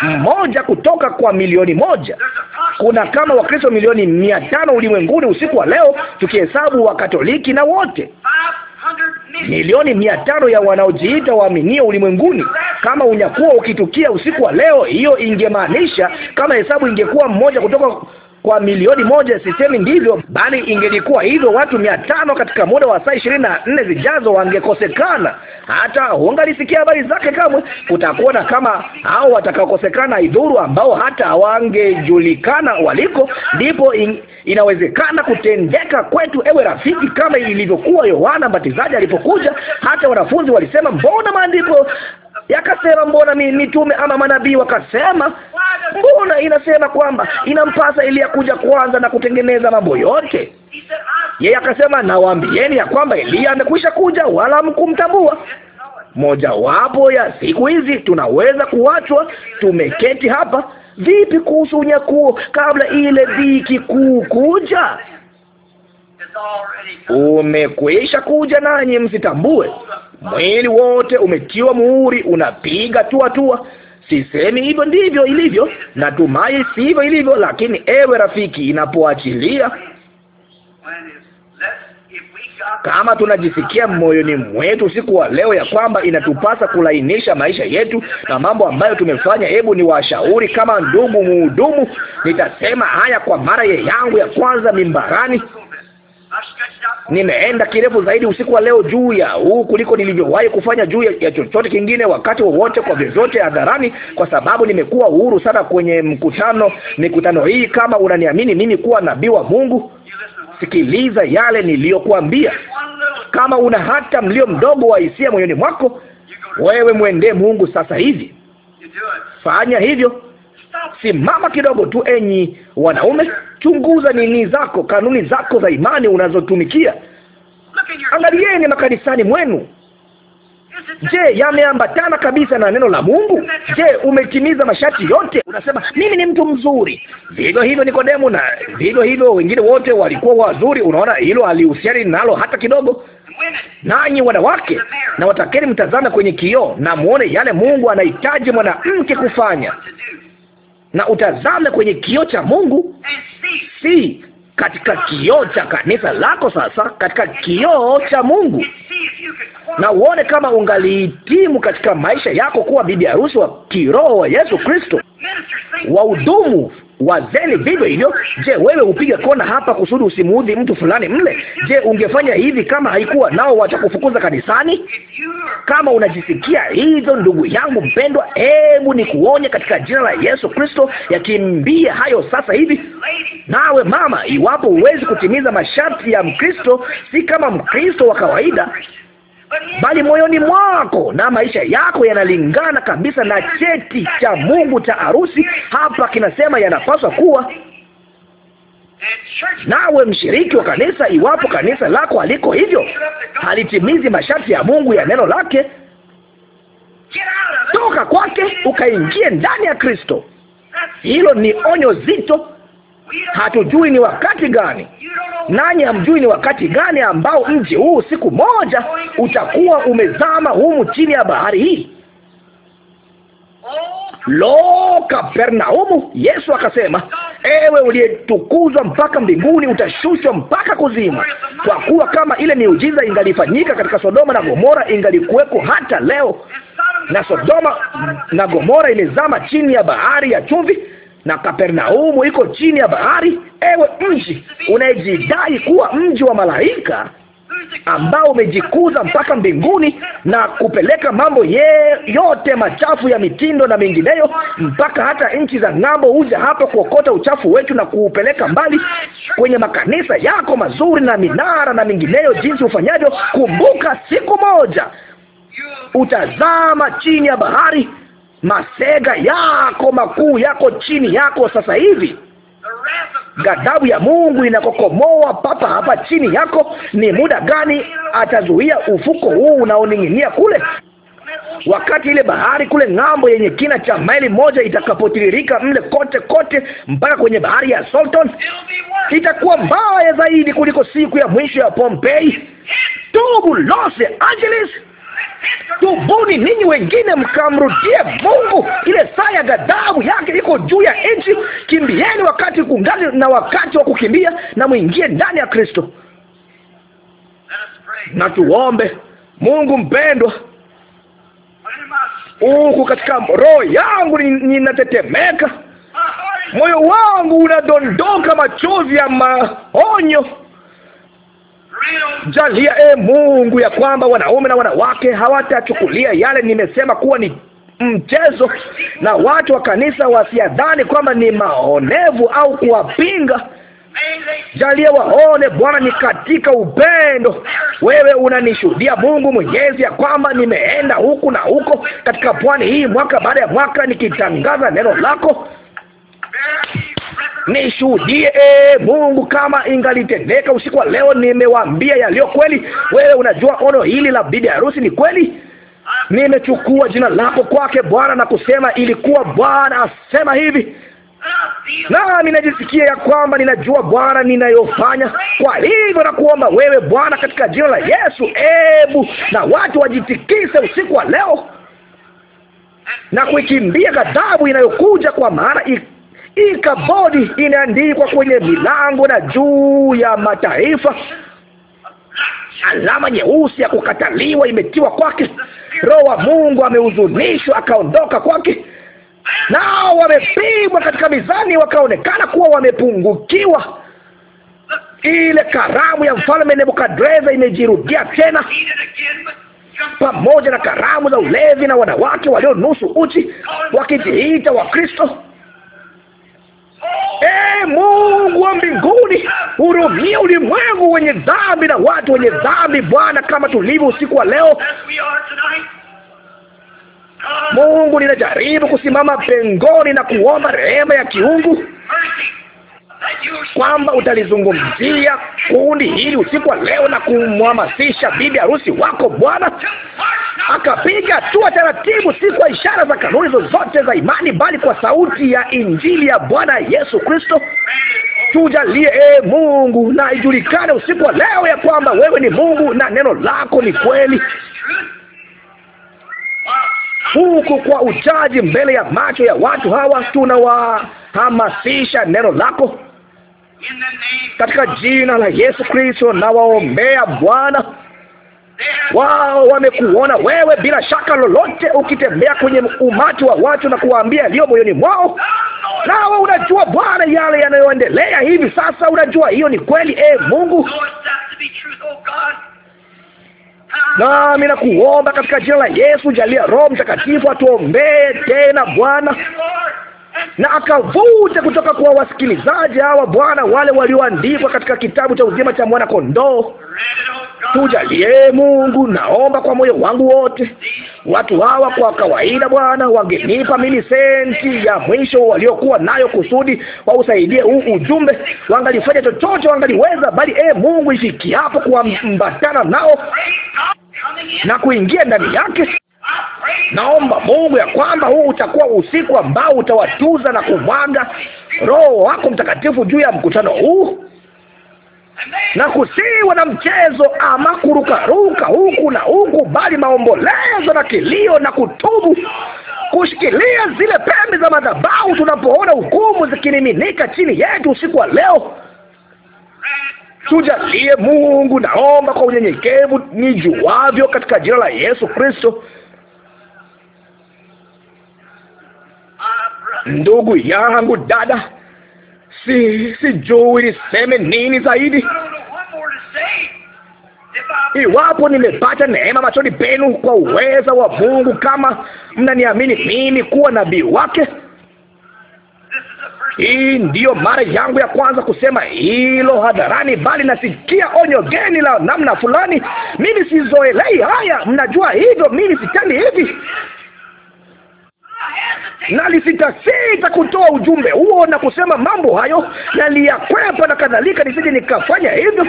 Mmoja kutoka kwa milioni moja. Kuna kama Wakristo milioni mia tano ulimwenguni usiku wa leo, tukihesabu Wakatoliki na wote milioni mia tano ya wanaojiita waaminio ulimwenguni. Kama unyakuo ukitukia usiku wa leo, hiyo ingemaanisha kama hesabu ingekuwa mmoja kutoka kwa milioni moja. Sisemi ndivyo, bali ingelikuwa hivyo, watu mia tano katika muda wa saa ishirini na nne zijazo wangekosekana. Hata hungalisikia habari zake kamwe. Kutakuwa na kama hao watakaokosekana, idhuru ambao hata hawangejulikana waliko. Ndipo in, inawezekana kutendeka kwetu, ewe rafiki, kama ilivyokuwa Yohana Mbatizaji alipokuja. Hata wanafunzi walisema, mbona maandiko yakasema, mbona mitume ama manabii wakasema? Mbona inasema kwamba inampasa Eliya kuja kwanza na kutengeneza mambo yote? Yeye akasema, nawaambieni ya kwamba Eliya amekwisha kuja, wala mkumtambua Mojawapo ya siku hizi tunaweza kuachwa tumeketi hapa. Vipi kuhusu unyakuo kabla ile dhiki kuu kuja? umekwisha kuja, nanyi msitambue. Mwili wote umetiwa muhuri, unapiga tua tua. Sisemi hivyo ndivyo ilivyo, natumai sivyo ilivyo, lakini ewe rafiki, inapoachilia kama tunajisikia moyoni mwetu usiku wa leo ya kwamba inatupasa kulainisha maisha yetu na mambo ambayo tumefanya, hebu ni washauri kama ndugu muhudumu. Nitasema haya kwa mara yangu ya kwanza mimbarani. Nimeenda kirefu zaidi usiku wa leo juu ya huu kuliko nilivyowahi kufanya juu ya chochote kingine wakati wowote kwa vyovyote hadharani, kwa sababu nimekuwa uhuru sana kwenye mkutano mikutano hii. Kama unaniamini mimi kuwa nabii wa Mungu, sikiliza yale niliyokuambia. Kama una hata mlio mdogo wa hisia moyoni mwako, wewe mwendee Mungu sasa hivi, fanya hivyo simama kidogo tu, enyi wanaume, chunguza nini zako, kanuni zako za imani unazotumikia. Angalieni makanisani mwenu. Je, yameambatana kabisa na neno la Mungu? Je, umetimiza masharti yote? Unasema mimi ni mtu mzuri, vivyo hivyo Nikodemu na vivyo hivyo wengine wote walikuwa wazuri. Unaona, hilo alihusiani nalo hata kidogo. Nanyi wanawake, na watakeni mtazame kwenye kioo na muone yale Mungu anahitaji mwanamke kufanya na utazame kwenye kioo cha Mungu, si katika kioo cha kanisa lako, sasa katika kioo cha Mungu, na uone kama ungalihitimu katika maisha yako kuwa bibi harusi wa kiroho wa Yesu Kristo. Wahudumu, wazeni vivyo hivyo. Je, wewe upiga kona hapa kusudi usimuudhi mtu fulani mle? Je, ungefanya hivi kama haikuwa nao watakufukuza kanisani? Kama unajisikia hivyo, ndugu yangu mpendwa, hebu ni kuonye katika jina la Yesu Kristo, yakimbie hayo sasa hivi. Nawe mama, iwapo huwezi kutimiza masharti ya Mkristo, si kama Mkristo wa kawaida bali moyoni mwako na maisha yako yanalingana kabisa na cheti cha Mungu cha harusi. Hapa kinasema yanapaswa kuwa nawe mshiriki wa kanisa. Iwapo kanisa lako haliko hivyo, halitimizi masharti ya Mungu ya neno lake, toka kwake ukaingie ndani ya Kristo. Hilo ni onyo zito. Hatujui ni wakati gani, nanyi hamjui ni wakati gani ambao mji huu siku moja utakuwa umezama humu chini ya bahari hii. Lo, Kapernaumu! Yesu akasema, ewe uliyetukuzwa mpaka mbinguni, utashushwa mpaka kuzimu. Kwa kuwa kama ile miujiza ingalifanyika katika Sodoma na Gomora, ingalikuweko hata leo. Na Sodoma na Gomora ilizama chini ya bahari ya chumvi, na Kapernaumu iko chini ya bahari. Ewe mji unayejidai kuwa mji wa malaika ambao umejikuza mpaka mbinguni na kupeleka mambo ye yote machafu ya mitindo na mengineyo, mpaka hata nchi za ng'ambo huja hapa kuokota uchafu wetu na kuupeleka mbali kwenye makanisa yako mazuri na minara na mengineyo, jinsi ufanyavyo. Kumbuka, siku moja utazama chini ya bahari Masega yako makuu yako chini yako sasa hivi. Ghadhabu ya Mungu inakokomoa papa hapa chini yako. Ni muda gani atazuia ufuko huu unaoning'inia kule? Wakati ile bahari kule ng'ambo yenye kina cha maili moja itakapotiririka mle kote kote mpaka kwenye bahari ya Salton, itakuwa mbaya zaidi kuliko siku ya mwisho ya Pompeii. Tubu Los Angeles. Tubuni ninyi wengine mkamrudie Mungu. Ile saa ya ghadhabu yake iko juu ya nchi. Kimbieni wakati kungali na wakati wa kukimbia, na mwingie ndani ya Kristo. Na tuombe. Mungu mpendwa, huku katika roho yangu ninatetemeka, moyo wangu unadondoka machozi ya maonyo Jalia e Mungu ya kwamba wanaume na wanawake hawatachukulia yale nimesema kuwa ni mchezo na watu wa kanisa wasiadhani kwamba ni maonevu au kuwapinga. Jalia waone Bwana ni katika upendo. Wewe unanishuhudia Mungu Mwenyezi ya kwamba nimeenda huku na huko katika pwani hii mwaka baada ya mwaka nikitangaza neno lako. Nishuhudie e Mungu, kama ingalitendeka usiku wa leo, nimewaambia yaliyo kweli. Wewe unajua ono hili la bibi harusi ni kweli. Nimechukua jina lako kwake Bwana na kusema ilikuwa Bwana asema hivi, nami najisikia ya kwamba ninajua Bwana ninayofanya. Kwa hivyo nakuomba wewe Bwana, katika jina la Yesu, ebu na watu wajitikise usiku wa leo na kuikimbia ghadhabu inayokuja, kwa maana ikabodi imeandikwa kwenye milango na juu ya mataifa, alama nyeusi ya kukataliwa imetiwa kwake. Roho wa Mungu amehuzunishwa akaondoka kwake, nao wamepimwa katika mizani, wakaonekana kuwa wamepungukiwa. Ile karamu ya mfalme Nebukadreza imejirudia tena pamoja na karamu za ulevi na wanawake walio nusu uchi wakijiita Wakristo. Ee Mungu wa mbinguni, hurumia ulimwengu wenye dhambi na watu wenye dhambi, Bwana, kama tulivyo usiku wa leo. Mungu, ninajaribu kusimama pengoni na kuomba rehema ya kiungu kwamba utalizungumzia kundi hili usiku wa leo na kumhamasisha bibi harusi wako bwana. Akapiga hatua taratibu, si kwa ishara za kanuni zozote za imani, bali kwa sauti ya injili ya Bwana Yesu Kristo. Tujalie e Mungu, na ijulikane usiku wa leo ya kwamba wewe ni Mungu na neno lako ni kweli huku kwa uchaji mbele ya macho ya watu hawa, tunawahamasisha neno lako katika jina la Yesu Kristo, na waombea Bwana wao wamekuona wewe bila shaka lolote ukitembea kwenye umati wa watu na kuwaambia yaliyo moyoni mwao, nawe unajua Bwana yale yanayoendelea hivi sasa. Unajua hiyo ni kweli, e Mungu, oh nami nakuomba katika jina la Yesu, jalia Roho Mtakatifu atuombee tena Bwana na akavuta kutoka kwa wasikilizaji hawa Bwana, wale walioandikwa katika kitabu cha uzima cha mwana kondoo. Tujalie Mungu, naomba kwa moyo wangu wote. Watu hawa kwa kawaida, Bwana, wangenipa mimi senti ya mwisho waliokuwa nayo kusudi wausaidie huu ujumbe, wangalifanya chochote wangaliweza, bali e Mungu, ifikiapo kuambatana nao na kuingia ndani yake Naomba Mungu ya kwamba huu utakuwa usiku ambao utawatuza na kumwaga Roho wako Mtakatifu juu ya mkutano huu na kusiwa na mchezo ama kurukaruka huku na huku, bali maombolezo na kilio na kutubu, kushikilia zile pembe za madhabahu tunapoona hukumu zikimiminika chini yetu usiku wa leo. Tujalie Mungu, naomba kwa unyenyekevu nijuavyo, katika jina la Yesu Kristo. ndugu yangu, dada, si sijui niseme nini zaidi. Iwapo nimepata neema machoni penu kwa uweza wa Mungu, kama mnaniamini mimi kuwa nabii wake, hii ndiyo mara yangu ya kwanza kusema hilo hadharani, bali nasikia onyo geni la namna fulani. Mimi sizoelei haya, mnajua hivyo. Mimi sitendi hivi na alisitasita kutoa ujumbe huo na kusema mambo hayo, naliyakwepa na kadhalika, nisije nikafanya hivyo,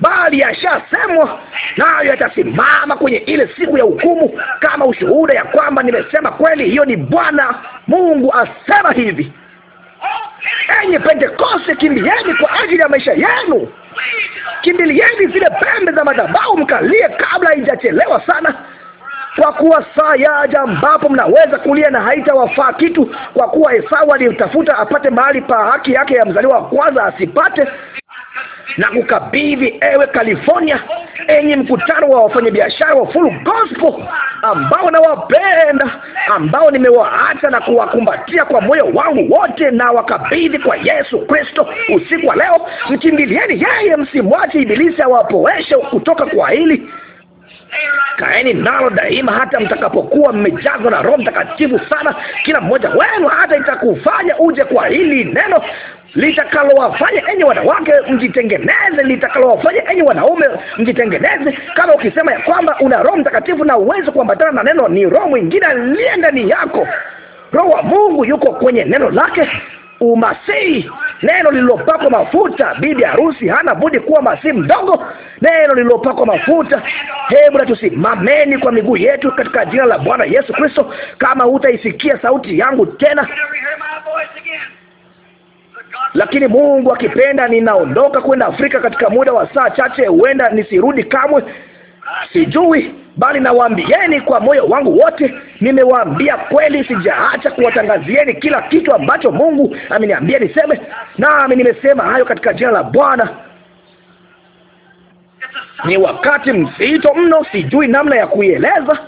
bali yashasemwa nayo yatasimama kwenye ile siku ya hukumu kama ushuhuda ya kwamba nimesema kweli. Hiyo ni Bwana Mungu asema hivi. Enye Pentekoste, kimbieni kwa ajili ya maisha yenu, kimbilieni zile pembe za madhabahu mkalie kabla haijachelewa sana kwa kuwa saa yaja ambapo mnaweza kulia na haitawafaa kitu, kwa kuwa Esau alitafuta apate mahali pa haki yake ya mzaliwa wa kwanza, asipate na kukabidhi ewe California, enyi mkutano wa wafanyabiashara wa Full Gospel ambao nawapenda, ambao nimewaacha na kuwakumbatia kwa moyo wangu wote, na wakabidhi kwa Yesu Kristo usiku wa leo. Mkimbilieni yeye, msimwache Ibilisi awapoeshe kutoka kwa hili. Kaeni nalo daima hata mtakapokuwa mmejazwa na Roho Mtakatifu sana, kila mmoja wenu, hata itakufanya uje kwa hili neno litakalowafanya enye wanawake mjitengeneze, litakalowafanya enye wanaume mjitengeneze. Kama ukisema ya kwamba una Roho Mtakatifu na uwezo kuambatana na neno, ni roho mwingine aliye ndani yako. Roho wa Mungu yuko kwenye neno lake umasihi, neno lililopakwa mafuta. Bibi harusi hana budi kuwa masihi mdogo, neno lililopakwa mafuta. Hebu na tusimameni kwa miguu yetu katika jina la Bwana Yesu Kristo. Kama hutaisikia sauti yangu tena lakini Mungu akipenda, ninaondoka kwenda Afrika katika muda wa saa chache, huenda nisirudi kamwe, sijui bali nawaambieni kwa moyo wangu wote, nimewaambia kweli, sijaacha kuwatangazieni kila kitu ambacho Mungu ameniambia niseme, nami nimesema hayo katika jina la Bwana. Ni wakati mzito mno, sijui namna ya kuieleza.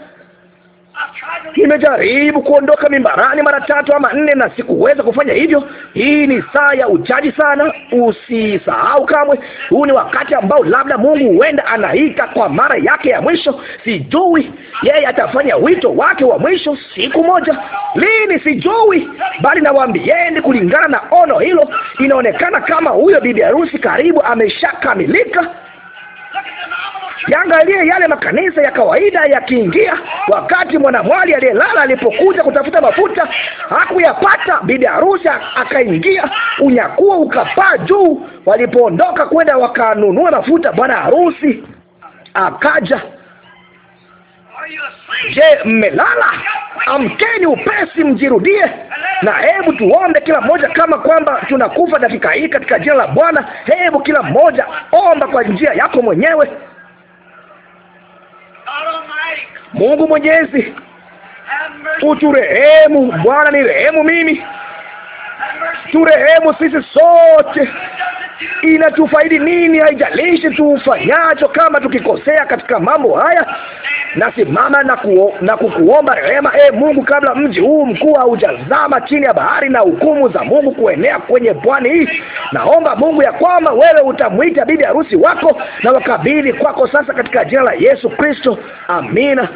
Nimejaribu kuondoka mimbarani mara tatu ama nne na sikuweza kufanya hivyo. Hii ni saa ya uchaji sana, usisahau kamwe. Huu ni wakati ambao labda Mungu huenda anaita kwa mara yake ya mwisho. Sijui yeye atafanya wito wake wa mwisho siku moja lini, sijui, bali nawaambieni, kulingana na ono hilo, inaonekana kama huyo bibi harusi karibu ameshakamilika. Yaangalie yale makanisa ya kawaida yakiingia. Wakati mwanamwali aliyelala alipokuja kutafuta mafuta hakuyapata, bibi harusi akaingia, unyakuo ukapaa juu. Walipoondoka kwenda wakanunua mafuta, bwana harusi akaja. Je, mmelala? Amkeni upesi, mjirudie na hebu tuombe kila mmoja, kama kwamba tunakufa dakika hii katika jina la Bwana. Hebu kila mmoja omba kwa njia yako mwenyewe. Mungu Mwenyezi, uturehemu Bwana, rehemu mimi, turehemu sisi sote inatufaidi nini? Haijalishi tufanyacho, kama tukikosea katika mambo haya, nasimama na, na kukuomba rehema, e Mungu, kabla mji huu mkuu haujazama chini ya bahari na hukumu za Mungu kuenea kwenye pwani hii. Naomba Mungu ya kwamba wewe utamwita bibi harusi wako na wakabidhi kwako sasa, katika jina la Yesu Kristo, amina.